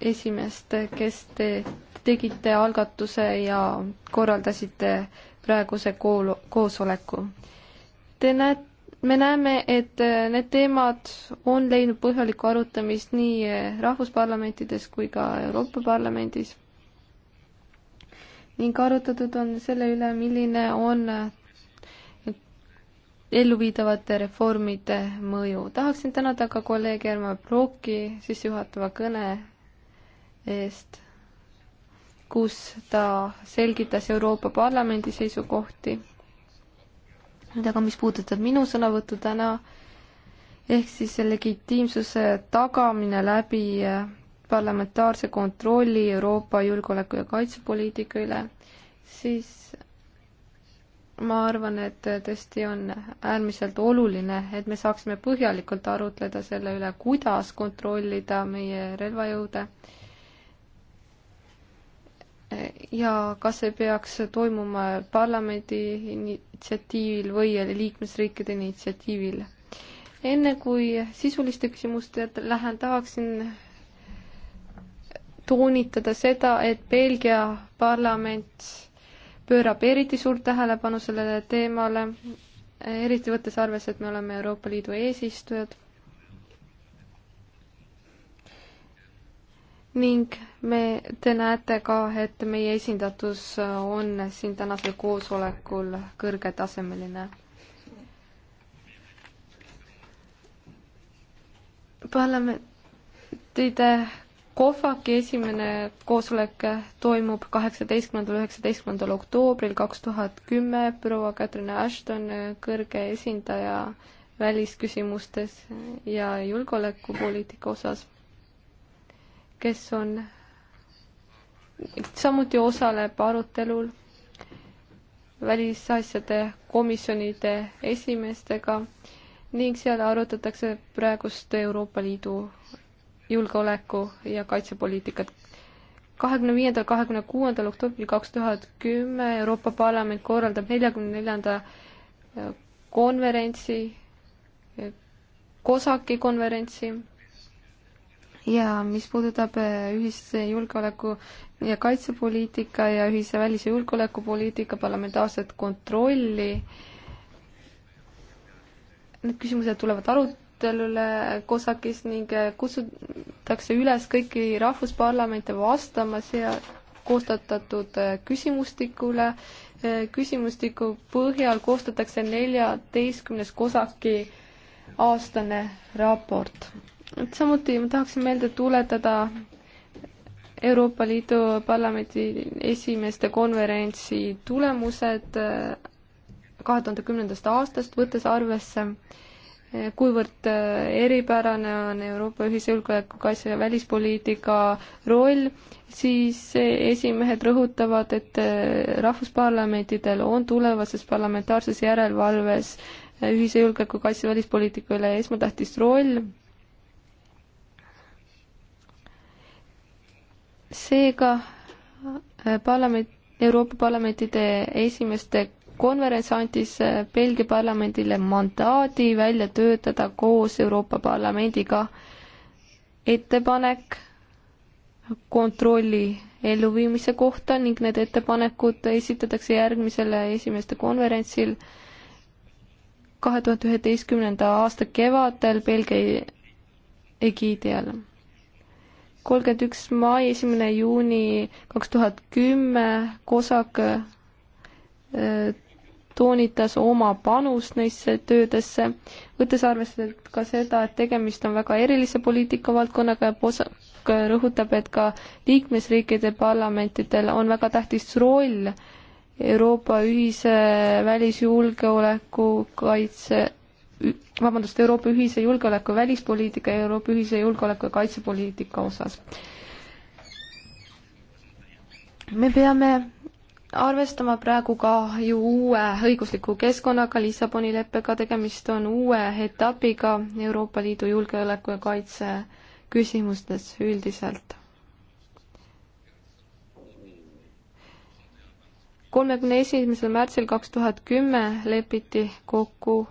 esimeest, kes te tegite algatuse ja korraldasite praeguse kool-, koosoleku. Te näete, me näeme, et äh, need teemad on leidnud põhjalikku arutamist nii äh, rahvusparlamentides kui ka Euroopa Parlamendis ning arutatud on selle üle, milline on äh, elluviidavate reformide mõju. tahaksin tänada ka kolleeg Erma Brocki sissejuhatava kõne eest, kus ta selgitas Euroopa Parlamendi seisukohti nüüd aga, mis puudutab minu sõnavõttu täna, ehk siis legitiimsuse tagamine läbi äh, parlamentaarse kontrolli Euroopa julgeoleku- ja kaitsepoliitika üle, siis ma arvan, et äh, tõesti on äärmiselt oluline, et me saaksime põhjalikult arutleda selle üle, kuidas kontrollida meie relvajõude äh, ja kas see peaks toimuma parlamendi initsiatiivil või liikmesriikide initsiatiivil. enne kui sisuliste küsimuste lähen, tahaksin toonitada seda, et Belgia parlament pöörab eriti suurt tähelepanu sellele teemale, eriti võttes arvesse, et me oleme Euroopa Liidu eesistujad ning me, te näete ka, et meie esindatus on siin tänasel koosolekul kõrgetasemeline. parlamentide KOFAK-i esimene koosolek toimub kaheksateistkümnendal, üheksateistkümnendal oktoobril kaks tuhat kümme. proua Katrin Ashton, kõrge esindaja välisküsimustes ja julgeolekupoliitika osas kes on, samuti osaleb arutelul välisasjade komisjonide esimeestega ning seal arutatakse praegust Euroopa Liidu julgeoleku- ja kaitsepoliitikat. kahekümne viiendal, kahekümne kuuendal oktoobril kaks tuhat kümme Euroopa Parlament korraldab neljakümne neljanda eh, konverentsi, eh, COSAC-i konverentsi ja mis puudutab äh, ühise julgeoleku ja kaitsepoliitika ja ühise välis- ja julgeolekupoliitika parlamentaarset kontrolli, need küsimused tulevad arutelule COSAC-is ning äh, kutsutakse üles kõiki rahvusparlamente vastama seal koostatatud äh, küsimustikule. küsimustiku põhjal koostatakse neljateistkümnes COSAC-i aastane raport samuti ma tahaksin meelde tuletada Euroopa Liidu Parlamendi esimeeste konverentsi tulemused äh, kahe tuhande kümnendast aastast, võttes arvesse, äh, kuivõrd äh, eripärane on Euroopa ühise julgeoleku, kaitse ja välispoliitika roll, siis esimehed rõhutavad, et rahvusparlamentidel on tulevases parlamentaarses järelevalves ühise julgeoleku, kaitse ja välispoliitika üle esmatähtis roll seega äh, parlament, Euroopa Parlamentide esimeste konverents andis äh, Belgia parlamendile mandaadi välja töötada koos Euroopa Parlamendiga ettepanek kontrolli elluviimise kohta ning need ettepanekud esitatakse järgmisele esimeste konverentsil kahe tuhande üheteistkümnenda aasta kevadel Belgia e-, egiidi all kolmkümmend üks mai, esimene juuni kaks tuhat kümme Kosak äh, toonitas oma panust neisse töödesse, võttes arvesse ka seda, et tegemist on väga erilise poliitikavaldkonnaga ja Kosak rõhutab, et ka liikmesriikide parlamentidel on väga tähtis roll Euroopa ühise välisjulgeoleku kaitse vabandust, Euroopa ühise julgeoleku ja välispoliitika ja Euroopa ühise julgeoleku ja kaitsepoliitika osas. me peame arvestama praegu ka ju uue õigusliku keskkonnaga, Lissaboni leppega, tegemist on uue etapiga Euroopa Liidu julgeoleku ja kaitse küsimustes üldiselt. kolmekümne esimesel märtsil kaks tuhat kümme lepiti kokku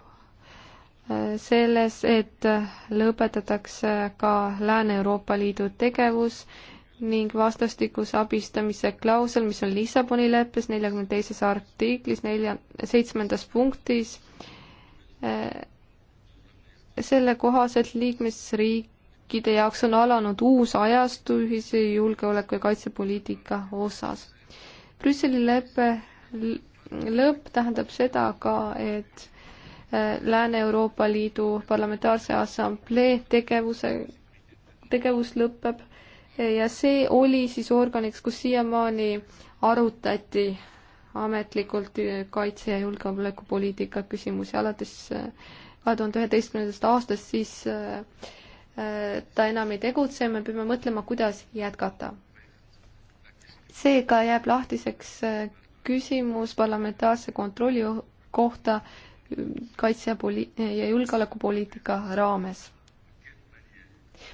selles, et lõpetatakse ka Lääne-Euroopa Liidu tegevus ning vastastikuse abistamise klausel, mis on Lissaboni leppes neljakümne teises artiklis nelja, seitsmendas punktis. Eh, selle kohaselt liikmesriikide jaoks on alanud uus ajastu ühise julgeoleku ja kaitsepoliitika osas. Brüsseli leppe lõpp tähendab seda ka, et Lääne-Euroopa Liidu Parlamentaarse Assamblee tegevuse, tegevus lõpeb ja see oli siis organiks, kus siiamaani arutati ametlikult kaitse- ja julgeolekupoliitika küsimusi alates äh, kahe tuhande üheteistkümnendast aastast, siis äh, äh, ta enam ei tegutse, me peame mõtlema, kuidas jätkata. seega jääb lahtiseks küsimus parlamentaarse kontrolli kohta kaitse- ja poli-, ja julgeolekupoliitika raames.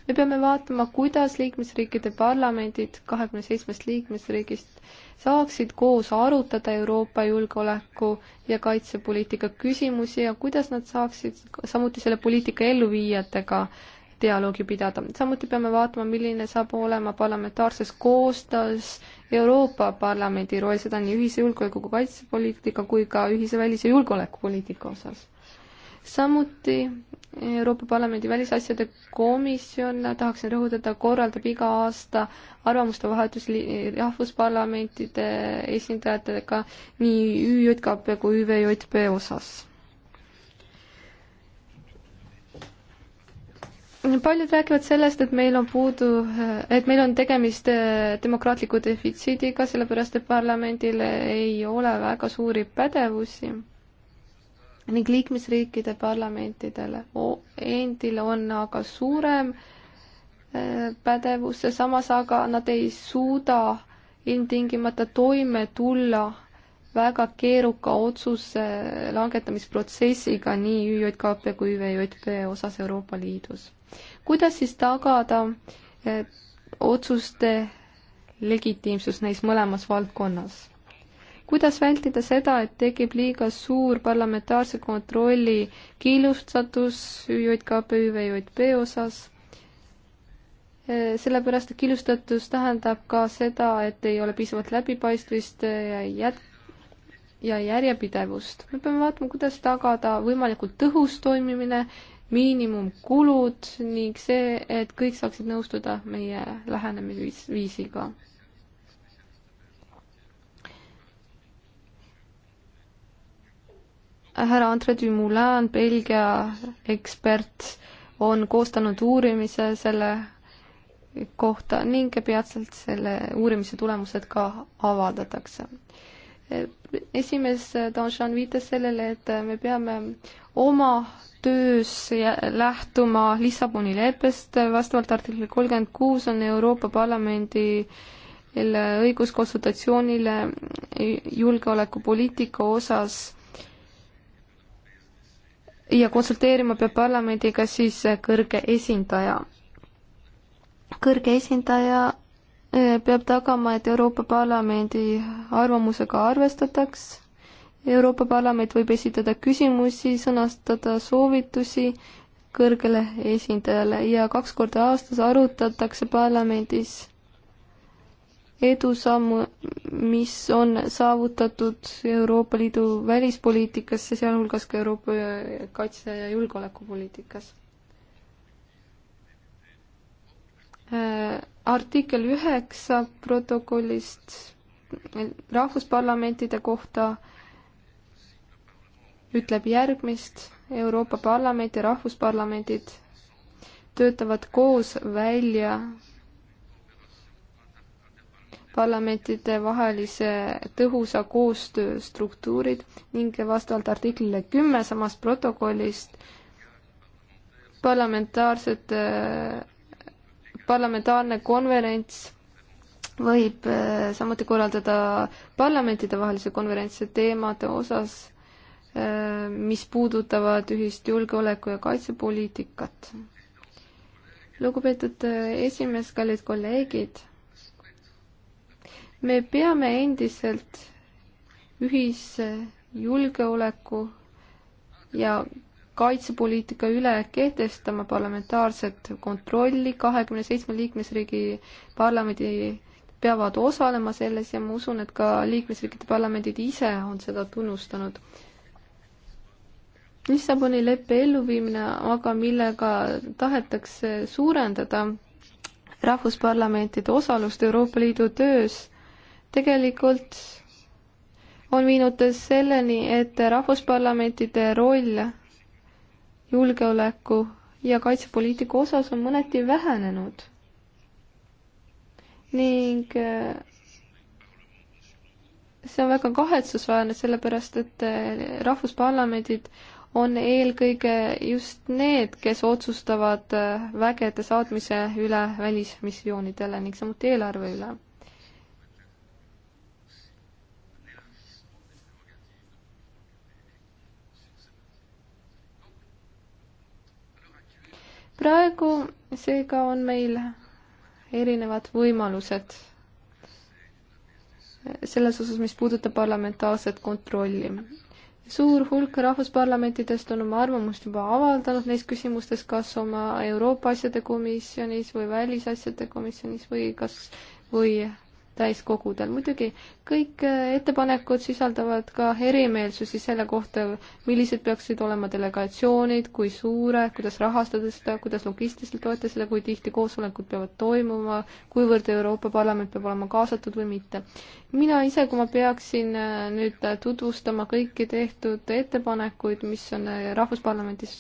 me peame vaatama, kuidas liikmesriikide parlamendid kahekümne seitsmest liikmesriigist saaksid koos arutada Euroopa julgeoleku ja kaitsepoliitika küsimusi ja kuidas nad saaksid samuti selle poliitika elluviijatega äh, dialoogi pidada. samuti peame vaatama, milline saab olema parlamentaarses koostöös Euroopa Parlamendi roll, seda nii ühise julgeoleku kui kaitsepoliitika kui ka ühise välis- ja julgeolekupoliitika osas. samuti Euroopa Parlamendi välisasjade komisjon, tahaksin rõhutada, korraldab iga aasta arvamuste vahetus rahvusparlamentide esindajatega nii ÜJKP kui ÜVJP osas paljud räägivad sellest, et meil on puudu, et meil on tegemist äh, demokraatliku defitsiidiga, sellepärast et parlamendil ei ole väga suuri pädevusi ning liikmesriikide parlamentidele endil on aga suurem äh, pädevus, samas aga nad ei suuda ilmtingimata toime tulla väga keeruka otsuse langetamisprotsessiga nii ÜJKP kui ÜVJP osas Euroopa Liidus kuidas siis tagada otsuste legitiimsus neis mõlemas valdkonnas? kuidas vältida seda, et tekib liiga suur parlamentaarse kontrolli killustatus JKPÜ või JP osas? E, sellepärast, et killustatus tähendab ka seda, et ei ole piisavalt läbipaistvist ja jät-, ja järjepidevust. me peame vaatama, kuidas tagada võimalikult tõhus toimimine miinimumkulud ning see, et kõik saaksid nõustuda meie lähenemisviisiga. härra Andre Dumoulin, Belgia ekspert, on koostanud uurimise selle kohta ning peatselt selle uurimise tulemused ka avaldatakse esimees Donjon viitas sellele, et me peame oma töös lähtuma Lissaboni leppest, vastavalt artikli kolmkümmend kuus on Euroopa Parlamendi õigus konsultatsioonile julgeolekupoliitika osas ja konsulteerima peab parlamendiga siis kõrge esindaja. kõrge esindaja peab tagama, et Euroopa Parlamendi arvamusega arvestataks. Euroopa Parlament võib esitada küsimusi, sõnastada soovitusi kõrgele esindajale ja kaks korda aastas arutatakse parlamendis edusammu, mis on saavutatud Euroopa Liidu välispoliitikas ja sealhulgas ka Euroopa kaitse- ja julgeolekupoliitikas äh, artikkel üheksa protokollist rahvusparlamentide kohta ütleb järgmist, Euroopa Parlament ja rahvusparlamendid töötavad koos välja parlamentide vahelise tõhusa koostöö struktuurid ning vastavalt artiklile kümme samast protokollist parlamentaarsete parlamentaarne konverents võib äh, samuti korraldada parlamentidevahelisi konverentse teemade osas, äh, mis puudutavad ühist julgeoleku- ja kaitsepoliitikat. lugupeetud äh, esimees, kallid kolleegid, me peame endiselt ühise julgeoleku ja kaitsepoliitika üle kehtestama parlamentaarset kontrolli, kahekümne seitsme liikmesriigi parlamendi peavad osalema selles ja ma usun, et ka liikmesriikide parlamendid ise on seda tunnustanud. Lissaboni leppe elluviimine aga, millega tahetakse suurendada rahvusparlamentide osalust Euroopa Liidu töös, tegelikult on viinud selleni, et rahvusparlamentide roll julgeoleku ja kaitsepoliitika osas on mõneti vähenenud ning äh, see on väga kahetsusväärne, sellepärast et äh, rahvusparlamendid on eelkõige just need, kes otsustavad äh, vägede saatmise üle välismissioonidele ning samuti eelarve üle praegu seega on meil erinevad võimalused selles osas, mis puudutab parlamentaarset kontrolli. suur hulk rahvusparlamentidest on oma arvamust juba avaldanud neis küsimustes, kas oma Euroopa asjade komisjonis või välisasjade komisjonis või kas, või täiskogudel. muidugi kõik äh, ettepanekud sisaldavad ka erimeelsusi selle kohta, millised peaksid olema delegatsioonid, kui suure, kuidas rahastada seda, kuidas logistiliselt toeta seda, kui tihti koosolekud peavad toimuma, kuivõrd Euroopa Parlament peab olema kaasatud või mitte. mina ise, kui ma peaksin äh, nüüd tutvustama kõiki tehtud ettepanekuid, mis on äh, Rahvusparlamendis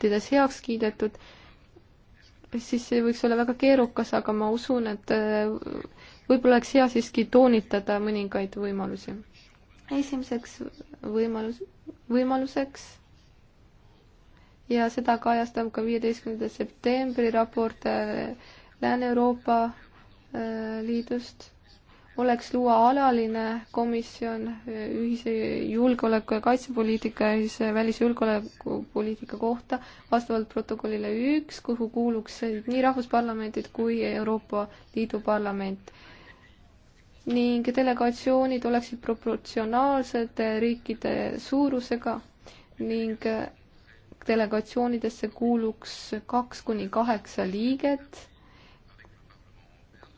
tedes heaks kiidetud, siis see võiks olla väga keerukas, aga ma usun, et võib-olla oleks hea siiski toonitada mõningaid võimalusi. esimeseks võimalus, võimaluseks ja seda kajastab ka viieteistkümnenda septembri raport äh, Lääne-Euroopa äh, Liidust, oleks luua alaline komisjon äh, ühise julgeoleku- ja kaitsepoliitika ja ühise välis- ja julgeolekupoliitika kohta vastavalt protokollile üks, kuhu kuuluks nii rahvusparlamendid kui Euroopa Liidu parlament ning delegatsioonid oleksid proportsionaalsed riikide suurusega ning delegatsioonidesse kuuluks kaks kuni kaheksa liiget,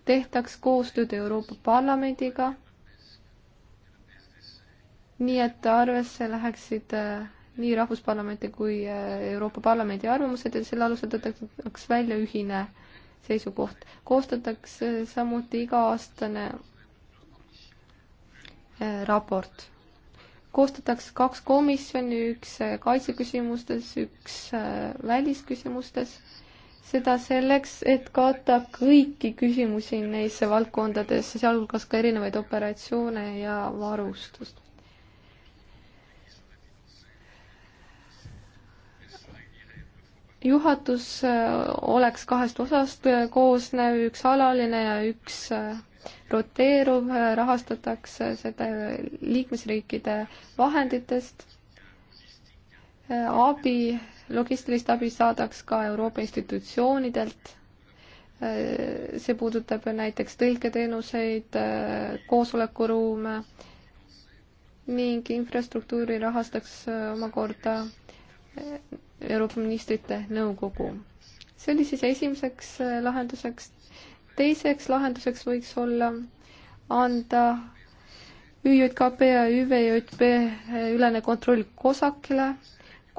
tehtaks koostööd Euroopa Parlamendiga, nii et arvesse läheksid äh, nii Rahvusparlamenti kui äh, Euroopa Parlamendi arvamused ja selle alusel tõdetaks välja ühine seisukoht. koostatakse äh, samuti iga-aastane Äh, raport. koostatakse kaks komisjoni, üks äh, kaitseküsimustes, üks äh, välisküsimustes. seda selleks, et katta kõiki küsimusi neisse valdkondadesse, sealhulgas ka erinevaid operatsioone ja varustust. juhatus oleks kahest osast koosnev, üks alaline ja üks roteeruv, rahastatakse seda liikmesriikide vahenditest. abi, logistilist abi saadaks ka Euroopa institutsioonidelt. see puudutab näiteks tõlketeenuseid, koosolekuruume ning infrastruktuuri rahastaks omakorda Euroopa ministrite nõukogu. see oli siis esimeseks lahenduseks, teiseks lahenduseks võiks olla anda ÜJKP ja ÜVJP ülene kontroll COSAC-ile.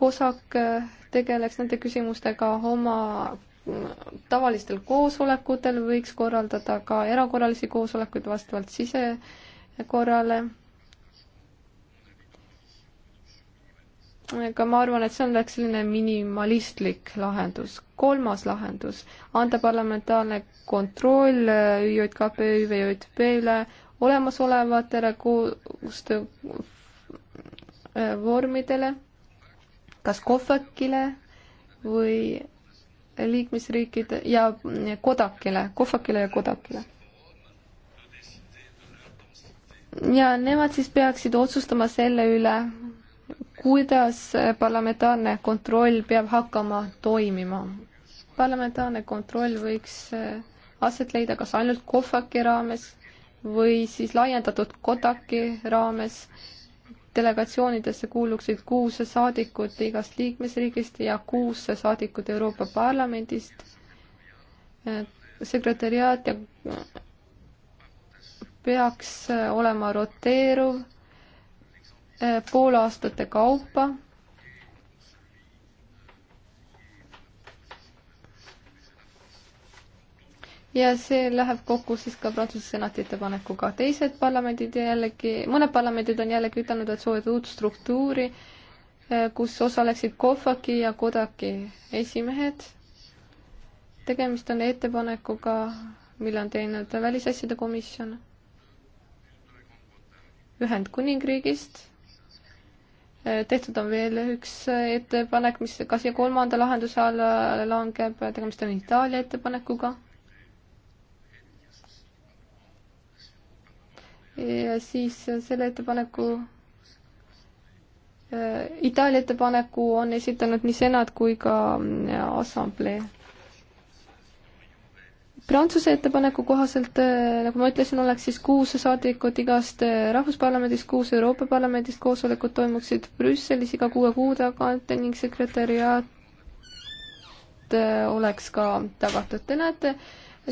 COSAC äh, tegeleks nende küsimustega oma mm, tavalistel koosolekutel, võiks korraldada ka erakorralisi koosolekuid vastavalt sisekorrale aga ma arvan, et see on, oleks selline minimalistlik lahendus. kolmas lahendus, anda parlamentaarne kontroll ÜJKP, äh, ÜVJP üle olemasolevatele koostöö äh, vormidele, kas kohvakile või liikmesriikide ja kodakile, kohvakile ja kodakile ja nemad siis peaksid otsustama selle üle, kuidas parlamentaarne kontroll peab hakkama toimima. parlamentaarne kontroll võiks eh, aset leida kas ainult kohvaki raames või siis laiendatud kodaki raames. delegatsioonidesse kuuluksid kuus saadikut igast liikmesriigist ja kuus saadikut Euroopa Parlamendist. Eh, sekretäriaat ja peaks eh, olema roteeruv poolaastate kaupa. ja see läheb kokku siis ka Prantsuse senati ettepanekuga. teised parlamendid jällegi, mõned parlamendid on jällegi ütelnud, et soovivad uut struktuuri, eh, kus osaleksid KOFAK-i ja KODAK-i esimehed. tegemist on ettepanekuga, mille on teinud Välisasjade Komisjon Ühendkuningriigist Äh, tehtud on veel üks ettepanek, mis ka siia kolmanda lahenduse alla langeb, tegemist on Itaalia ettepanekuga. ja siis selle ettepaneku, äh, Itaalia ettepaneku on esitanud nii senat kui ka äh, assamblee Prantsuse ettepaneku kohaselt, äh, nagu ma ütlesin, oleks siis kuus saadikut igast äh, Rahvusparlamendist, kuus Euroopa Parlamendist, koosolekud toimuksid Brüsselis iga kuue kuu tagant ning sekretäriaat äh, oleks ka tagatud. Te näete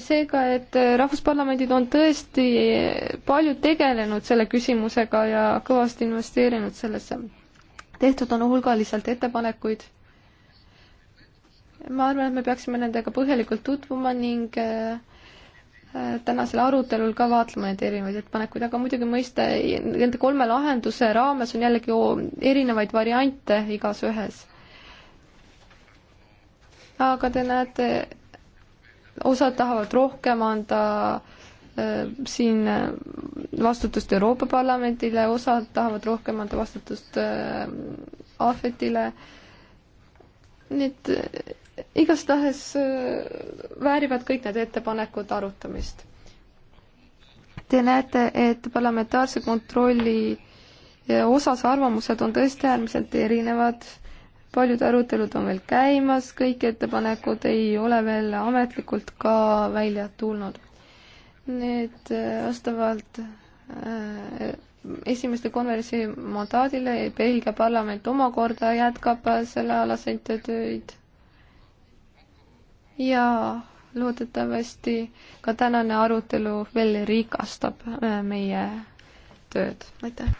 seega, et Rahvusparlamendid on tõesti palju tegelenud selle küsimusega ja kõvasti investeerinud sellesse. tehtud on hulgaliselt ettepanekuid ma arvan, et me peaksime nendega põhjalikult tutvuma ning äh, äh, tänasel arutelul ka vaatlema neid erinevaid ettepanekuid, aga muidugi mõista, nende kolme lahenduse raames on jällegi erinevaid variante igas ühes. aga te näete, osad tahavad rohkem anda äh, siin vastutust Euroopa Parlamendile, osad tahavad rohkem anda vastutust Ahvetile. nii et igastahes äh, väärivad kõik need ettepanekud arutamist. Te näete, et parlamentaarse kontrolli äh, osas arvamused on tõesti äärmiselt erinevad, paljud arutelud on veel käimas, kõik ettepanekud ei ole veel ametlikult ka välja tulnud. Need äh, vastavalt äh, esimeste konverentsi mandaadile Belgia parlament omakorda jätkab sellealaseid töid ja loodetavasti ka tänane arutelu veel rikastab äh, meie tööd, aitäh!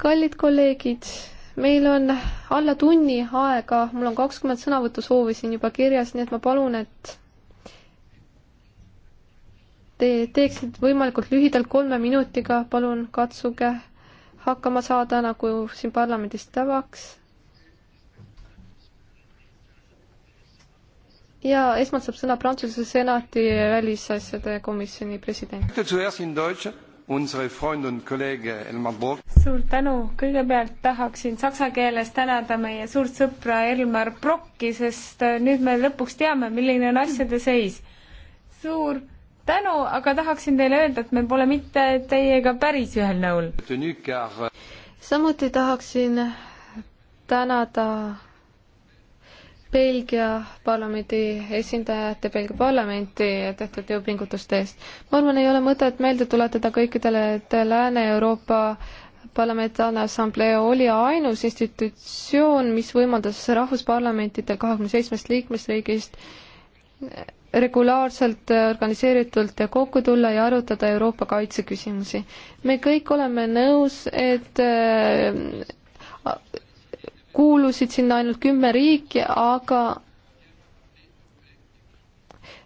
kallid kolleegid, meil on alla tunni aega, mul on kakskümmend sõnavõtusoovi siin juba kirjas, nii et ma palun, et te teeksite võimalikult lühidalt kolme minutiga, palun katsuge hakkama saada, nagu siin parlamendis tavaks ja esmalt saab sõna Prantsuse senati välisasjade komisjoni president. suur tänu,
kõigepealt tahaksin saksa keeles tänada meie suurt sõpra Elmar Brokki, sest nüüd me lõpuks teame, milline on asjade seis. suur tänu, aga tahaksin teile öelda, et me pole mitte teiega päris ühel nõul. samuti
tahaksin tänada Belgia parlamendi esindajate, Belgia parlamenti tehtud jõupingutuste eest. ma arvan, ei ole mõtet meelde tuletada kõikidele, et Lääne-Euroopa parlamentaarne assamblee oli ainus institutsioon, mis võimaldas rahvusparlamentidel kahekümne seitsmest liikmesriigist regulaarselt, organiseeritult kokku tulla ja arutada Euroopa kaitseküsimusi. me kõik oleme nõus, et äh, kuulusid sinna ainult kümme riiki, aga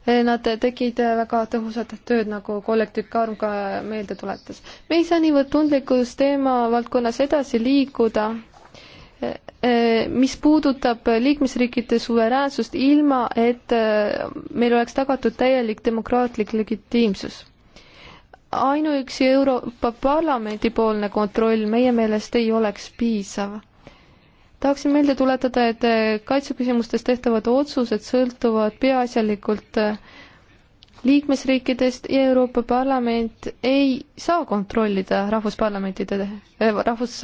äh, nad tegid väga tõhusat tööd, nagu kollektiiv Karm ka meelde tuletas. me ei saa niivõrd tundlikus teemavaldkonnas edasi liikuda mis puudutab liikmesriikide suveräänsust, ilma et äh, meil oleks tagatud täielik demokraatlik legitiimsus. ainuüksi Euroopa Parlamendi poolne kontroll meie meelest ei oleks piisav. tahaksin meelde tuletada, et äh, kaitseküsimustes tehtavad otsused sõltuvad peaasjalikult äh, liikmesriikidest ja Euroopa Parlament ei saa kontrollida rahvusparlamentide, rahvus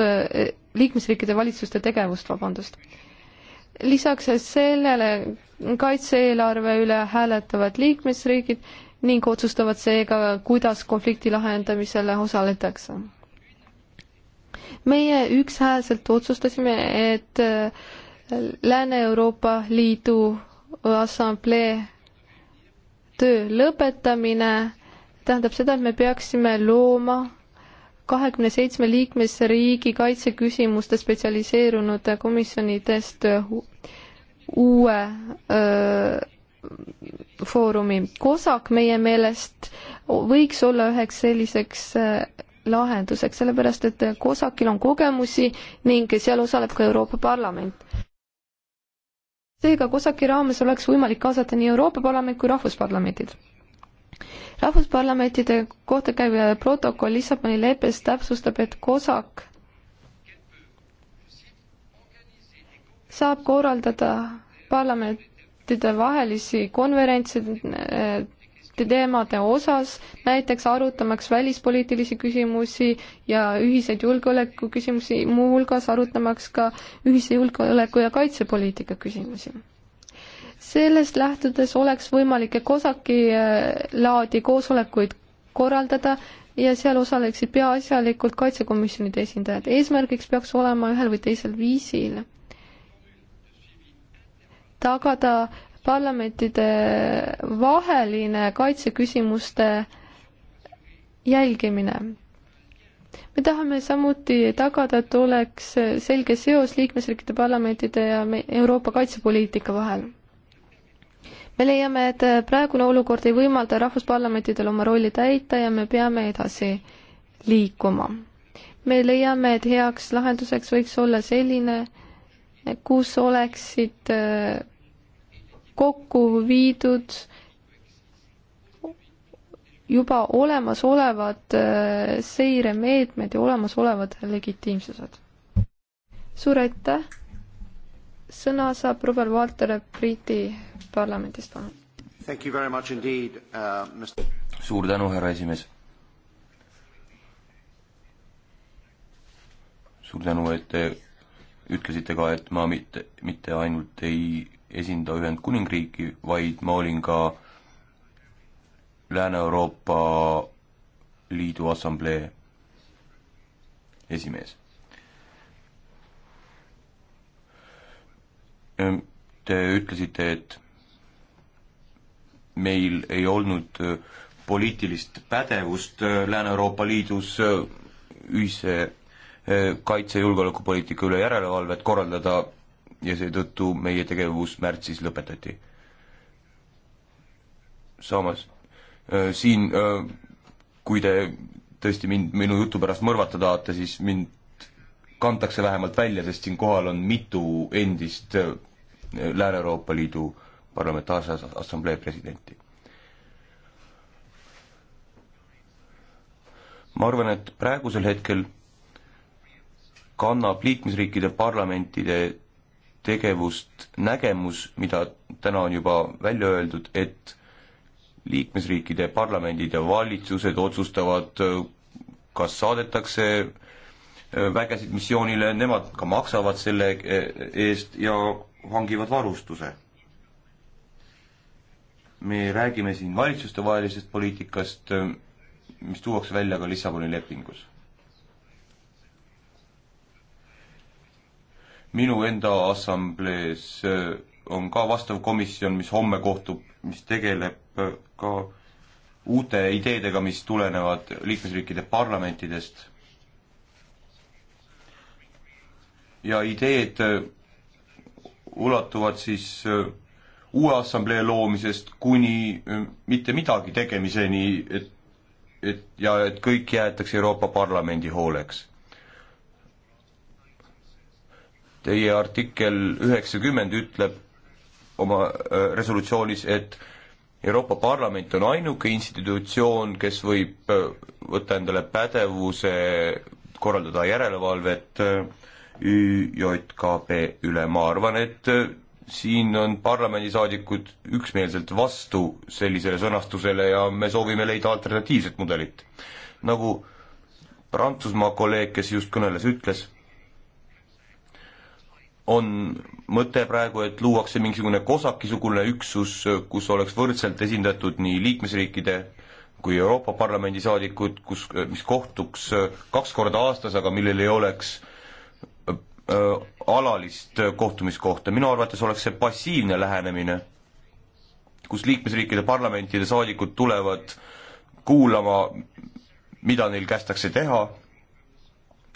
liikmesriikide valitsuste tegevust, vabandust. lisaks sellele kaitse-eelarve üle hääletavad liikmesriigid ning otsustavad seega, kuidas konflikti lahendamisele osaletakse. meie ükshäälselt otsustasime, et äh, Lääne-Euroopa Liidu Assamblee töö lõpetamine tähendab seda, et me peaksime looma kahekümne seitsme liikmesriigi kaitseküsimuste spetsialiseerunud komisjonidest uue öö, foorumi. COSAC meie meelest võiks olla üheks selliseks lahenduseks, sellepärast et COSAC-il on kogemusi ning seal osaleb ka Euroopa Parlament. seega COSAC-i raames oleks võimalik kaasata nii Euroopa Parlament kui rahvusparlamendid rahvusparlamentide kohta käiv protokoll Lissaboni leppes täpsustab, et COSAC saab korraldada parlamentide vahelisi konverentse eh, teemade osas, näiteks arutamaks välispoliitilisi küsimusi ja ühiseid julgeolekuküsimusi, muuhulgas arutamaks ka ühise julgeoleku- ja kaitsepoliitika küsimusi sellest lähtudes oleks võimalik COSAC-i äh, laadi koosolekuid korraldada ja seal osaleksid peaasjalikult kaitsekomisjonide esindajad. eesmärgiks peaks olema ühel või teisel viisil tagada parlamentide vaheline kaitseküsimuste jälgimine. me tahame samuti tagada, et oleks selge seos liikmesriikide parlamentide ja Euroopa kaitsepoliitika vahel me leiame, et äh, praegune olukord ei võimalda rahvusparlamentidel oma rolli täita ja me peame edasi liikuma. me leiame, et heaks lahenduseks võiks olla selline, kus oleksid äh, kokku viidud juba olemasolevad äh, seiremeetmed ja olemasolevad legitiimsused. suur aitäh! sõna saab Robert Walter Briti parlamendist, palun.
Uh, suur tänu, härra esimees. suur tänu, et te ütlesite ka, et ma mitte, mitte ainult ei esinda Ühendkuningriiki, vaid ma olin ka Lääne-Euroopa Liidu Assamblee esimees. Te ütlesite, et meil ei olnud äh, poliitilist pädevust äh, Lääne-Euroopa Liidus äh, ühise kaitse- ja julgeolekupoliitika üle järelevalvet korraldada ja seetõttu meie tegevus märtsis lõpetati. samas siin, kui te tõesti mind minu jutu pärast mõrvata tahate, siis mind kantakse vähemalt välja, sest siin kohal on mitu endist Lääne-Euroopa Liidu äh, Parlamentaarse Assamblee presidenti. ma arvan, et praegusel hetkel kannab liikmesriikide parlamentide tegevust nägemus, mida täna on juba välja öeldud, et liikmesriikide parlamendid ja valitsused otsustavad, kas saadetakse äh, vägesid missioonile, nemad ka maksavad selle äh, eest ja hangivad varustuse me räägime siin valitsustevahelisest poliitikast, mis tuuakse välja ka Lissaboni lepingus. minu enda assamblees äh, on ka vastav komisjon, mis homme kohtub, mis tegeleb äh, ka uute ideedega, mis tulenevad liikmesriikide parlamentidest. ja ideed äh, ulatuvad siis uue assamblee loomisest kuni mitte midagi tegemiseni, et, et ja et kõik jäetakse Euroopa Parlamendi hooleks. Teie artikkel üheksakümmend ütleb oma resolutsioonis, et Euroopa Parlament on ainuke institutsioon, kes võib võtta endale pädevuse korraldada järelevalvet ÜJKP üle, ma arvan, et siin on parlamendisaadikud üksmeelselt vastu sellisele sõnastusele ja me soovime leida alternatiivset mudelit. nagu Prantsusmaa kolleeg, kes just kõneles, ütles, on mõte praegu, et luuakse mingisugune COSAC-isugune üksus, kus oleks võrdselt esindatud nii liikmesriikide kui Euroopa Parlamendi saadikud, kus, mis kohtuks kaks korda aastas, aga millel ei oleks Äh, alalist äh, kohtumiskohta, minu arvates oleks see passiivne lähenemine, kus liikmesriikide parlamentide saadikud tulevad kuulama, mida neil kästakse teha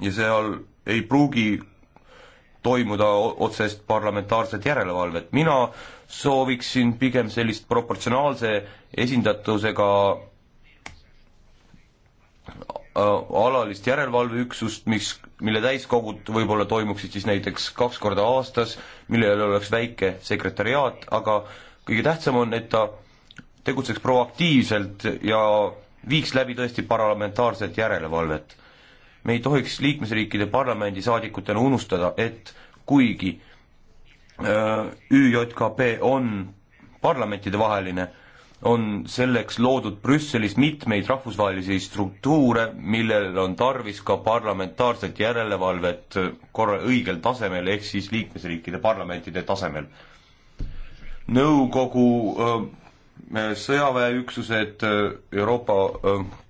ja seal ei pruugi toimuda otsest parlamentaarset järelevalvet, mina sooviksin pigem sellist proportsionaalse esindatusega Äh, alalist järelevalveüksust, mis, mille täiskogud võib-olla toimuksid siis näiteks kaks korda aastas, millel oleks väike sekretariaat, aga kõige tähtsam on, et ta tegutseks proaktiivselt ja viiks läbi tõesti parlamentaarset järelevalvet. me ei tohiks liikmesriikide parlamendisaadikutena unustada, et kuigi öö, äh, ÜJKP on parlamentidevaheline, on selleks loodud Brüsselis mitmeid rahvusvahelisi struktuure, millel on tarvis ka parlamentaarset järelevalvet äh, korra-, õigel tasemel, ehk siis liikmesriikide parlamentide tasemel. nõukogu äh, äh, sõjaväeüksused, Euroopa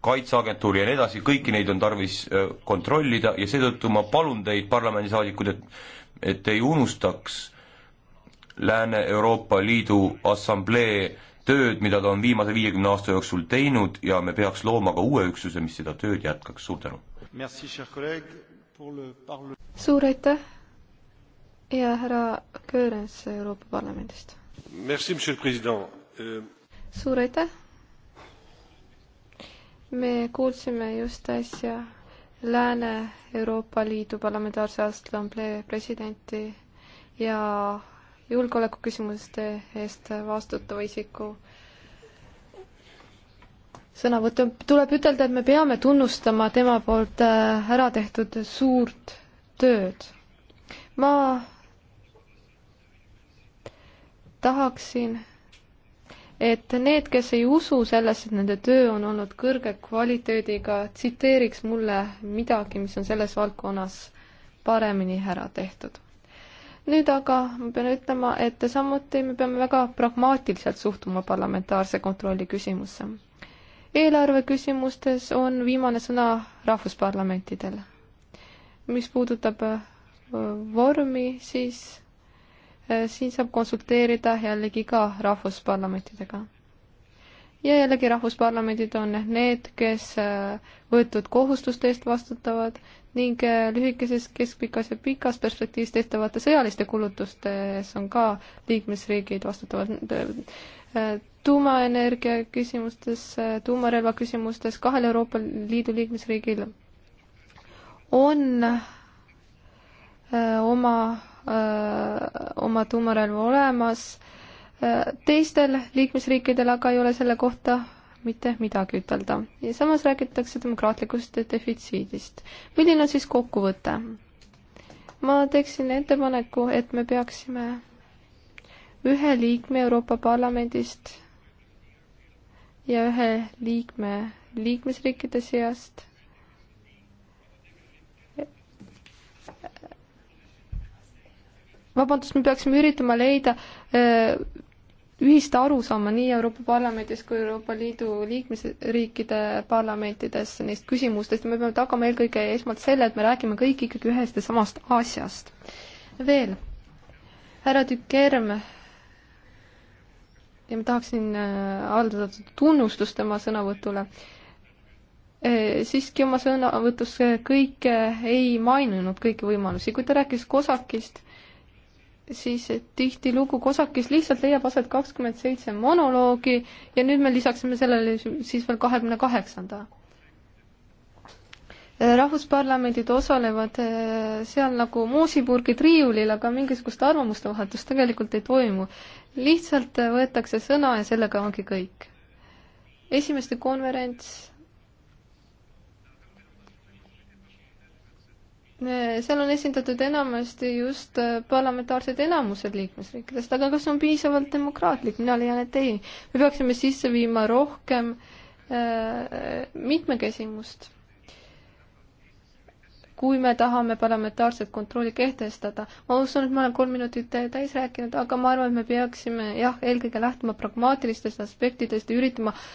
Kaitseagentuur ja nii edasi, kõiki neid on tarvis kontrollida ja seetõttu ma palun teid, parlamendisaadikud, et et ei unustaks Lääne-Euroopa Liidu Assamblee tööd, mida ta on viimase viiekümne aasta jooksul teinud ja me peaks looma ka uue üksuse, mis seda tööd jätkaks, suur tänu!
suur aitäh
ja härra Köörens Euroopa Parlamendist!
Euh-
suur aitäh! me kuulsime just äsja Lääne-Euroopa Liidu Parlamentaarse Assamblee presidenti ja julgeolekuküsimuste eest vastutava isiku sõnavõttu, tuleb ütelda, et me peame tunnustama tema poolt äh, ära tehtud suurt tööd. ma tahaksin, et need, kes ei usu sellesse, et nende töö on olnud kõrge kvaliteediga, tsiteeriks mulle midagi, mis on selles valdkonnas paremini ära tehtud nüüd aga ma pean ütlema, et samuti me peame väga pragmaatiliselt suhtuma parlamentaarse kontrolli küsimusse. eelarve küsimustes on viimane sõna rahvusparlamentidel. mis puudutab äh, vormi, siis äh, siin saab konsulteerida jällegi ka rahvusparlamentidega. ja jällegi rahvusparlamendid on need, kes äh, võetud kohustuste eest vastutavad, ning äh, lühikeses, keskpikas ja pikas perspektiivis tehtavate sõjaliste kulutustes on ka liikmesriigid vastutavad äh, tuumaenergia küsimustes, äh, tuumarelva küsimustes kahel Euroopa Liidu liikmesriigil on oma, oma tuumarelv olemas, teistel liikmesriikidel aga ei ole selle kohta mitte midagi ütelda. ja samas räägitakse demokraatlikust defitsiidist. milline on siis kokkuvõte? ma teeksin ettepaneku, et me peaksime ühe liikme Euroopa Parlamendist ja ühe liikme liikmesriikide seast vabandust, me peaksime üritama leida öö, äh, ühist arusaama nii Euroopa Parlamendis kui Euroopa Liidu liikmesriikide parlamentides neist küsimustest ja me peame tagama eelkõige esmalt selle, et me räägime kõik ikkagi ühest ja samast asjast. veel, härra Tükerm ja ma tahaksin äh, avaldada tunnustust tema sõnavõtule, äh, siiski oma sõnavõtus äh, kõike ei maininud, kõiki võimalusi, kui ta rääkis Kosakist, siis tihtilugu kosakis lihtsalt leiab aset kakskümmend seitse monoloogi ja nüüd me lisaksime sellele siis veel kahekümne kaheksanda. rahvusparlamendid osalevad eh, seal nagu moosipurgid riiulil, aga mingisugust arvamuste vahetust tegelikult ei toimu. lihtsalt võetakse sõna ja sellega ongi kõik. esimeste konverents Eh, seal on esindatud enamasti just eh, parlamentaarsed enamused liikmesriikidest, aga kas on piisavalt demokraatlik, mina leian, et ei. me peaksime sisse viima rohkem äh, eh, mitmekesimust. kui me tahame parlamentaarset kontrolli kehtestada, ma usun, et ma olen kolm minutit täis rääkinud, aga ma arvan, et me peaksime jah, eelkõige lähtuma pragmaatilistest aspektidest ja üritama äh,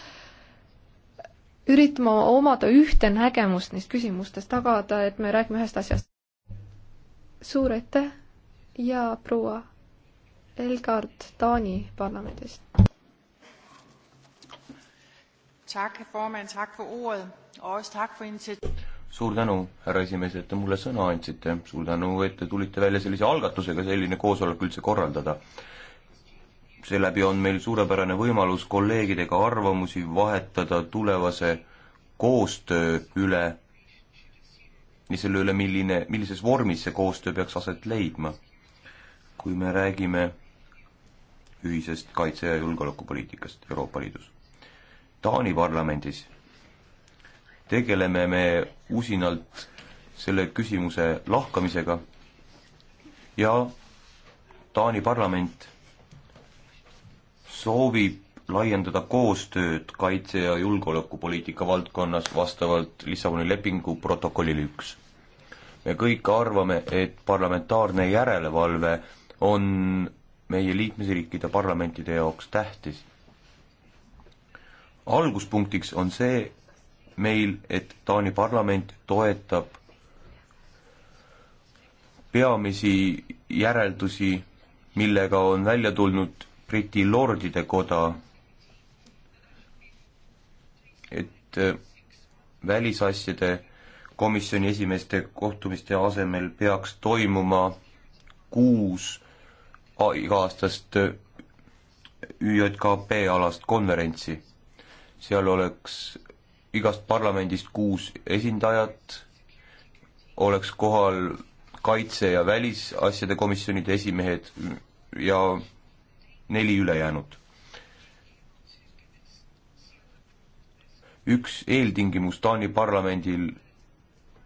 üritama omada ühte nägemust neist küsimustest, tagada, et me räägime ühest asjast. suur aitäh ja proua Elgard Taani parlamendist.
suur tänu, härra esimees, et te mulle sõna andsite, suur tänu, et te tulite välja sellise algatusega selline koosolek üldse korraldada seeläbi on meil suurepärane võimalus kolleegidega arvamusi vahetada tulevase koostöö üle ja selle üle, milline, millises vormis see koostöö peaks aset leidma. kui me räägime ühisest kaitse- ja julgeolekupoliitikast Euroopa Liidus. Taani parlamendis tegeleme me usinalt selle küsimuse lahkamisega ja Taani parlament soovib laiendada koostööd kaitse- ja julgeolekupoliitika valdkonnas vastavalt Lissaboni lepingu protokollile üks. me kõik arvame, et parlamentaarne järelevalve on meie liikmesriikide parlamentide jaoks tähtis. alguspunktiks on see meil, et Taani parlament toetab peamisi järeldusi, millega on välja tulnud Briti lordide koda, et äh, välisasjade komisjoni esimeeste kohtumiste asemel peaks toimuma kuus iga-aastast äh, ÜJKP alast konverentsi. seal oleks igast parlamendist kuus esindajat, oleks kohal kaitse- ja välisasjade komisjonide esimehed ja neli ülejäänut. üks eeltingimus Taani parlamendil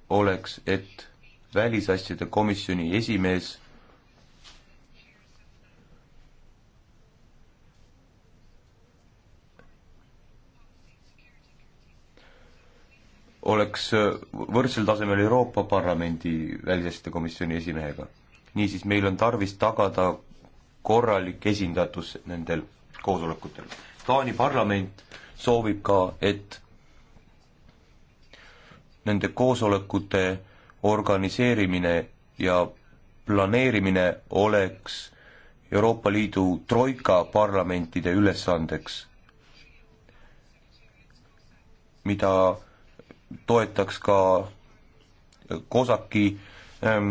oleks, et välisasjade komisjoni esimees oleks võrdsel tasemel Euroopa Parlamendi välisasjade komisjoni esimehega. niisiis, meil on tarvis tagada korralik esindatus nendel koosolekutel. Taani parlament soovib ka, et nende koosolekute organiseerimine ja planeerimine oleks Euroopa Liidu troika parlamentide ülesandeks, mida toetaks ka COSAC-i ähm,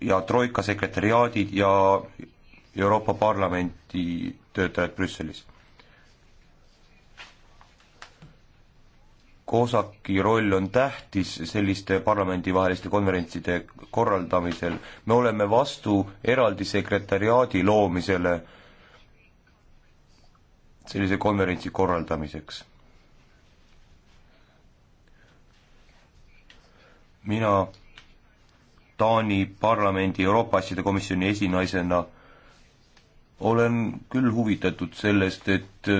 ja Troika sekretäriaadid ja Euroopa Parlamenti töötajad Brüsselis. COSAC-i roll on tähtis selliste parlamendivaheliste konverentside korraldamisel. me oleme vastu eraldi sekretäriaadi loomisele sellise konverentsi korraldamiseks. mina Taani parlamendi Euroopa asjade komisjoni esinaisena olen küll huvitatud sellest, et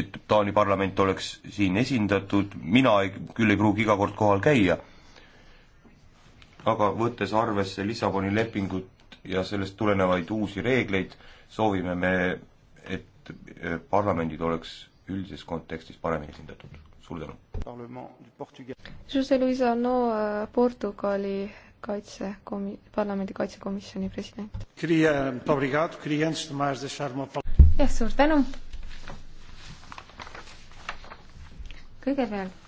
et Taani parlament oleks siin esindatud, mina ei, küll ei pruugi iga kord kohal käia, aga võttes arvesse Lissaboni lepingut ja sellest tulenevaid uusi reegleid, soovime me, et parlamendid oleks üldises kontekstis paremini esindatud suur
tänu.
Jose Luis Anno, äh, Portugali kaitsekomi-, parlamendi kaitsekomisjoni president. jah, suur tänu.
kõigepealt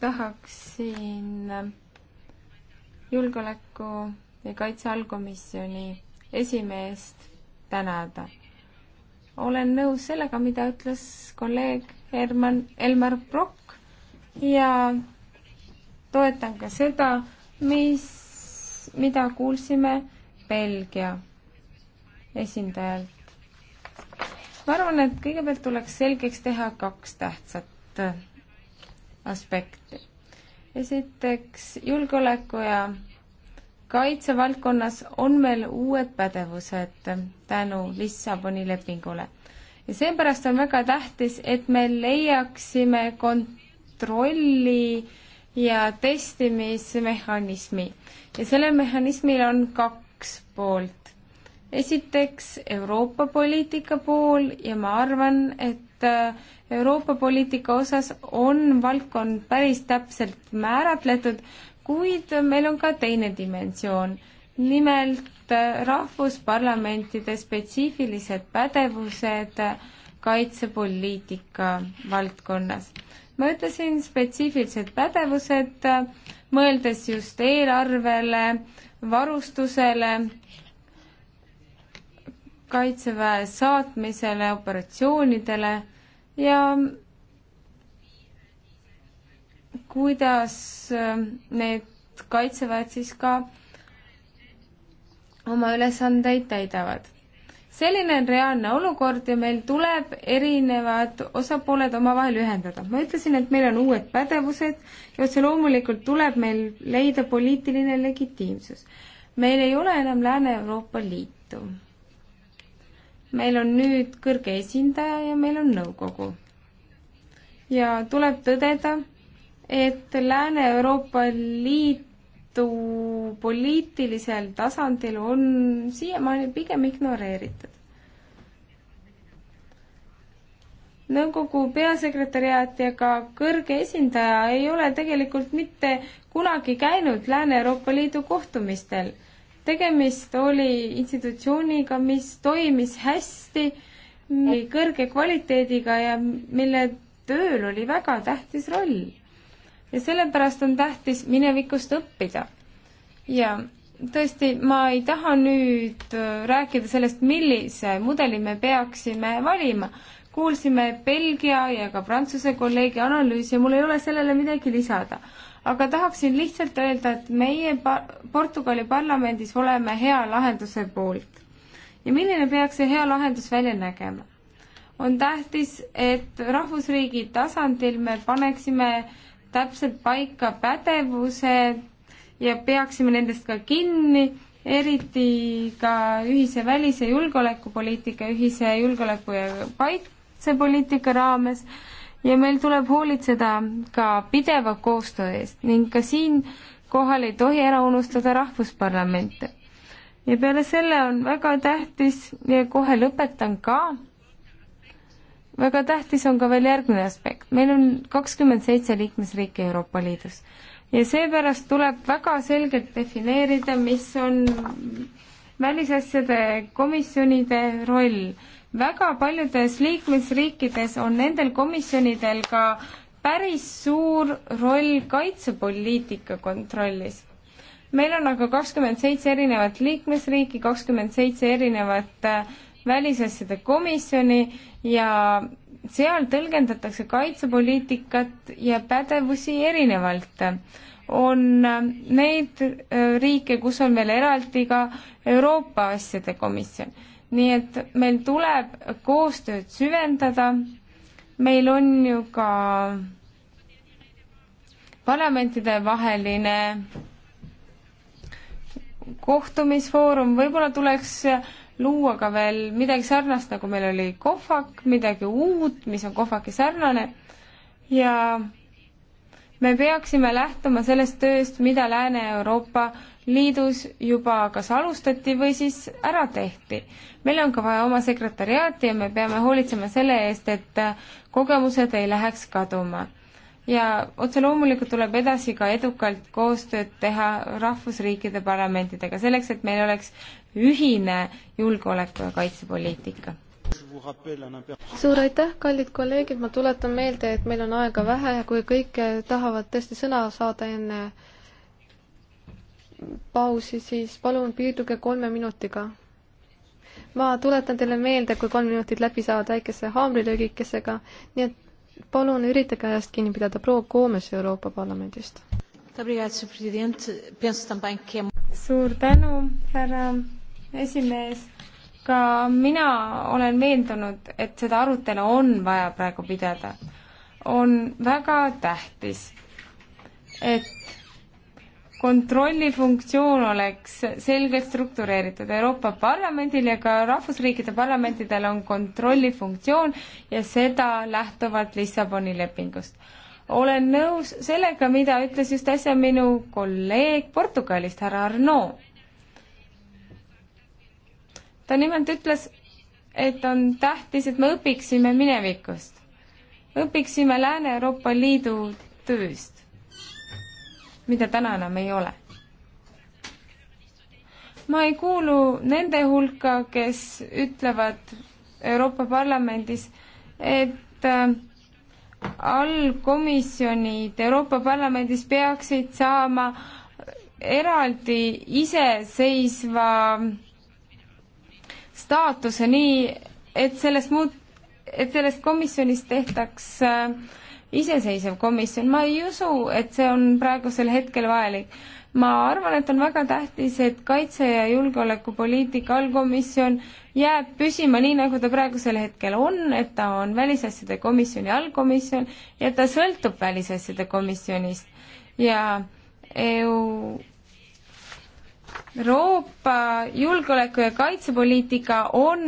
tahaksin äh, julgeoleku ja kaitse allkomisjoni esimeest tänada olen nõus sellega, mida ütles kolleeg Herman Elmar Brock ja toetan ka seda, mis, mida kuulsime Belgia esindajalt. ma arvan, et kõigepealt tuleks selgeks teha kaks tähtsat aspekti. esiteks julgeoleku ja kaitsevaldkonnas on meil uued pädevused tänu Lissaboni lepingule. ja seepärast on väga tähtis, et me leiaksime kontrolli ja testimismehhanismi ja sellel mehhanismil on kaks poolt. esiteks Euroopa poliitika pool ja ma arvan, et äh, Euroopa poliitika osas on valdkond päris täpselt määratletud, kuid meil on ka teine dimensioon, nimelt äh, rahvusparlamentide spetsiifilised pädevused kaitsepoliitika valdkonnas. ma ütlesin spetsiifilised pädevused, äh, mõeldes just eelarvele, varustusele, kaitseväe saatmisele, operatsioonidele ja kuidas äh, need kaitseväed siis ka oma ülesandeid täidavad. selline on reaalne olukord ja meil tuleb erinevad osapooled omavahel ühendada. ma ütlesin, et meil on uued pädevused ja otse loomulikult tuleb meil leida poliitiline legitiimsus. meil ei ole enam Lääne-Euroopa Liitu. meil on nüüd kõrge esindaja ja meil on nõukogu. ja tuleb tõdeda, et Lääne-Euroopa Liitu poliitilisel tasandil on siiamaani pigem ignoreeritud. nõukogu peasekretäriaat ja ka kõrge esindaja ei ole tegelikult mitte kunagi käinud Lääne-Euroopa Liidu kohtumistel. tegemist oli institutsiooniga, mis toimis hästi, kõrge kvaliteediga ja mille tööl oli väga tähtis roll ja sellepärast on tähtis minevikust õppida. ja tõesti, ma ei taha nüüd äh, rääkida sellest, millise mudeli me peaksime valima. kuulsime Belgia ja ka Prantsuse kolleegi analüüsi ja mul ei ole sellele midagi lisada. aga tahaksin lihtsalt öelda, et meie pa-, Portugali parlamendis oleme hea lahenduse poolt. ja milline peaks see hea lahendus välja nägema? on tähtis, et rahvusriigi tasandil me paneksime äh, täpselt paika pädevuse ja peaksime nendest ka kinni, eriti ka ühise välis- ja julgeolekupoliitika, ühise julgeoleku- ja kaitsepoliitika raames ja meil tuleb hoolitseda ka pideva koostöö eest ning ka siinkohal ei tohi ära unustada rahvusparlamente. ja peale selle on väga tähtis ja kohe lõpetan ka, väga tähtis on ka veel järgmine aspekt. meil on kakskümmend seitse liikmesriiki Euroopa Liidus ja seepärast tuleb väga selgelt defineerida, mis on välisasjade komisjonide roll. väga paljudes liikmesriikides on nendel komisjonidel ka päris suur roll kaitsepoliitika kontrollis. meil on aga kakskümmend seitse erinevat liikmesriiki, kakskümmend seitse erinevat äh, välisasjade komisjoni ja seal tõlgendatakse kaitsepoliitikat ja pädevusi erinevalt. on neid äh, riike, kus on veel eraldi ka Euroopa asjade komisjon. nii et meil tuleb koostööd süvendada, meil on ju ka parlamentide vaheline kohtumisfoorum, võib-olla tuleks luua ka veel midagi sarnast, nagu meil oli kohvak, midagi uut, mis on kohvaki sarnane ja me peaksime lähtuma sellest tööst, mida Lääne-Euroopa Liidus juba kas alustati või siis ära tehti. meil on ka vaja oma sekretäriaati ja me peame hoolitsema selle eest, et kogemused ei läheks kaduma. ja otse loomulikult tuleb edasi ka edukalt koostööd teha rahvusriikide parlamentidega, selleks et meil oleks ühine julgeoleku- ja kaitsepoliitika.
suur
aitäh, kallid kolleegid, ma tuletan meelde, et meil on aega vähe ja kui kõik tahavad tõesti sõna saada enne pausi, siis palun piirduge kolme minutiga. ma tuletan teile meelde, kui kolm minutit läbi saavad väikese haamrilöögikesega, nii et palun üritage ajast kinni pidada, proua Koomes Euroopa Parlamendist.
suur tänu, härra esimees, ka mina olen veendunud, et seda arutelu on vaja praegu pidada. on väga tähtis, et kontrollifunktsioon oleks selgelt struktureeritud. Euroopa Parlamendil ja ka rahvusriikide parlamentidel on kontrollifunktsioon ja seda lähtuvalt Lissaboni lepingust. olen nõus sellega, mida ütles just äsja minu kolleeg Portugalist, härra Arnaud ta nimelt ütles, et on tähtis, et me õpiksime minevikust, õpiksime Lääne-Euroopa Liidu tööst, mida täna enam ei ole. ma ei kuulu nende hulka, kes ütlevad Euroopa Parlamendis, et äh, allkomisjonid Euroopa Parlamendis peaksid saama eraldi iseseisva äh, staatuse nii, et sellest muud, et sellest komisjonist tehtaks äh, iseseisev komisjon, ma ei usu, et see on praegusel hetkel vajalik. ma arvan, et on väga tähtis, et kaitse- ja julgeolekupoliitika allkomisjon jääb püsima nii, nagu ta praegusel hetkel on, et ta on välisasjade komisjoni allkomisjon ja ta sõltub välisasjade komisjonist ja EU Euroopa julgeoleku- ja kaitsepoliitika on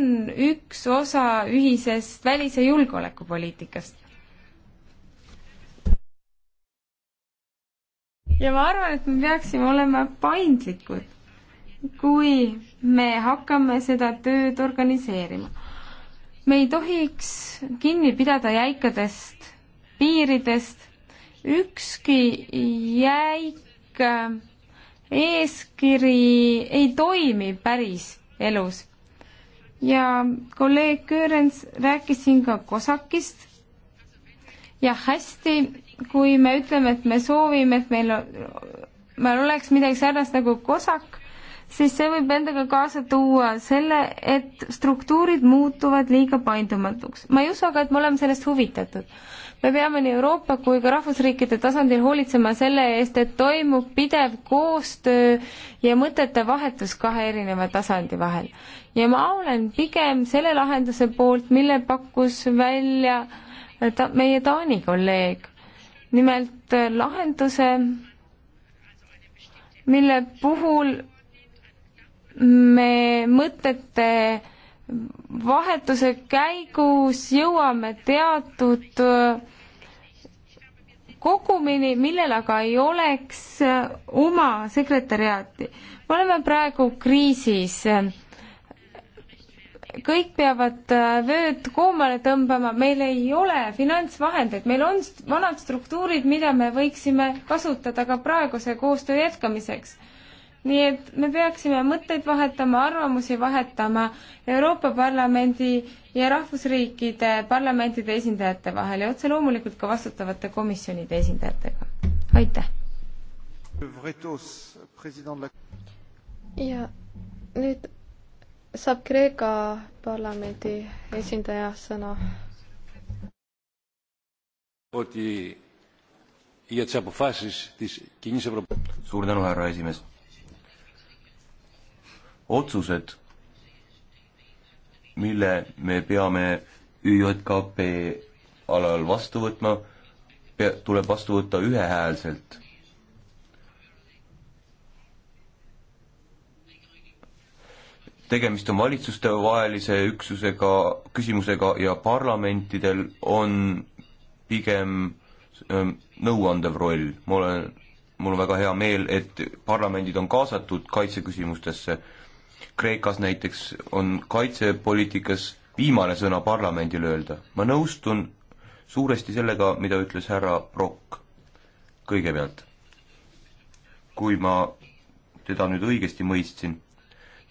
üks osa ühisest välis- ja julgeolekupoliitikast. ja ma arvan, et me peaksime olema paindlikud, kui me hakkame seda tööd organiseerima. me ei tohiks kinni pidada jäikadest piiridest, ükski jäik eeskiri ei toimi päris elus. ja kolleeg Köörens rääkis siin ka kosakist. jah, hästi, kui me ütleme, et me soovime, et meil, meil oleks midagi sarnast nagu kosak, siis see võib endaga kaasa tuua selle, et struktuurid muutuvad liiga paindumatuks. ma ei usu aga, et me oleme sellest huvitatud me peame nii Euroopa kui ka rahvusriikide tasandil hoolitsema selle eest, et toimub pidev koostöö ja mõtete vahetus kahe erineva tasandi vahel. ja ma olen pigem selle lahenduse poolt, mille pakkus välja ta, meie Taani kolleeg. nimelt äh, lahenduse, mille puhul me mõtete vahetuse käigus jõuame teatud äh, kogumini, millel aga ei oleks äh, oma sekretäriaati. me oleme praegu kriisis. kõik peavad äh, vööd koomale tõmbama, meil ei ole finantsvahendeid, meil on vanad struktuurid, mida me võiksime kasutada ka praeguse koostöö jätkamiseks nii et me peaksime mõtteid vahetama, arvamusi vahetama Euroopa Parlamendi ja rahvusriikide parlamentide esindajate vahel ja otse loomulikult ka vastutavate komisjonide esindajatega. aitäh!
ja
nüüd saab Kreeka parlamendi esindaja sõna.
suur tänu, härra esimees otsused, mille me peame ÜJKP alal vastu võtma, tuleb vastu võtta ühehäälselt. tegemist on valitsustevahelise üksusega, küsimusega ja parlamentidel on pigem ähm, nõuandev roll. ma olen, mul on väga hea meel, et parlamendid on kaasatud kaitseküsimustesse äh, Kreekas näiteks on kaitsepoliitikas viimane sõna parlamendil öelda. ma nõustun suuresti sellega, mida ütles härra Brock kõigepealt. kui ma teda nüüd õigesti mõistsin,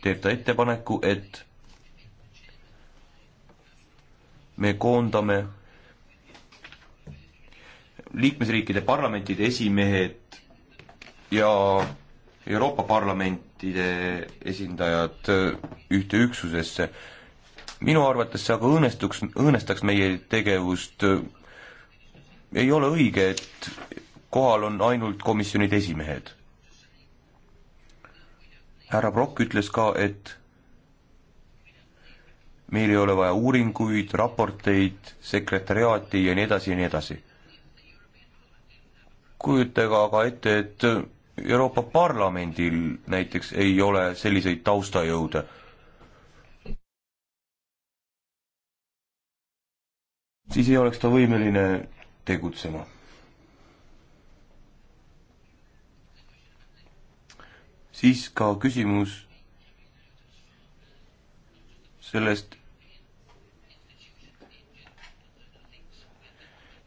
teeb ta ettepaneku, et me koondame liikmesriikide parlamentide esimehed ja Euroopa parlamentide esindajad äh, ühte üksusesse. minu arvates see aga õõnestuks, õõnestaks meie tegevust. Äh, ei ole õige, et kohal on ainult komisjonide esimehed. härra Brock ütles ka, et meil ei ole vaja uuringuid, raporteid, sekretäriaati ja nii edasi ja nii edasi. kujutage aga ette, et Euroopa Parlamendil näiteks ei ole selliseid taustajõude. siis ei oleks ta võimeline tegutsema. siis ka küsimus sellest,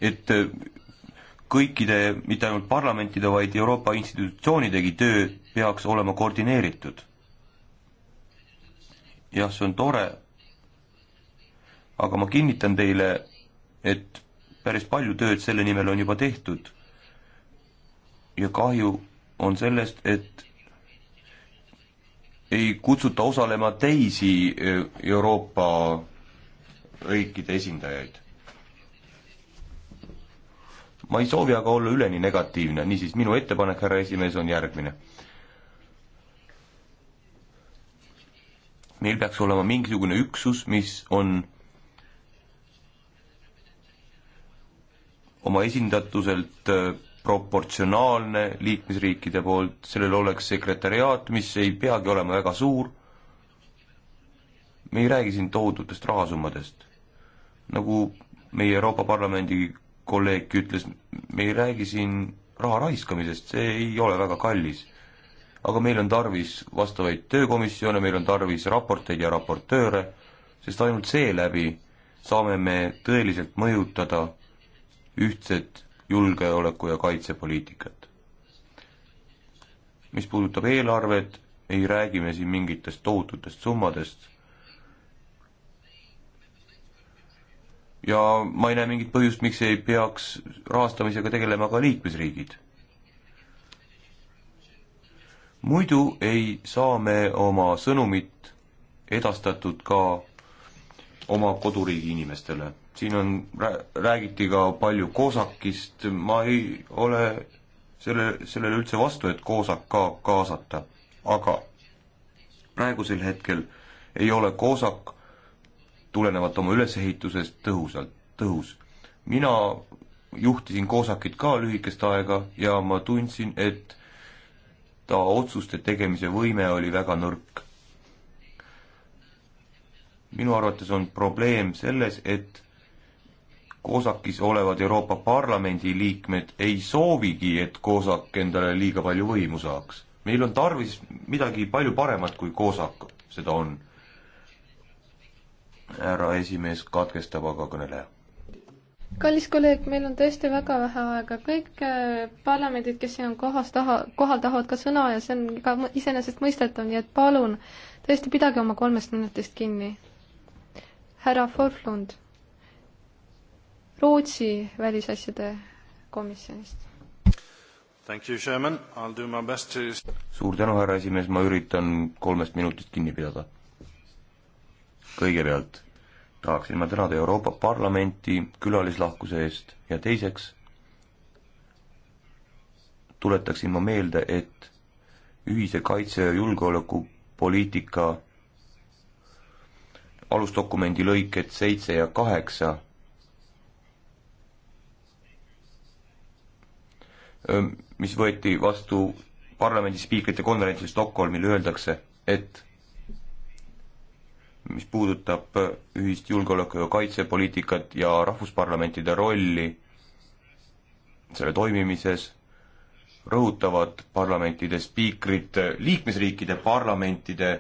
et kõikide, mitte ainult parlamentide, vaid Euroopa institutsioonidegi töö peaks olema koordineeritud. jah, see on tore, aga ma kinnitan teile, et päris palju tööd selle nimel on juba tehtud. ja kahju on sellest, et ei kutsuta osalema teisi eh, Euroopa riikide esindajaid ma ei soovi aga olla üleni negatiivne, niisiis minu ettepanek, härra esimees, on järgmine. meil peaks olema mingisugune üksus, mis on oma esindatuselt äh, proportsionaalne liikmesriikide poolt, sellel oleks sekretäriaat, mis ei peagi olema väga suur, me ei räägi siin tohututest rahasummadest. nagu meie Euroopa Parlamendi kolleeg ütles, me ei räägi siin raha raiskamisest, see ei ole väga kallis. aga meil on tarvis vastavaid töökomisjone, meil on tarvis raporteid ja raportööre, sest ainult seeläbi saame me tõeliselt mõjutada ühtset julgeoleku- ja kaitsepoliitikat. mis puudutab eelarvet, ei räägi me siin mingitest tohututest summadest ja ma ei näe mingit põhjust, miks ei peaks rahastamisega tegelema ka liikmesriigid. muidu ei saa me oma sõnumit edastatud ka oma koduriigi inimestele. siin on, räägiti ka palju koosakist, ma ei ole selle, sellele üldse vastu, et koosak ka kaasata, aga praegusel hetkel ei ole koosak tulenevad oma ülesehitusest tõhusalt, tõhus. mina juhtisin koosakit ka lühikest aega ja ma tundsin, et ta otsuste tegemise võime oli väga nõrk. minu arvates on probleem selles, et koosakis olevad Euroopa Parlamendi liikmed ei soovigi, et koosak endale liiga palju võimu saaks. meil on tarvis midagi palju paremat, kui koosak seda on härra esimees katkestab aga kõneleja
kallis kolleeg, meil on tõesti väga vähe aega, kõik äh, parlamendid, kes siin on kohas taha, kohal, tahavad ka sõna ja see on ka iseenesestmõistetav, nii et palun, tõesti pidage oma kolmest minutist kinni. härra Forflund, Rootsi välisasjade komisjonist.
To...
suur tänu, härra esimees, ma üritan kolmest minutist kinni pidada kõigepealt tahaksin ma tänada Euroopa Parlamenti külalislahkuse eest ja teiseks tuletaksin ma meelde, et ühise kaitse- ja julgeolekupoliitika alusdokumendi lõiked seitse ja kaheksa mis võeti vastu parlamendi spiikrite konverentsil Stockholmil, öeldakse, et mis puudutab äh, ühist julgeoleku- ja kaitsepoliitikat ja rahvusparlamentide rolli selle toimimises, rõhutavad parlamentide spiikrid äh, liikmesriikide parlamentide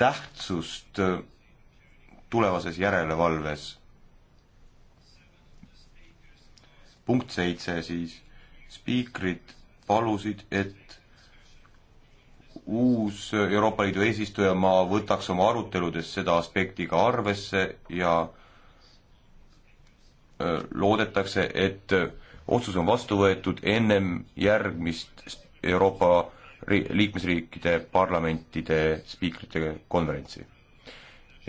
tähtsust äh, tulevases järelevalves. punkt seitse siis, spiikrid palusid, et uus Euroopa Liidu eesistujamaa võtaks oma aruteludes seda aspekti ka arvesse ja loodetakse, et otsus on vastu võetud ennem järgmist Euroopa liikmesriikide parlamentide spiikrite konverentsi.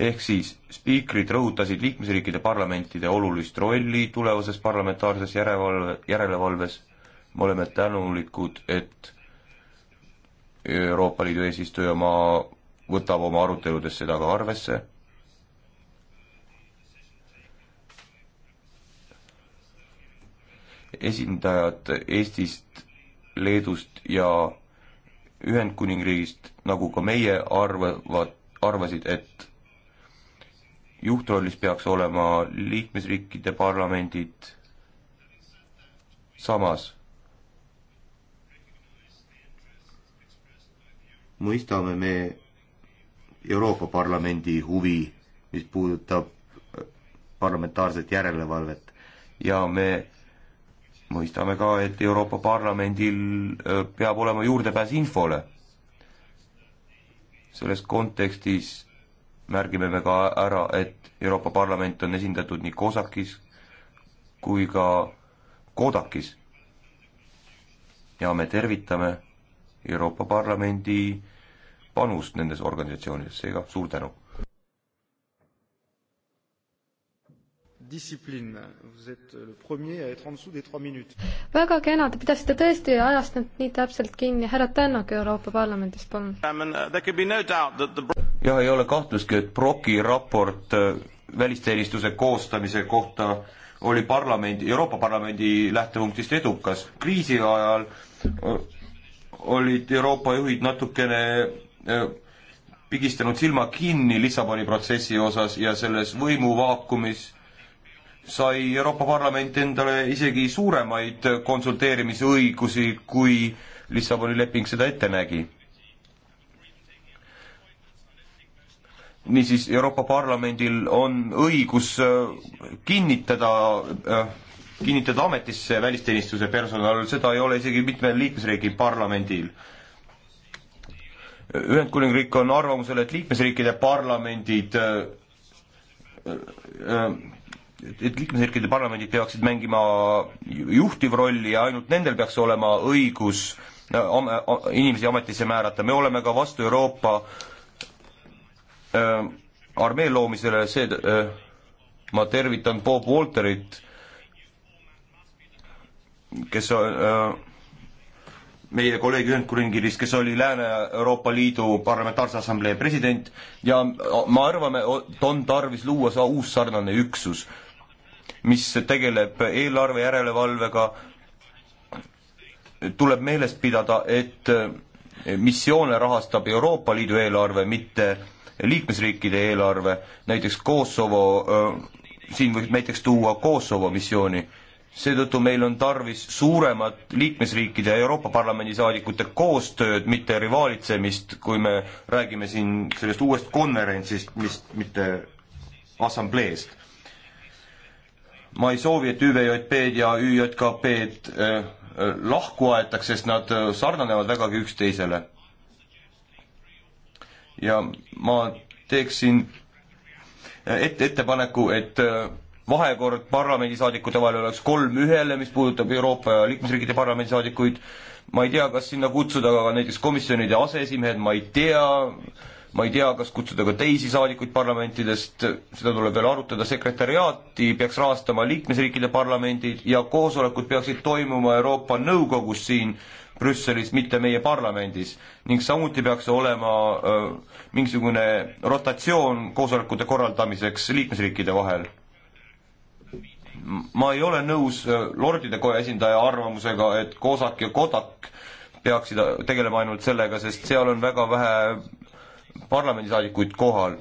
ehk siis spiikrid rõhutasid liikmesriikide parlamentide olulist rolli tulevases parlamentaarses järelevalve, järelevalves, me oleme tänulikud, et Euroopa Liidu eesistujamaa võtab oma aruteludes seda ka arvesse. esindajad Eestist, Leedust ja Ühendkuningriigist, nagu ka meie arvavad, arvasid, et juhtrollis peaks olema liikmesriikide parlamendid, samas mõistame me Euroopa Parlamendi huvi, mis puudutab äh, parlamentaarset järelevalvet ja me mõistame ka, et Euroopa Parlamendil äh, peab olema juurdepääs infole. selles kontekstis märgime me ka ära, et Euroopa Parlament on esindatud nii COSAC-is kui ka CODAC-is. ja me tervitame Euroopa Parlamendi panust nendes organisatsioonides, seega suur tänu.
väga kena, te pidasite tõesti ajast nüüd nii täpselt kinni, härra Tänak Euroopa Parlamendist, palun.
Uh, jah, ei ole kahtlustki, et Broki raport uh, välisteenistuse koostamise kohta oli parlamendi, Euroopa Parlamendi lähtepunktist edukas. kriisi ajal uh, olid Euroopa juhid natukene Äh, pigistanud silma kinni Lissaboni protsessi osas ja selles võimuvaakumis sai Euroopa Parlament endale isegi suuremaid konsulteerimisõigusi, kui Lissaboni leping seda ette nägi. niisiis, Euroopa Parlamendil on õigus äh, kinnitada, äh, kinnitada ametisse välisteenistuse personal, seda ei ole isegi mitmel liikmesriigi parlamendil Ühendkuningriik on arvamusel, et liikmesriikide parlamendid äh, äh, äh, et liikmesriikide parlamendid peaksid mängima juhtivrolli ja ainult nendel peaks olema õigus inimesi ametisse määrata, me oleme ka vastu Euroopa äh, armee loomisele, see äh,, ma tervitan Bob Walterit, kes äh, meie kolleeg Ühendkuningriigis, kes oli Lääne-Euroopa Liidu Parlamentaarse Assamblee president ja me arvame, et on tarvis luua see uus sarnane üksus, mis tegeleb eelarve järelevalvega, tuleb meeles pidada, et eh, missioone rahastab Euroopa Liidu eelarve, mitte liikmesriikide eelarve, näiteks Kosovo, eh, siin võib näiteks tuua Kosovo missiooni seetõttu meil on tarvis suuremat liikmesriikide ja Euroopa Parlamendi saadikute koostööd, mitte rivaalitsemist, kui me räägime siin sellest uuest konverentsist, mis, mitte assambleest. ma ei soovi, et ÜVJP-d ja ÜJKP-d äh, äh, lahku aetaks, sest nad äh, sarnanevad vägagi üksteisele. ja ma teeksin äh, ette, ettepaneku, et äh, vahekord parlamendisaadikute vahel oleks kolm ühele, mis puudutab Euroopa liikmesriikide parlamendisaadikuid, ma ei tea, kas sinna kutsuda ka näiteks komisjonide aseesimehed, ma ei tea, ma ei tea, kas kutsuda ka teisi saadikuid parlamentidest, seda tuleb veel arutada, sekretäriaati peaks rahastama liikmesriikide parlamendid ja koosolekud peaksid toimuma Euroopa Nõukogus siin Brüsselis, mitte meie parlamendis. ning samuti peaks olema öö, äh, mingisugune rotatsioon koosolekute korraldamiseks liikmesriikide vahel ma ei ole nõus äh, Lordide Koja esindaja arvamusega, et Kosak ja Kodak peaksid äh, tegelema ainult sellega, sest seal on väga vähe parlamendisaadikuid kohal.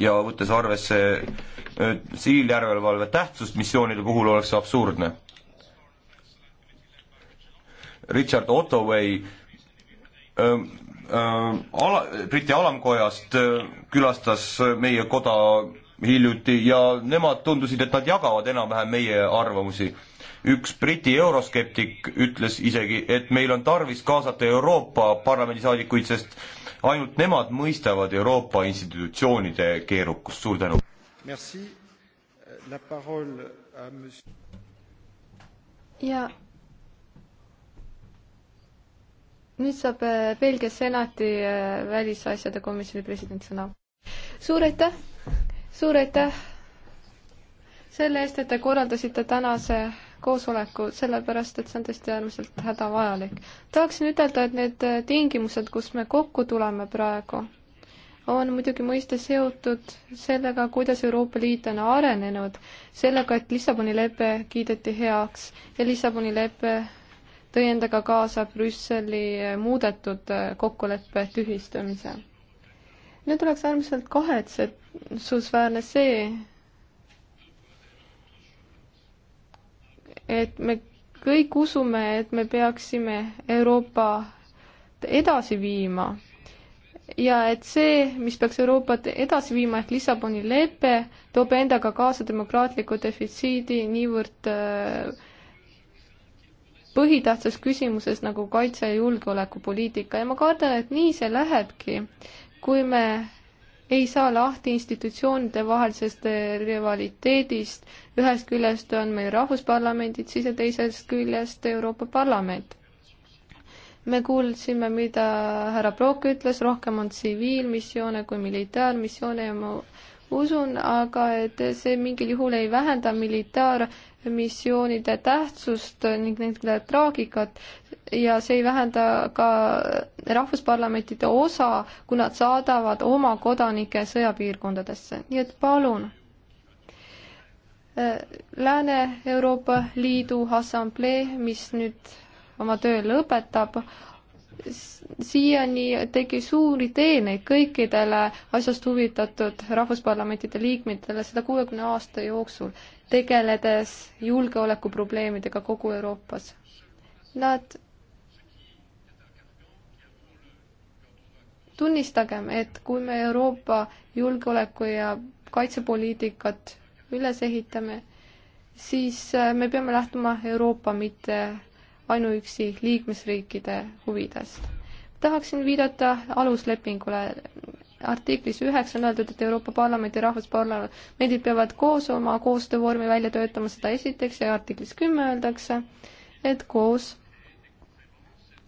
ja võttes arvesse äh, tsiviiljärelevalve tähtsust missioonide puhul, oleks see absurdne. Richard Ottaway öö, ähm, öö, ähm, ala, Briti alamkojast öö, külastas meie koda hiljuti ja nemad tundusid, et nad jagavad enam-vähem meie arvamusi. üks Briti euroskeptik ütles isegi, et meil on tarvis kaasata Euroopa Parlamendi saadikuid, sest ainult nemad mõistavad Euroopa institutsioonide keerukust, suur tänu.
ja nüüd saab äh, Belgia senati äh, välisasjade komisjoni president sõna. suur aitäh suur aitäh selle eest, et te korraldasite tänase koosoleku, sellepärast et see on tõesti äärmiselt hädavajalik. tahaksin ütelda, et need tingimused, kus me kokku tuleme praegu, on muidugi mõiste seotud sellega, kuidas Euroopa Liit on arenenud, sellega, et Lissaboni lepe kiideti heaks ja Lissaboni lepe tõi endaga kaasa Brüsseli muudetud kokkuleppe tühistamise. nüüd oleks äärmiselt kahetsed, kahetsusväärne see, et me kõik usume, et me peaksime Euroopa edasi viima ja et see, mis peaks Euroopat edasi viima ehk Lissaboni lepe, toob endaga kaasa demokraatliku defitsiidi niivõrd äh, põhitähtsas küsimuses nagu kaitse- ja julgeolekupoliitika ja ma kardan, et nii see lähebki, kui me ei saa lahti institutsioonide vahelisest rivaliteedist. ühest küljest on meil rahvusparlamendid, siis ja teisest küljest Euroopa Parlament. me kuulsime, mida härra Brock ütles, rohkem on tsiviilmissioone kui militaarmissioone ja ma usun aga, et see mingil juhul ei vähenda militaar- missioonide tähtsust ning nende traagikat ja see ei vähenda ka rahvusparlamentide osa, kui nad saadavad oma kodanikke sõjapiirkondadesse, nii et palun. Äh, Lääne-Euroopa Liidu Assamblee, mis nüüd oma töö lõpetab, siiani tegi suuri teeneid kõikidele asjast huvitatud rahvusparlamentide liikmetele seda kuuekümne aasta jooksul tegeledes julgeolekuprobleemidega kogu Euroopas. Nad, tunnistagem, et kui me Euroopa julgeoleku ja kaitsepoliitikat üles ehitame, siis äh, me peame lähtuma Euroopa, mitte ainuüksi liikmesriikide huvidest. tahaksin viidata aluslepingule, artiklis üheksa on öeldud, et Euroopa Parlamendi ja rahvusparlamendid peavad koos oma koostöövormi välja töötama, seda esiteks, ja artiklis kümme öeldakse, et koos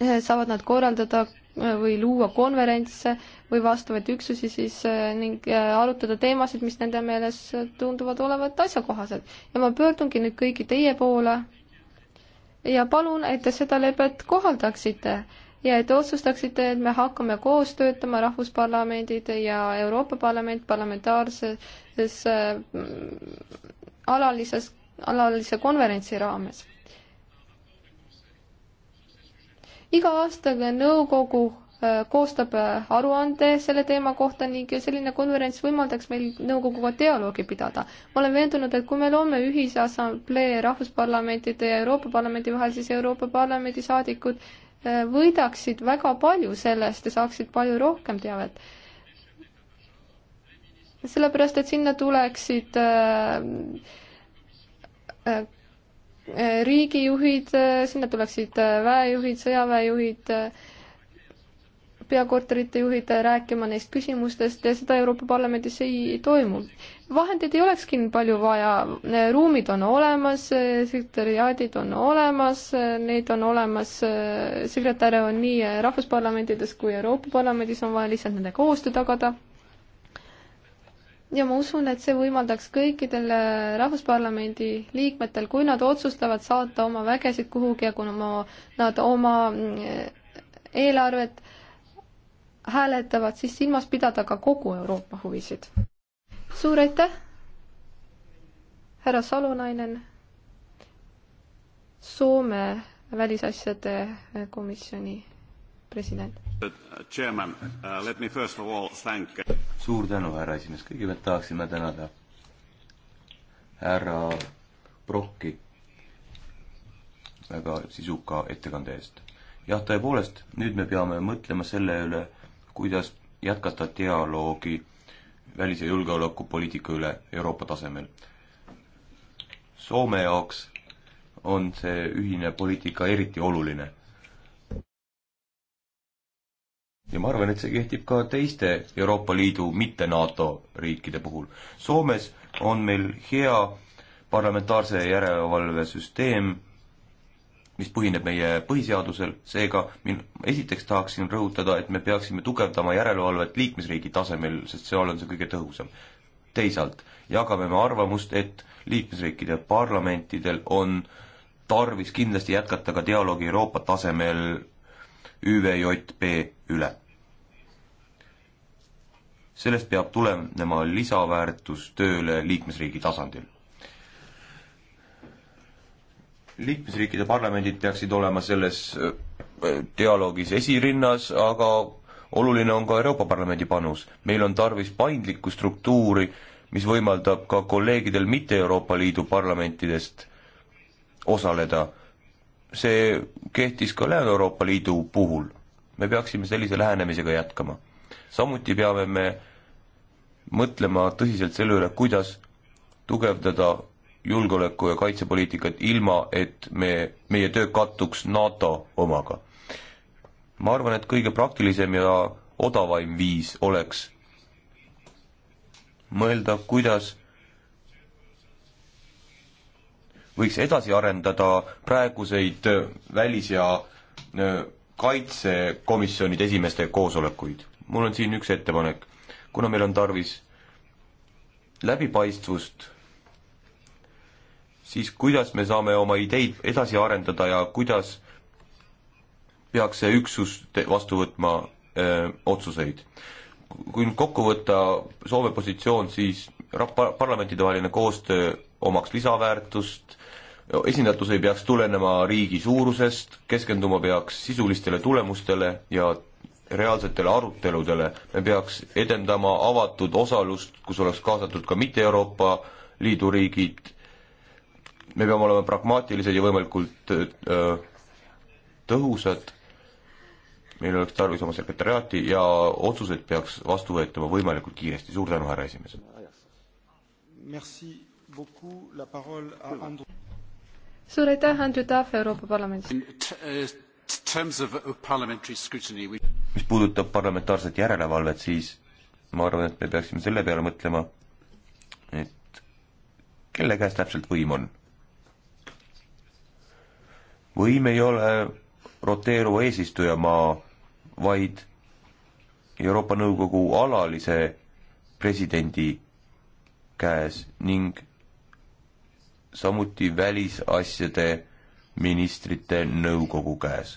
eh, saavad nad korraldada eh, või luua konverentse või vastavaid üksusi siis eh, ning arutada teemasid, mis nende meeles tunduvad olevat asjakohased. ja ma pöördungi nüüd kõigi teie poole ja palun, et te seda lepet kohaldaksite ja et otsustaksite, et me hakkame koos töötama, rahvusparlamendid ja Euroopa Parlament parlamentaarses mm, alalises, alalise konverentsi raames. iga aasta nõukogu äh, koostab äh, aruande selle teema kohta ning selline konverents võimaldaks meil nõukoguga dialoogi pidada. ma olen veendunud, et kui me loome ühise assamblee Rahvusparlamentide ja Euroopa Parlamendi vahel, siis Euroopa Parlamendi saadikud Äh, võidaksid väga palju sellest ja saaksid palju rohkem teavet. sellepärast, et sinna tuleksid äh, äh, riigijuhid, sinna tuleksid väejuhid, sõjaväejuhid, peakorterite juhid rääkima neist küsimustest ja seda Euroopa Parlamendis ei toimu. vahendeid ei olekski nii palju vaja, ruumid on olemas, sekretariaadid on olemas, neid on olemas, sekretäre on nii rahvusparlamentides kui Euroopa Parlamendis, on vaja lihtsalt nende koostöö tagada. ja ma usun, et see võimaldaks kõikidel Rahvusparlamendi liikmetel, kui nad otsustavad saata oma vägesid kuhugi ja kuna ma, nad oma mm, eelarvet hääletavad, siis silmas pidada ka kogu Euroopa huvisid. suur aitäh, härra Salunainen, Soome välisasjade komisjoni president.
Chairman uh,, let me first of all thank suur tänu, härra esimees, kõigepealt tahaksime tänada härra Brocki väga sisuka ettekande eest. jah, tõepoolest, nüüd me peame mõtlema selle üle, kuidas jätkata dialoogi välis- ja julgeolekupoliitika üle Euroopa tasemel. Soome jaoks on see ühine poliitika eriti oluline. ja ma arvan, et see kehtib ka teiste Euroopa Liidu mitte NATO riikide puhul. Soomes on meil hea parlamentaarse järelevalve süsteem, mis põhineb meie põhiseadusel, seega min-, esiteks tahaksin rõhutada, et me peaksime tugevdama järelevalvet liikmesriigi tasemel, sest seal on see kõige tõhusam. teisalt jagame me arvamust, et liikmesriikide parlamentidel on tarvis kindlasti jätkata ka dialoogi Euroopa tasemel ÜVJP üle. sellest peab tulenema lisaväärtus tööle liikmesriigi tasandil liikmesriikide parlamendid peaksid olema selles äh, dialoogis esirinnas, aga oluline on ka Euroopa Parlamendi panus. meil on tarvis paindlikku struktuuri, mis võimaldab ka kolleegidel mitte Euroopa Liidu parlamentidest osaleda. see kehtis ka Lääne-Euroopa Liidu puhul. me peaksime sellise lähenemisega jätkama. samuti peame me mõtlema tõsiselt selle üle, kuidas tugevdada julgeoleku- ja kaitsepoliitikat, ilma et me, meie töö kattuks NATO omaga. ma arvan, et kõige praktilisem ja odavaim viis oleks mõelda, kuidas võiks edasi arendada praeguseid äh, välis- ja äh, kaitsekomisjonide esimeeste koosolekuid. mul on siin üks ettepanek, kuna meil on tarvis läbipaistvust siis kuidas me saame oma ideid edasi arendada ja kuidas peaks see üksus vastu võtma öö, otsuseid. kui nüüd kokku võtta Soome positsioon, siis par-, parlamentidevaheline koostöö omaks lisaväärtust, esindatus ei peaks tulenema riigi suurusest, keskenduma peaks sisulistele tulemustele ja reaalsetele aruteludele, me peaks edendama avatud osalust, kus oleks kaasatud ka mitte Euroopa Liidu riigid me peame olema pragmaatilised ja võimalikult äh, tõhusad, meil oleks tarvis oma sekretäriaati ja otsuseid peaks vastu võetama võimalikult kiiresti, suur tänu, härra esimees.
suur aitäh, Andrew Duff Euroopa Parlamendist.
Eh,
mis puudutab parlamentaarset järelevalvet, siis ma arvan, et me peaksime selle peale mõtlema, et kelle käes täpselt võim on või me ei ole roteeruva eesistujamaa, vaid Euroopa Nõukogu alalise presidendi käes ning samuti välisasjade ministrite nõukogu käes.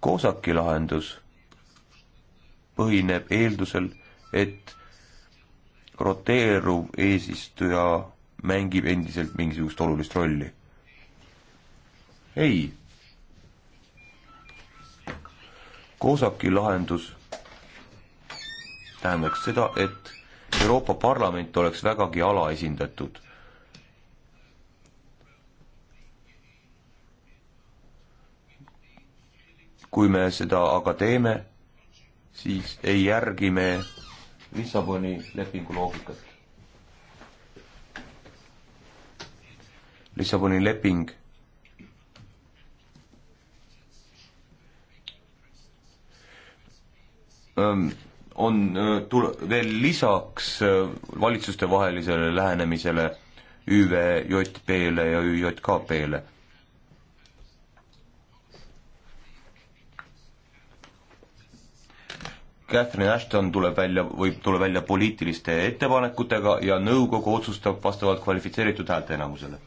Koosaki lahendus põhineb eeldusel, et roteeruv eesistuja mängib endiselt mingisugust olulist rolli ei. Koosaki lahendus tähendaks seda, et Euroopa Parlament oleks vägagi alaesindatud. kui me seda aga teeme, siis ei järgi me Lissaboni lepingu loogikat. Lissaboni leping on tul-, veel lisaks valitsustevahelisele lähenemisele ÜVJP-le ja ÜJKP-le Catherine Ashton tuleb välja, võib tulla välja poliitiliste ettepanekutega ja nõukogu otsustab vastavalt kvalifitseeritud häälteenamusele.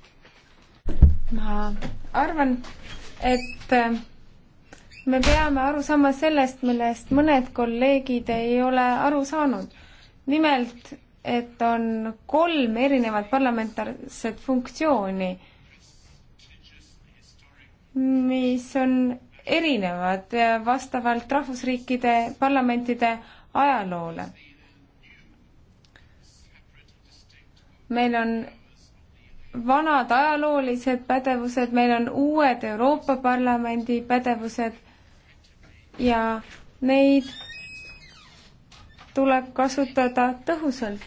ma arvan, et me peame aru saama sellest, millest mõned kolleegid ei ole aru saanud. nimelt, et on kolm erinevat parlamentaarset funktsiooni, mis on erinevad vastavalt rahvusriikide parlamentide ajaloole. meil on vanad ajaloolised pädevused, meil on uued Euroopa Parlamendi pädevused ja neid tuleb kasutada tõhusalt.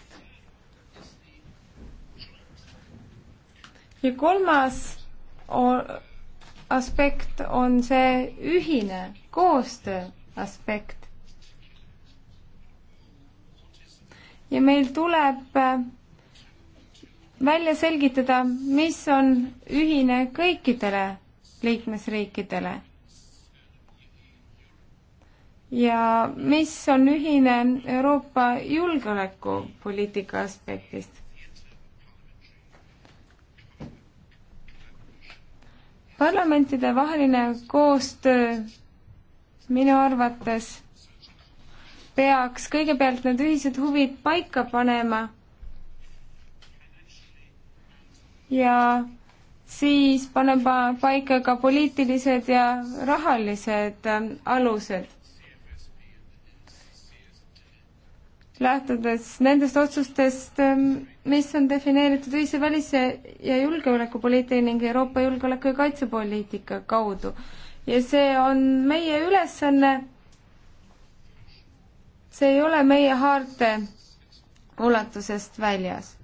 ja kolmas aspekt on see ühine koostöö aspekt. ja meil tuleb välja selgitada, mis on ühine kõikidele liikmesriikidele ja mis on ühine Euroopa julgeolekupoliitika aspektist? parlamentide vaheline koostöö minu arvates peaks kõigepealt need ühised huvid paika panema ja siis panema paika ka poliitilised ja rahalised äh, alused lähtudes nendest otsustest, ähm, mis on defineeritud ühise välis- ja julgeolekupoliitika ning Euroopa julgeoleku- ja kaitsepoliitika kaudu. ja see on meie ülesanne, see ei ole meie haarte ulatusest väljas.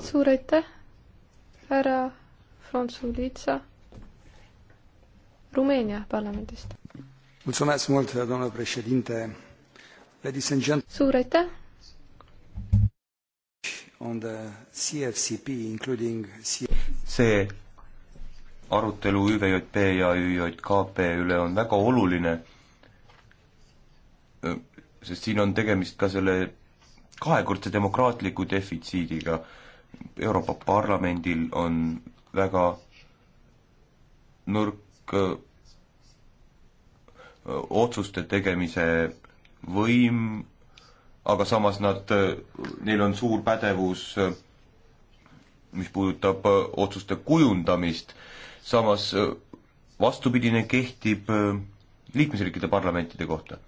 suur
aitäh, härra Franz Ulitsa Rumeenia parlamendist.
suur aitäh!
see arutelu ÜVJP ja ÜJKP üle on väga oluline, sest siin on tegemist ka selle kahekordse demokraatliku defitsiidiga. Euroopa Parlamendil on väga nõrk otsuste tegemise võim, aga samas nad, neil on suur pädevus, mis puudutab otsuste kujundamist, samas vastupidine kehtib liikmesriikide parlamentide kohta.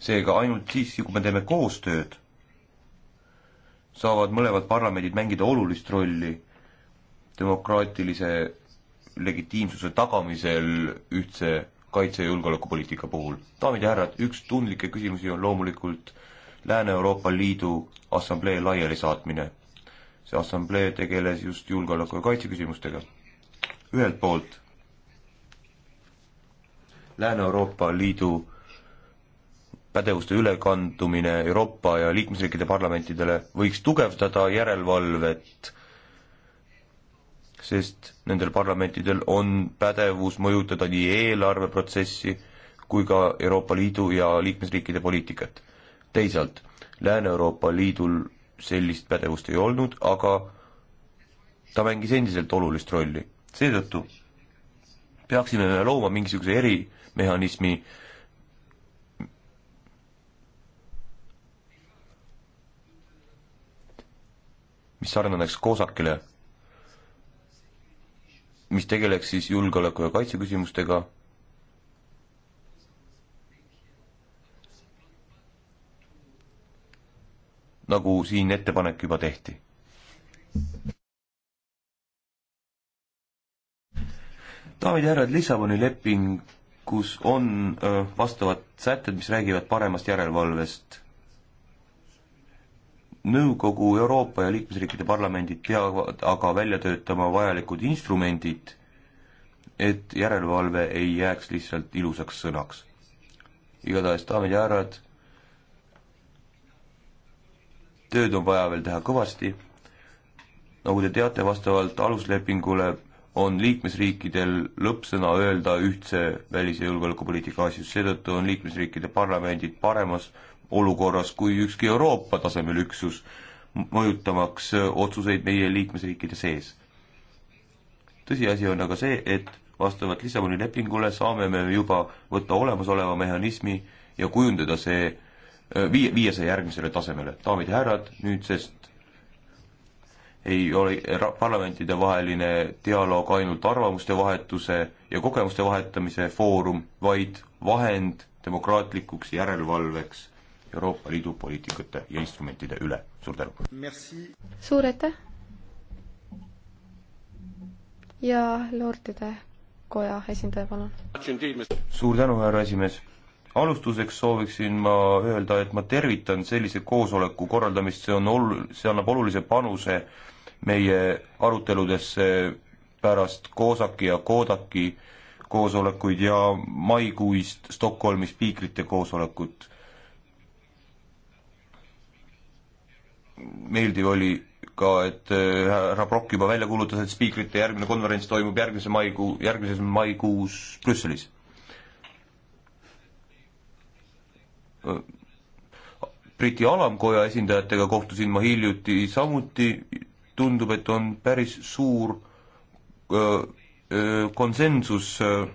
seega ainult siis, kui me teeme koostööd, saavad mõlemad parlamendid mängida olulist rolli demokraatilise legitiimsuse tagamisel ühtse kaitse- ja julgeolekupoliitika puhul. daamid ja härrad, üks tundlikke küsimusi on loomulikult Lääne-Euroopa Liidu assamblee laialisaatmine. see assamblee tegeles just julgeoleku ja kaitse küsimustega. ühelt poolt Lääne-Euroopa Liidu pädevuste ülekandumine Euroopa ja liikmesriikide parlamentidele võiks tugevdada järelevalvet, sest nendel parlamentidel on pädevus mõjutada nii eelarveprotsessi kui ka Euroopa Liidu ja liikmesriikide poliitikat. teisalt, Lääne-Euroopa Liidul sellist pädevust ei olnud, aga ta mängis endiselt olulist rolli. seetõttu peaksime me looma mingisuguse erimehhanismi, mis sarnaneks koosakile mis tegeleks siis julgeoleku ja kaitse küsimustega. nagu siin ettepanek juba tehti. daamid ja härrad, Lissaboni lepingus on vastavad sätted, mis räägivad paremast järelevalvest nõukogu, Euroopa ja liikmesriikide parlamendid peavad aga välja töötama vajalikud instrumendid, et järelevalve ei jääks lihtsalt ilusaks sõnaks. igatahes, daamid ja härrad, tööd on vaja veel teha kõvasti, nagu te teate, vastavalt aluslepingule on liikmesriikidel lõppsõna öelda ühtse välis- ja julgeolekupoliitika asjus, seetõttu on liikmesriikide parlamendid paremas olukorras kui ükski Euroopa tasemel üksus, mõjutamaks äh, otsuseid meie liikmesriikide sees. tõsiasi on aga see, et vastavalt Lissaboni lepingule saame me juba võtta olemasoleva mehhanismi ja kujundada see, äh, viia, viia see järgmisele tasemele. daamid ja härrad, nüüdsest ei ole parlamentidevaheline dialoog ainult arvamuste vahetuse ja kogemuste vahetamise foorum, vaid vahend demokraatlikuks järelevalveks Euroopa Liidu poliitikate ja instrumentide üle. suur tänu!
suur aitäh! ja Lordide Koja esindaja, palun!
suur tänu, härra esimees! alustuseks sooviksin ma öelda, et ma tervitan sellise koosoleku korraldamist, see on ol-, see annab olulise panuse meie aruteludesse pärast Koosaki ja Koodaki koosolekuid ja maikuist Stockholmi spiikrite koosolekut meeldiv oli ka, et äh, härra Brock juba välja kuulutas, et spiikrite järgmine konverents toimub järgmise maikuu, järgmises maikuus Brüsselis. Briti alamkoja esindajatega kohtusin ma hiljuti samuti, tundub, et on päris suur öö, äh, öö, äh, konsensus öö,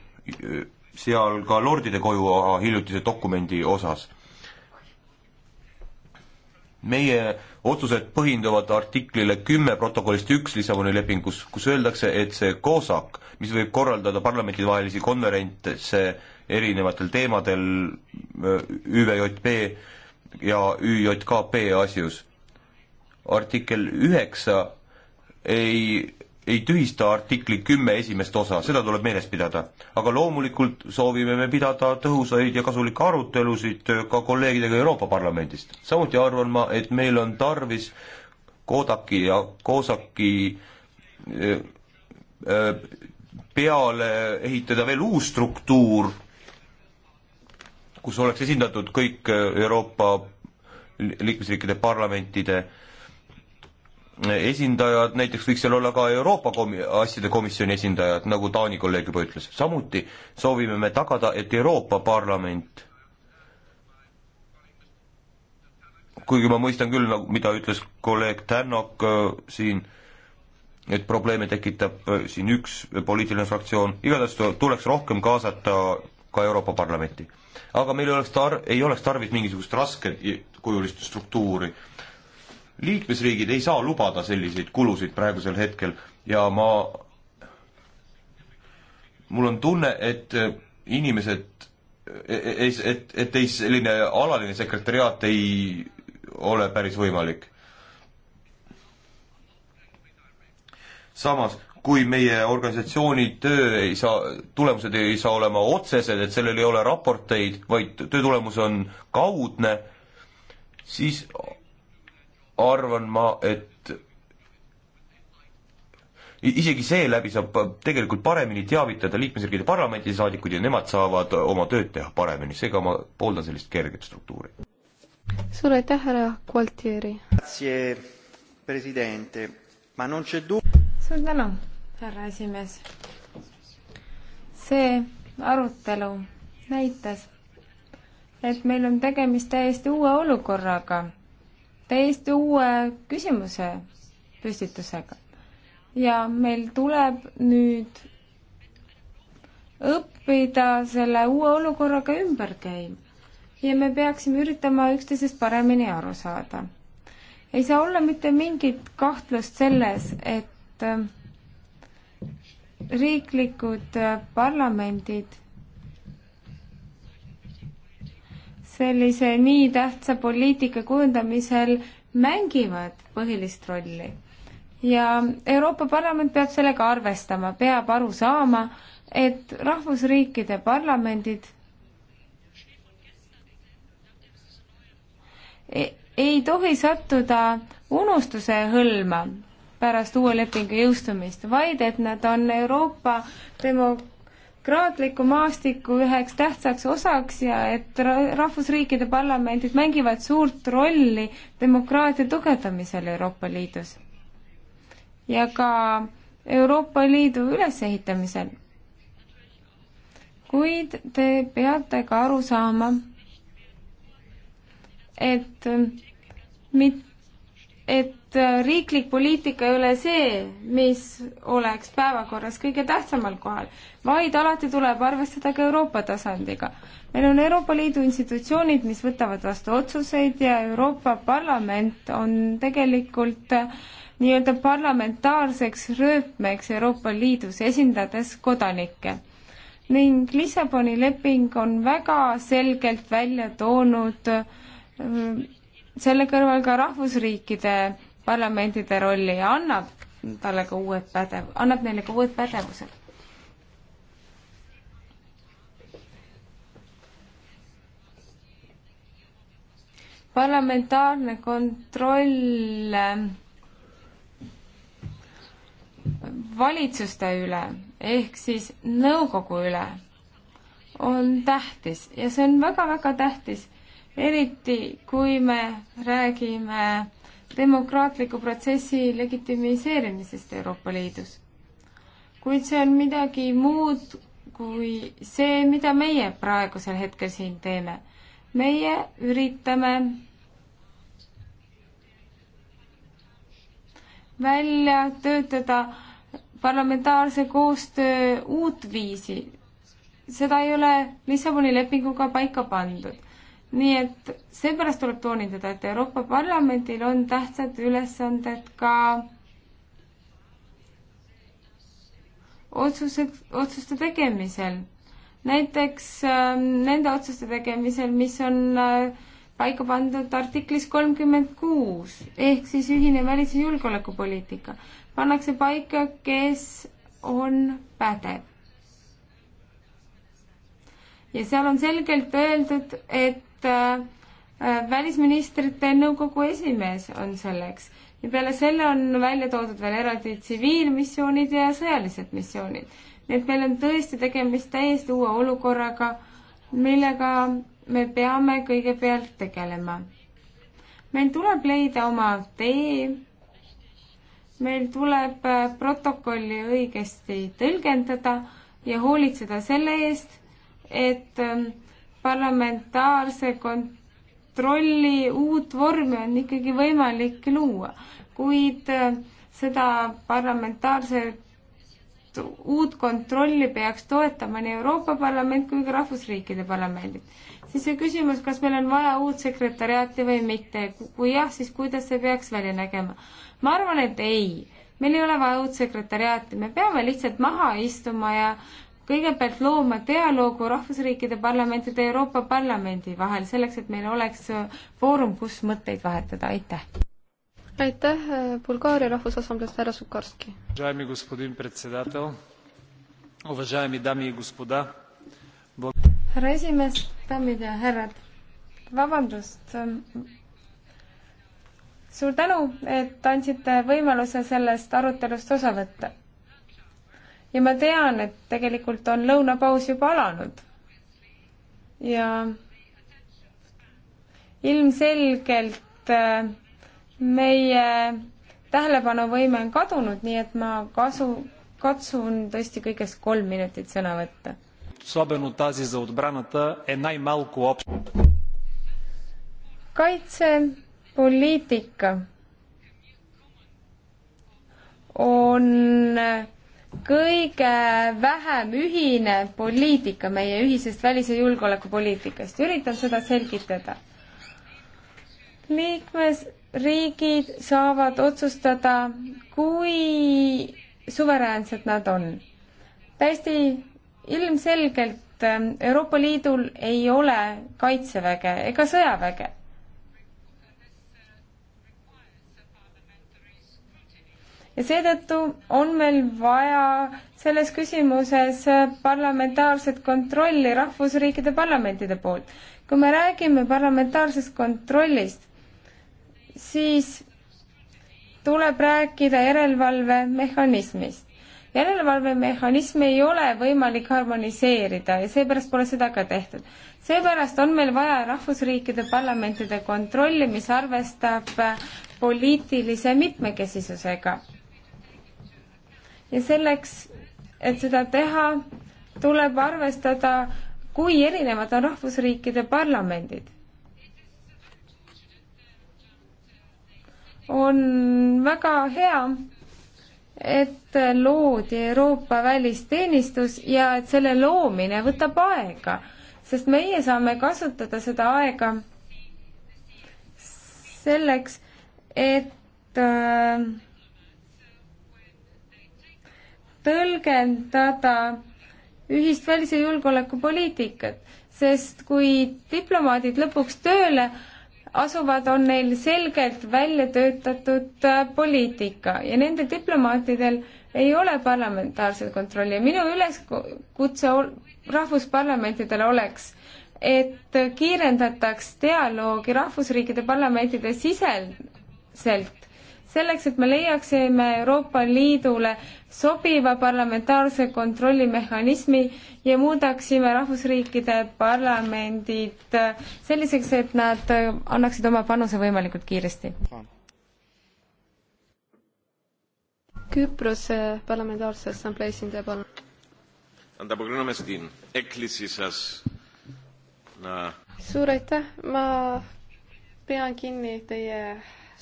seal ka lordide koju hiljutise dokumendi osas meie otsused põhinduvad artiklile kümme protokollist üks Lissaboni lepingus, kus öeldakse, et see COSAC, mis võib korraldada parlamentidevahelisi konverentse erinevatel teemadel ÜVJP ja ÜJKP asjus, artikkel üheksa ei ei tühista artikli kümme esimest osa, seda tuleb meeles pidada. aga loomulikult soovime me pidada tõhusaid ja kasulikke arutelusid ka kolleegidega Euroopa Parlamendist. samuti arvan ma, et meil on tarvis Kodaki ja Kosaki eh, eh, peale ehitada veel uus struktuur, kus oleks esindatud kõik eh, Euroopa liikmesriikide parlamentide äh, esindajad, näiteks võiks seal olla ka Euroopa komi-, asjade komisjoni esindajad, nagu Taani kolleeg juba ütles. samuti soovime me tagada, et Euroopa Parlament kuigi ma mõistan küll, nagu, mida ütles kolleeg Tännok äh, siin, et probleeme tekitab äh, siin üks poliitiline fraktsioon, igatahes tuleks rohkem kaasata ka Euroopa Parlamenti. aga meil oleks tar-, ei oleks tarvis mingisugust raskekujulist struktuuri äh,, liikmesriigid ei saa lubada selliseid kulusid praegusel hetkel ja ma, mul on tunne, et äh, inimesed, et, e, et, et ei, selline alaline sekretäriaat ei ole päris võimalik. samas, kui meie organisatsiooni töö ei saa, tulemused ei saa olema otsesed, et sellel ei ole raporteid, vaid töö tulemus on kaudne, siis arvan ma, et isegi seeläbi saab tegelikult paremini teavitada liikmesriikide parlamendisaadikuid ja nemad saavad oma tööd teha paremini, seega ma pooldan sellist kerget struktuuri.
suur aitäh, härra Gualtieri!
suur
tänu, härra esimees! see
arutelu näitas, et meil on tegemist täiesti uue olukorraga täiesti uue küsimuse püstitusega. ja meil tuleb nüüd õppida selle uue olukorraga ümber käima. ja me peaksime üritama üksteisest paremini aru saada. ei saa olla mitte mingit kahtlust selles, et äh, riiklikud äh, parlamendid sellise nii tähtsa poliitika kujundamisel mängivad põhilist rolli. ja Euroopa Parlament peab sellega arvestama, peab aru saama, et rahvusriikide parlamendid e-, ei tohi sattuda unustuse hõlma pärast uue lepingu jõustumist, vaid et nad on Euroopa demok-, kraadliku maastiku üheks tähtsaks osaks ja et rahvusriikide parlamendid mängivad suurt rolli demokraatia tugevdamisel Euroopa Liidus ja ka Euroopa Liidu ülesehitamisel. kuid te peate ka aru saama, et mit-, et et äh, riiklik poliitika ei ole see, mis oleks päevakorras kõige tähtsamal kohal, vaid alati tuleb arvestada ka Euroopa tasandiga. meil on Euroopa Liidu institutsioonid, mis võtavad vastu otsuseid ja Euroopa Parlament on tegelikult äh, nii-öelda parlamentaarseks rööpmeks Euroopa Liidus, esindades kodanikke. ning Lissaboni leping on väga selgelt välja toonud äh, selle kõrval ka rahvusriikide parlamentide rolli ja annab talle ka uued pädev-, annab neile ka uued pädevused. parlamentaarne kontroll ähm, valitsuste üle ehk siis nõukogu üle on tähtis ja see on väga-väga tähtis, eriti kui me räägime demokraatliku protsessi legitimiseerimisest Euroopa Liidus. kuid see on midagi muud kui see, mida meie praegusel hetkel siin teeme. meie üritame välja töötada parlamentaarse koostöö uut viisi. seda ei ole Lissaboni lepinguga paika pandud nii et seepärast tuleb toonitada, et Euroopa Parlamendil on tähtsad ülesanded ka otsuse, otsuste tegemisel. näiteks äh, nende otsuste tegemisel, mis on äh, paika pandud artiklis kolmkümmend kuus ehk siis ühine välis- ja julgeolekupoliitika. pannakse paika, kes on pädev. ja seal on selgelt öeldud, et et äh, välisministrite nõukogu esimees on selleks ja peale selle on välja toodud veel eraldi tsiviilmissioonid ja sõjalised missioonid. nii et meil on tõesti tegemist täiesti uue olukorraga, millega me peame kõigepealt tegelema. meil tuleb leida oma tee, meil tuleb äh, protokolli õigesti tõlgendada ja hoolitseda selle eest, et ähm, parlamentaarse kontrolli uut vormi on ikkagi võimalik luua, kuid äh, seda parlamentaarset uut kontrolli peaks toetama nii Euroopa Parlament kui ka rahvusriikide parlamendid. siis see küsimus, kas meil on vaja uut sekretäriaati või mitte, kui jah, siis kuidas see peaks välja nägema? ma arvan, et ei meil ei ole vaja uut sekretäriaati, me peame lihtsalt maha istuma ja kõigepealt looma dialoogu rahvusriikide parlamentide ja Euroopa Parlamendi vahel, selleks et meil oleks foorum, kus mõtteid vahetada, aitäh!
aitäh, äh, Bulgaaria Rahvusassambleest härra Sukarski!
härra esimees, daamid ja härrad, vabandust, ähm, suur tänu, et andsite võimaluse sellest arutelust osa võtta ja ma tean, et tegelikult on lõunapaus juba alanud. ja ilmselgelt äh, meie tähelepanuvõime on kadunud, nii et ma kasu, katsun tõesti kõigest kolm minutit sõna võtta. kaitsepoliitika on kõige vähem ühine poliitika meie ühisest välis- ja julgeolekupoliitikast, üritan seda selgitada. liikmesriigid saavad otsustada, kui suveräänsed nad on. täiesti ilmselgelt Euroopa Liidul ei ole kaitseväge ega sõjaväge ja seetõttu on meil vaja selles küsimuses parlamentaarset kontrolli rahvusriikide parlamentide poolt. kui me räägime parlamentaarsest kontrollist, siis tuleb rääkida järelevalvemehhanismist. järelevalvemehhanismi ei ole võimalik harmoniseerida ja seepärast pole seda ka tehtud. seepärast on meil vaja rahvusriikide parlamentide kontrolli, mis arvestab poliitilise mitmekesisusega ja selleks, et seda teha, tuleb arvestada, kui erinevad on rahvusriikide parlamendid. on väga hea, et loodi Euroopa välisteenistus ja et selle loomine võtab aega, sest meie saame kasutada seda aega selleks, et äh, tõlgendada ühist välis- ja julgeolekupoliitikat, sest kui diplomaadid lõpuks tööle asuvad, on neil selgelt välja töötatud äh, poliitika ja nendel diplomaatidel ei ole parlamentaarset kontrolli ja minu üleskutse rahvusparlamentidele oleks, et kiirendataks dialoogi rahvusriikide parlamentide siseselt selleks, et me leiaksime Euroopa Liidule sobiva parlamentaarse kontrollimehhanismi ja muudaksime rahvusriikide parlamendid äh, selliseks, et nad äh, annaksid oma panuse võimalikult kiiresti.
Küprose parlamentaarse assamblee esindaja, palun.
ανταποκρίνομαι στην έκκλησή σας να...
Suur aitäh, ma pean kinni teie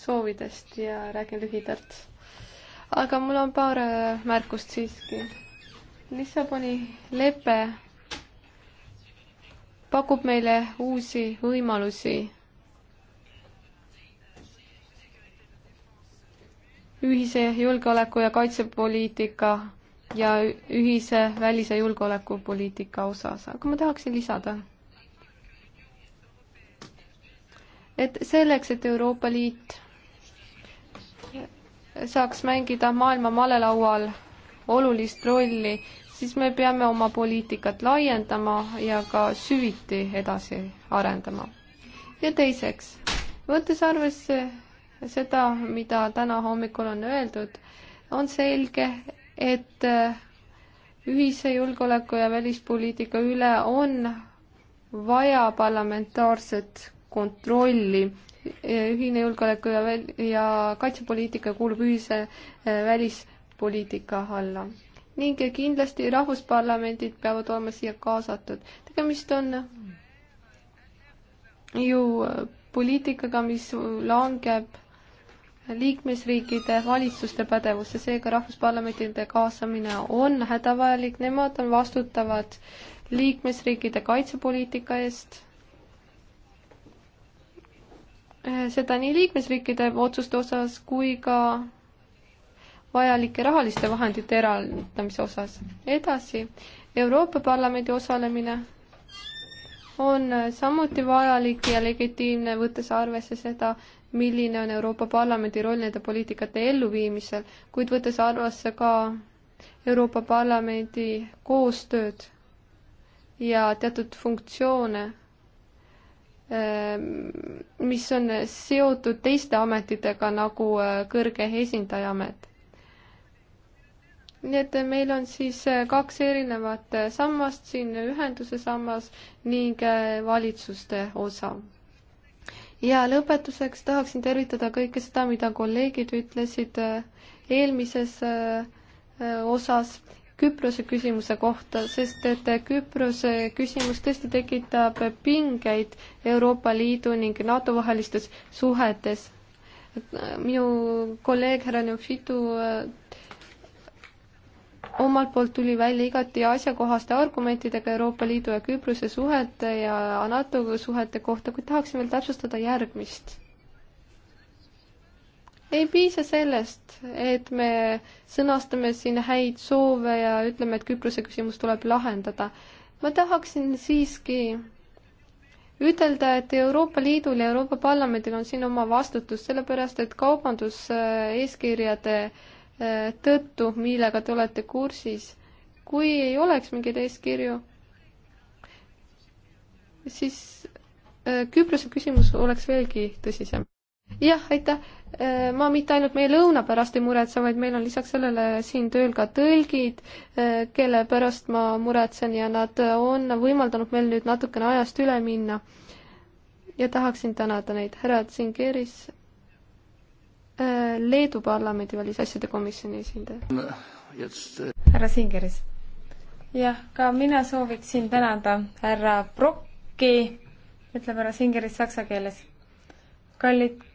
soovidest ja räägin lühidalt. aga mul on paar äh, märkust siiski. Lissaboni lepe pakub meile uusi võimalusi ühise julgeoleku ja kaitsepoliitika ja ühise välise julgeolekupoliitika osas, aga ma tahaksin lisada, et selleks, et Euroopa Liit saaks mängida maailma malelaual olulist rolli, siis me peame oma poliitikat laiendama ja ka süviti edasi arendama. ja teiseks, võttes arvesse seda, mida täna hommikul on öeldud, on selge, et äh, ühise julgeoleku ja välispoliitika üle on vaja parlamentaarset kontrolli ühine julgeoleku ja, ja kaitsepoliitika kuulub ühise äh, välispoliitika alla. ning kindlasti rahvusparlamendid peavad olema siia kaasatud. tegemist on ju äh, poliitikaga, mis langeb liikmesriikide valitsuste pädevusse, seega rahvusparlamentide kaasamine on hädavajalik, nemad on vastutavad liikmesriikide kaitsepoliitika eest Äh, seda nii liikmesriikide otsuste osas kui ka vajalike rahaliste vahendite eraldamise osas. edasi, Euroopa Parlamendi osalemine on äh, samuti vajalik ja legitiimne, võttes arvesse seda, milline on Euroopa Parlamendi roll nende poliitikate elluviimisel, kuid võttes arvesse ka Euroopa Parlamendi koostööd ja teatud funktsioone Ehm, mis on seotud teiste ametitega, nagu eh, kõrge esindaja amet. nii et meil on siis eh, kaks erinevat eh, sammast siin, ühenduse sammas ning valitsuste osa ja lõpetuseks tahaksin tervitada kõike seda, mida kolleegid ütlesid eelmises osas Küprose küsimuse kohta, sest et Küprose küsimus tõesti tekitab pingeid Euroopa Liidu ning NATO vahelistes suhetes. minu kolleeg härra Neufitu äh, omalt poolt tuli välja igati asjakohaste argumentidega Euroopa Liidu ja Küprose suhete ja NATO suhete kohta, kuid tahaksin veel täpsustada järgmist ei piisa sellest, et me sõnastame siin häid soove ja ütleme, et Küprose küsimus tuleb lahendada. ma tahaksin siiski ütelda, et Euroopa Liidul ja Euroopa Parlamendil on siin oma vastutus, sellepärast et kaubanduseeskirjade äh, tõttu, millega te olete kursis, kui ei oleks mingeid eeskirju, siis äh, Küprose küsimus oleks veelgi tõsisem. jah, aitäh Äh, ma mitte ainult meie lõuna pärast ei muretse, vaid meil on lisaks sellele siin tööl ka tõlgid, äh, kelle pärast ma muretsen ja nad on võimaldanud meil nüüd natukene ajast üle minna. ja tahaksin tänada neid, härra Tsingeris, äh, Leedu parlamendi välisasjade komisjoni esindaja. härra Tsingeris. jah, ka mina sooviksin
tänada härra Brocki, ütleb härra Tsingeris saksa keeles. kallid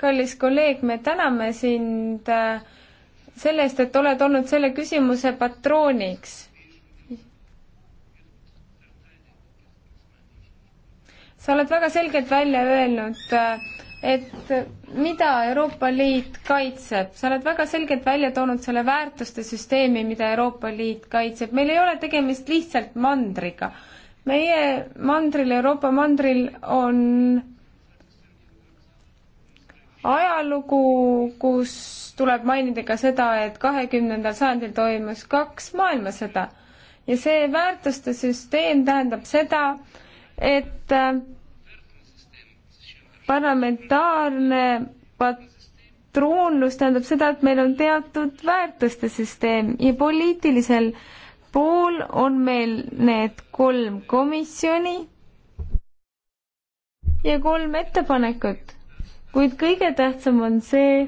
kallis kolleeg, me täname sind äh, selle eest, et oled olnud selle küsimuse patrooniks. sa oled väga selgelt välja öelnud, äh, et mida Euroopa Liit kaitseb, sa oled väga selgelt välja toonud selle väärtuste süsteemi, mida Euroopa Liit kaitseb, meil ei ole tegemist lihtsalt mandriga. meie mandril, Euroopa mandril on ajalugu, kus tuleb mainida ka seda, et kahekümnendal sajandil toimus kaks maailmasõda ja see väärtuste süsteem tähendab seda, et äh, parlamentaarne patruunlus tähendab seda, et meil on teatud väärtuste süsteem ja poliitilisel pool on meil need kolm komisjoni ja kolm ettepanekut kuid kõige tähtsam on see,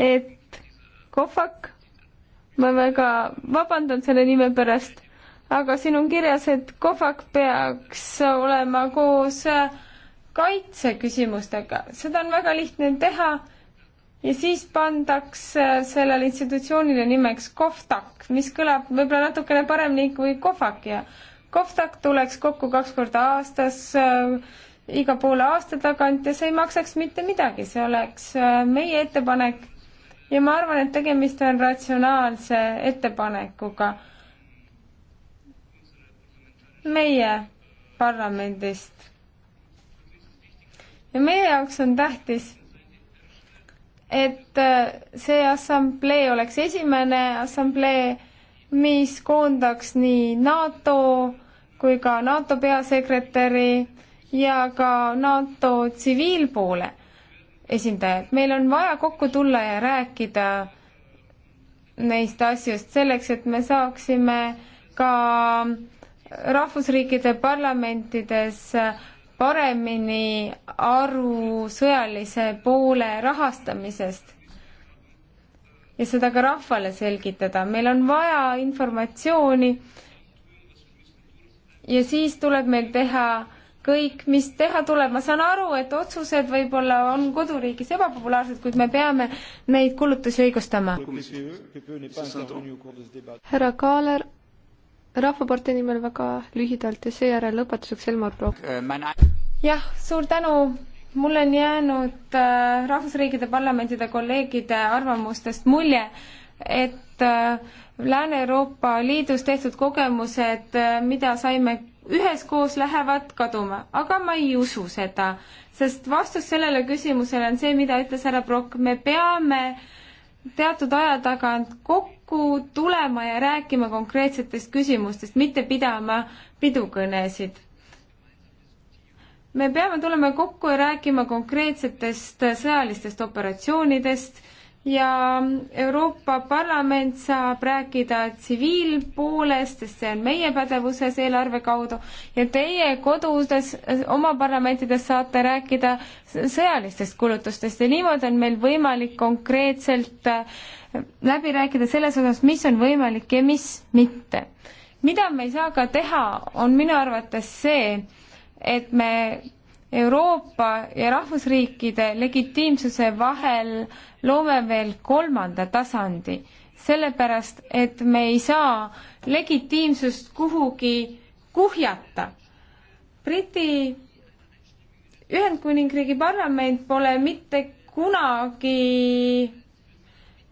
et kohvak, ma väga vabandan selle nime pärast, aga siin on kirjas, et kohvak peaks olema koos kaitseküsimustega, seda on väga lihtne teha ja siis pandakse sellele institutsioonile nimeks kohvtak, mis kõlab võib-olla natukene paremini kui kohvak ja kohvtak tuleks kokku kaks korda aastas äh, iga poole aasta tagant ja see ei maksaks mitte midagi, see oleks äh, meie ettepanek ja ma arvan, et tegemist on ratsionaalse ettepanekuga. meie parlamendist. ja meie jaoks on tähtis, et äh, see assamblee oleks esimene assamblee, mis koondaks nii NATO kui ka NATO peasekretäri ja ka NATO tsiviilpoole esindajad. meil on vaja kokku tulla ja rääkida neist asjust selleks, et me saaksime ka rahvusriikide parlamentides paremini aru sõjalise poole rahastamisest ja seda ka rahvale selgitada. meil on vaja informatsiooni ja siis tuleb meil teha kõik, mis teha tuleb, ma saan aru, et otsused võib-olla on koduriigis ebapopulaarsed, kuid me peame
neid kulutusi
õigustama.
härra
Kaaler, Rahvapartei nimel väga lühidalt ja seejärel lõpetuseks Elmar Prokk.
jah, suur tänu, mul on jäänud äh, rahvusriikide parlamentide kolleegide arvamustest mulje, et äh, Lääne-Euroopa Liidus tehtud kogemused, äh, mida saime üheskoos lähevad kaduma, aga ma ei usu seda, sest vastus sellele küsimusele on see, mida ütles härra Prokk, me peame teatud aja tagant kokku tulema ja rääkima konkreetsetest küsimustest, mitte pidama pidukõnesid. me peame tulema kokku ja rääkima konkreetsetest sõjalistest operatsioonidest ja Euroopa Parlament saab rääkida tsiviilpoolest, sest see on meie pädevuses eelarve kaudu ja teie kodudes oma parlamentides saate rääkida sõjalistest kulutustest ja niimoodi on meil võimalik konkreetselt äh, läbi rääkida selles osas, mis on võimalik ja mis mitte. mida me ei saa ka teha, on minu arvates see, et me Euroopa ja rahvusriikide legitiimsuse vahel loome veel kolmanda tasandi, sellepärast et me ei saa legitiimsust kuhugi kuhjata. Briti Ühendkuningriigi parlament pole mitte kunagi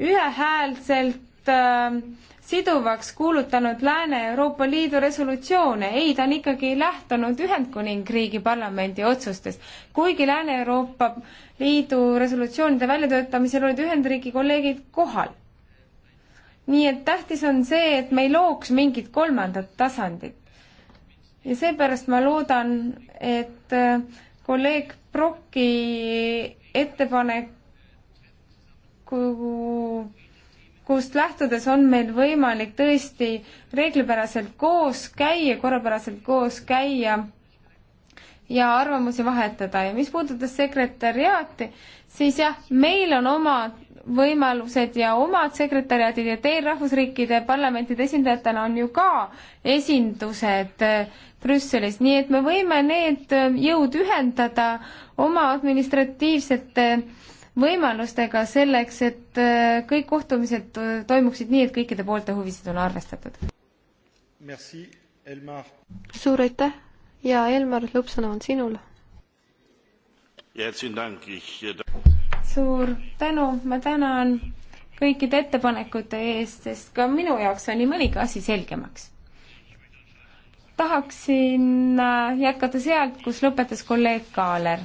ühehäälselt äh, siduvaks kuulutanud Lääne-Euroopa Liidu resolutsioone, ei, ta on ikkagi lähtunud Ühendkuningriigi parlamendi otsustest. kuigi Lääne-Euroopa Liidu resolutsioonide väljatöötamisel olid Ühendriigi kolleegid kohal. nii et tähtis on see, et me ei looks mingit kolmandat tasandit. ja seepärast ma loodan, et äh, kolleeg Brocki ettepaneku kust lähtudes on meil võimalik tõesti reeglipäraselt koos käia, korrapäraselt koos käia ja arvamusi vahetada ja mis puudutas sekretäriaati, siis jah, meil on omad võimalused ja omad sekretäriaadid ja teil rahvusriikide parlamentide esindajatena on ju ka esindused äh, Brüsselis, nii et me võime need äh, jõud ühendada oma administratiivsete võimalustega selleks,
et äh, kõik kohtumised äh, toimuksid nii, et kõikide poolte huvisid on arvestatud. suur aitäh ja Elmar, lõppsõna on sinul. Äh, suur tänu, ma tänan
kõikide ettepanekute eest, sest ka minu jaoks oli mõnigi asi selgemaks. tahaksin jätkata sealt, kus lõpetas kolleeg Kaaler.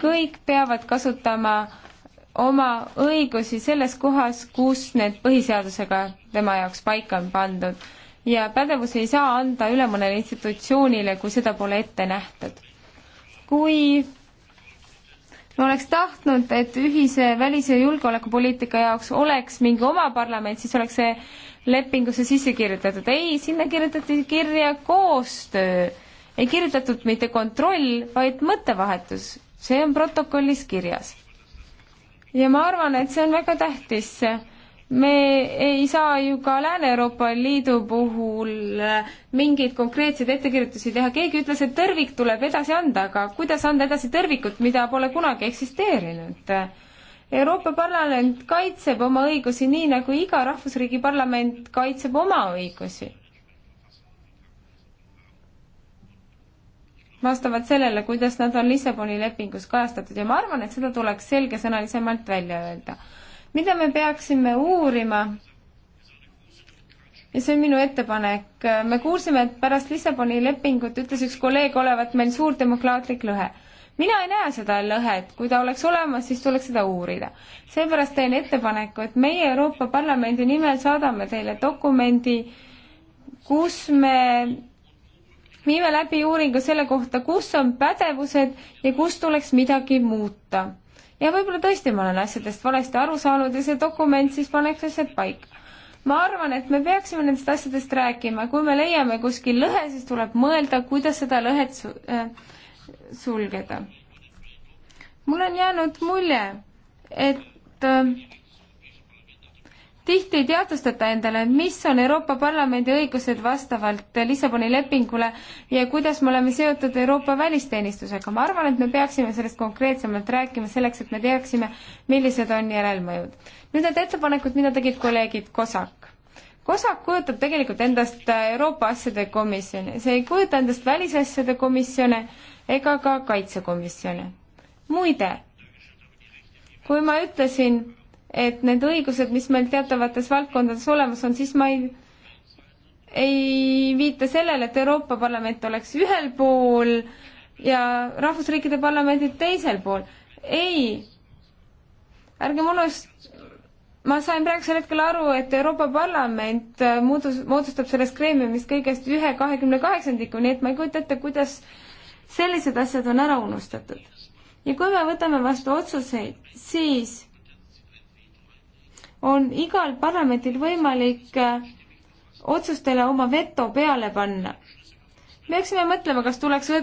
kõik peavad kasutama oma õigusi selles kohas, kus need põhiseadusega tema jaoks paika on pandud. ja pädevus ei saa anda üle mõnele institutsioonile, kui seda pole ette nähtud. kui ma oleks tahtnud, et ühise välis- ja julgeolekupoliitika jaoks oleks mingi oma parlament, siis oleks see lepingusse sisse kirjutatud. ei, sinna kirjutati kirja koostöö. ei kirjutatud mitte kontroll, vaid mõttevahetus. see on protokollis kirjas ja ma arvan, et see on väga tähtis. me ei saa ju ka Lääne-Euroopa Liidu puhul äh, mingeid konkreetseid ettekirjutusi teha, keegi ütles, et tõrvik tuleb edasi anda, aga kuidas anda edasi tõrvikut, mida pole kunagi eksisteerinud? Euroopa Parlament kaitseb oma õigusi nii, nagu iga rahvusriigi parlament kaitseb oma õigusi vastavalt sellele, kuidas nad on Lissaboni lepingus kajastatud ja ma arvan, et seda tuleks selgesõnalisemalt välja öelda. mida me peaksime uurima, ja see on minu ettepanek, me kuulsime, et pärast Lissaboni lepingut ütles üks kolleeg olevat meil suur demokraatlik lõhe. mina ei näe seda lõhet, kui ta oleks olemas, siis tuleks seda uurida. seepärast teen ettepaneku, et meie Euroopa Parlamendi nimel saadame teile dokumendi, kus me viime läbi uuringu selle kohta, kus on pädevused ja kus tuleks midagi muuta. ja võib-olla tõesti ma olen asjadest valesti aru saanud ja see dokument siis paneks asjad paika. ma arvan, et me peaksime nendest asjadest rääkima, kui me leiame kuskil lõhe, siis tuleb mõelda, kuidas seda lõhet su äh, sulgeda. mul on jäänud mulje, et äh, tihti ei teadvustata endale, mis on Euroopa Parlamendi õigused vastavalt Lissaboni lepingule ja kuidas me oleme seotud Euroopa välisteenistusega. ma arvan, et me peaksime sellest konkreetsemalt rääkima selleks, et me teaksime, millised on järelmõjud. nüüd need ettepanekud, mida tegid kolleegid Kosak. Kosak kujutab tegelikult endast Euroopa asjade komisjoni, see ei kujuta endast välisasjade komisjone ega ka kaitsekomisjone. muide, kui ma ütlesin, et need õigused, mis meil teatavates valdkondades olemas on, siis ma ei, ei viita sellele, et Euroopa Parlament oleks ühel pool ja rahvusriikide parlamendid teisel pool. ei, ärgem unust-, ma sain praegusel hetkel aru, et Euroopa Parlament äh, muudus, moodustab sellest kreemiumist kõigest ühe kahekümne kaheksandiku, nii et ma ei kujuta ette, kuidas sellised asjad on ära unustatud. ja kui me võtame vastu otsuseid, siis on igal parlamendil võimalik äh, otsustele oma veto peale panna. me peaksime mõtlema, kas tuleks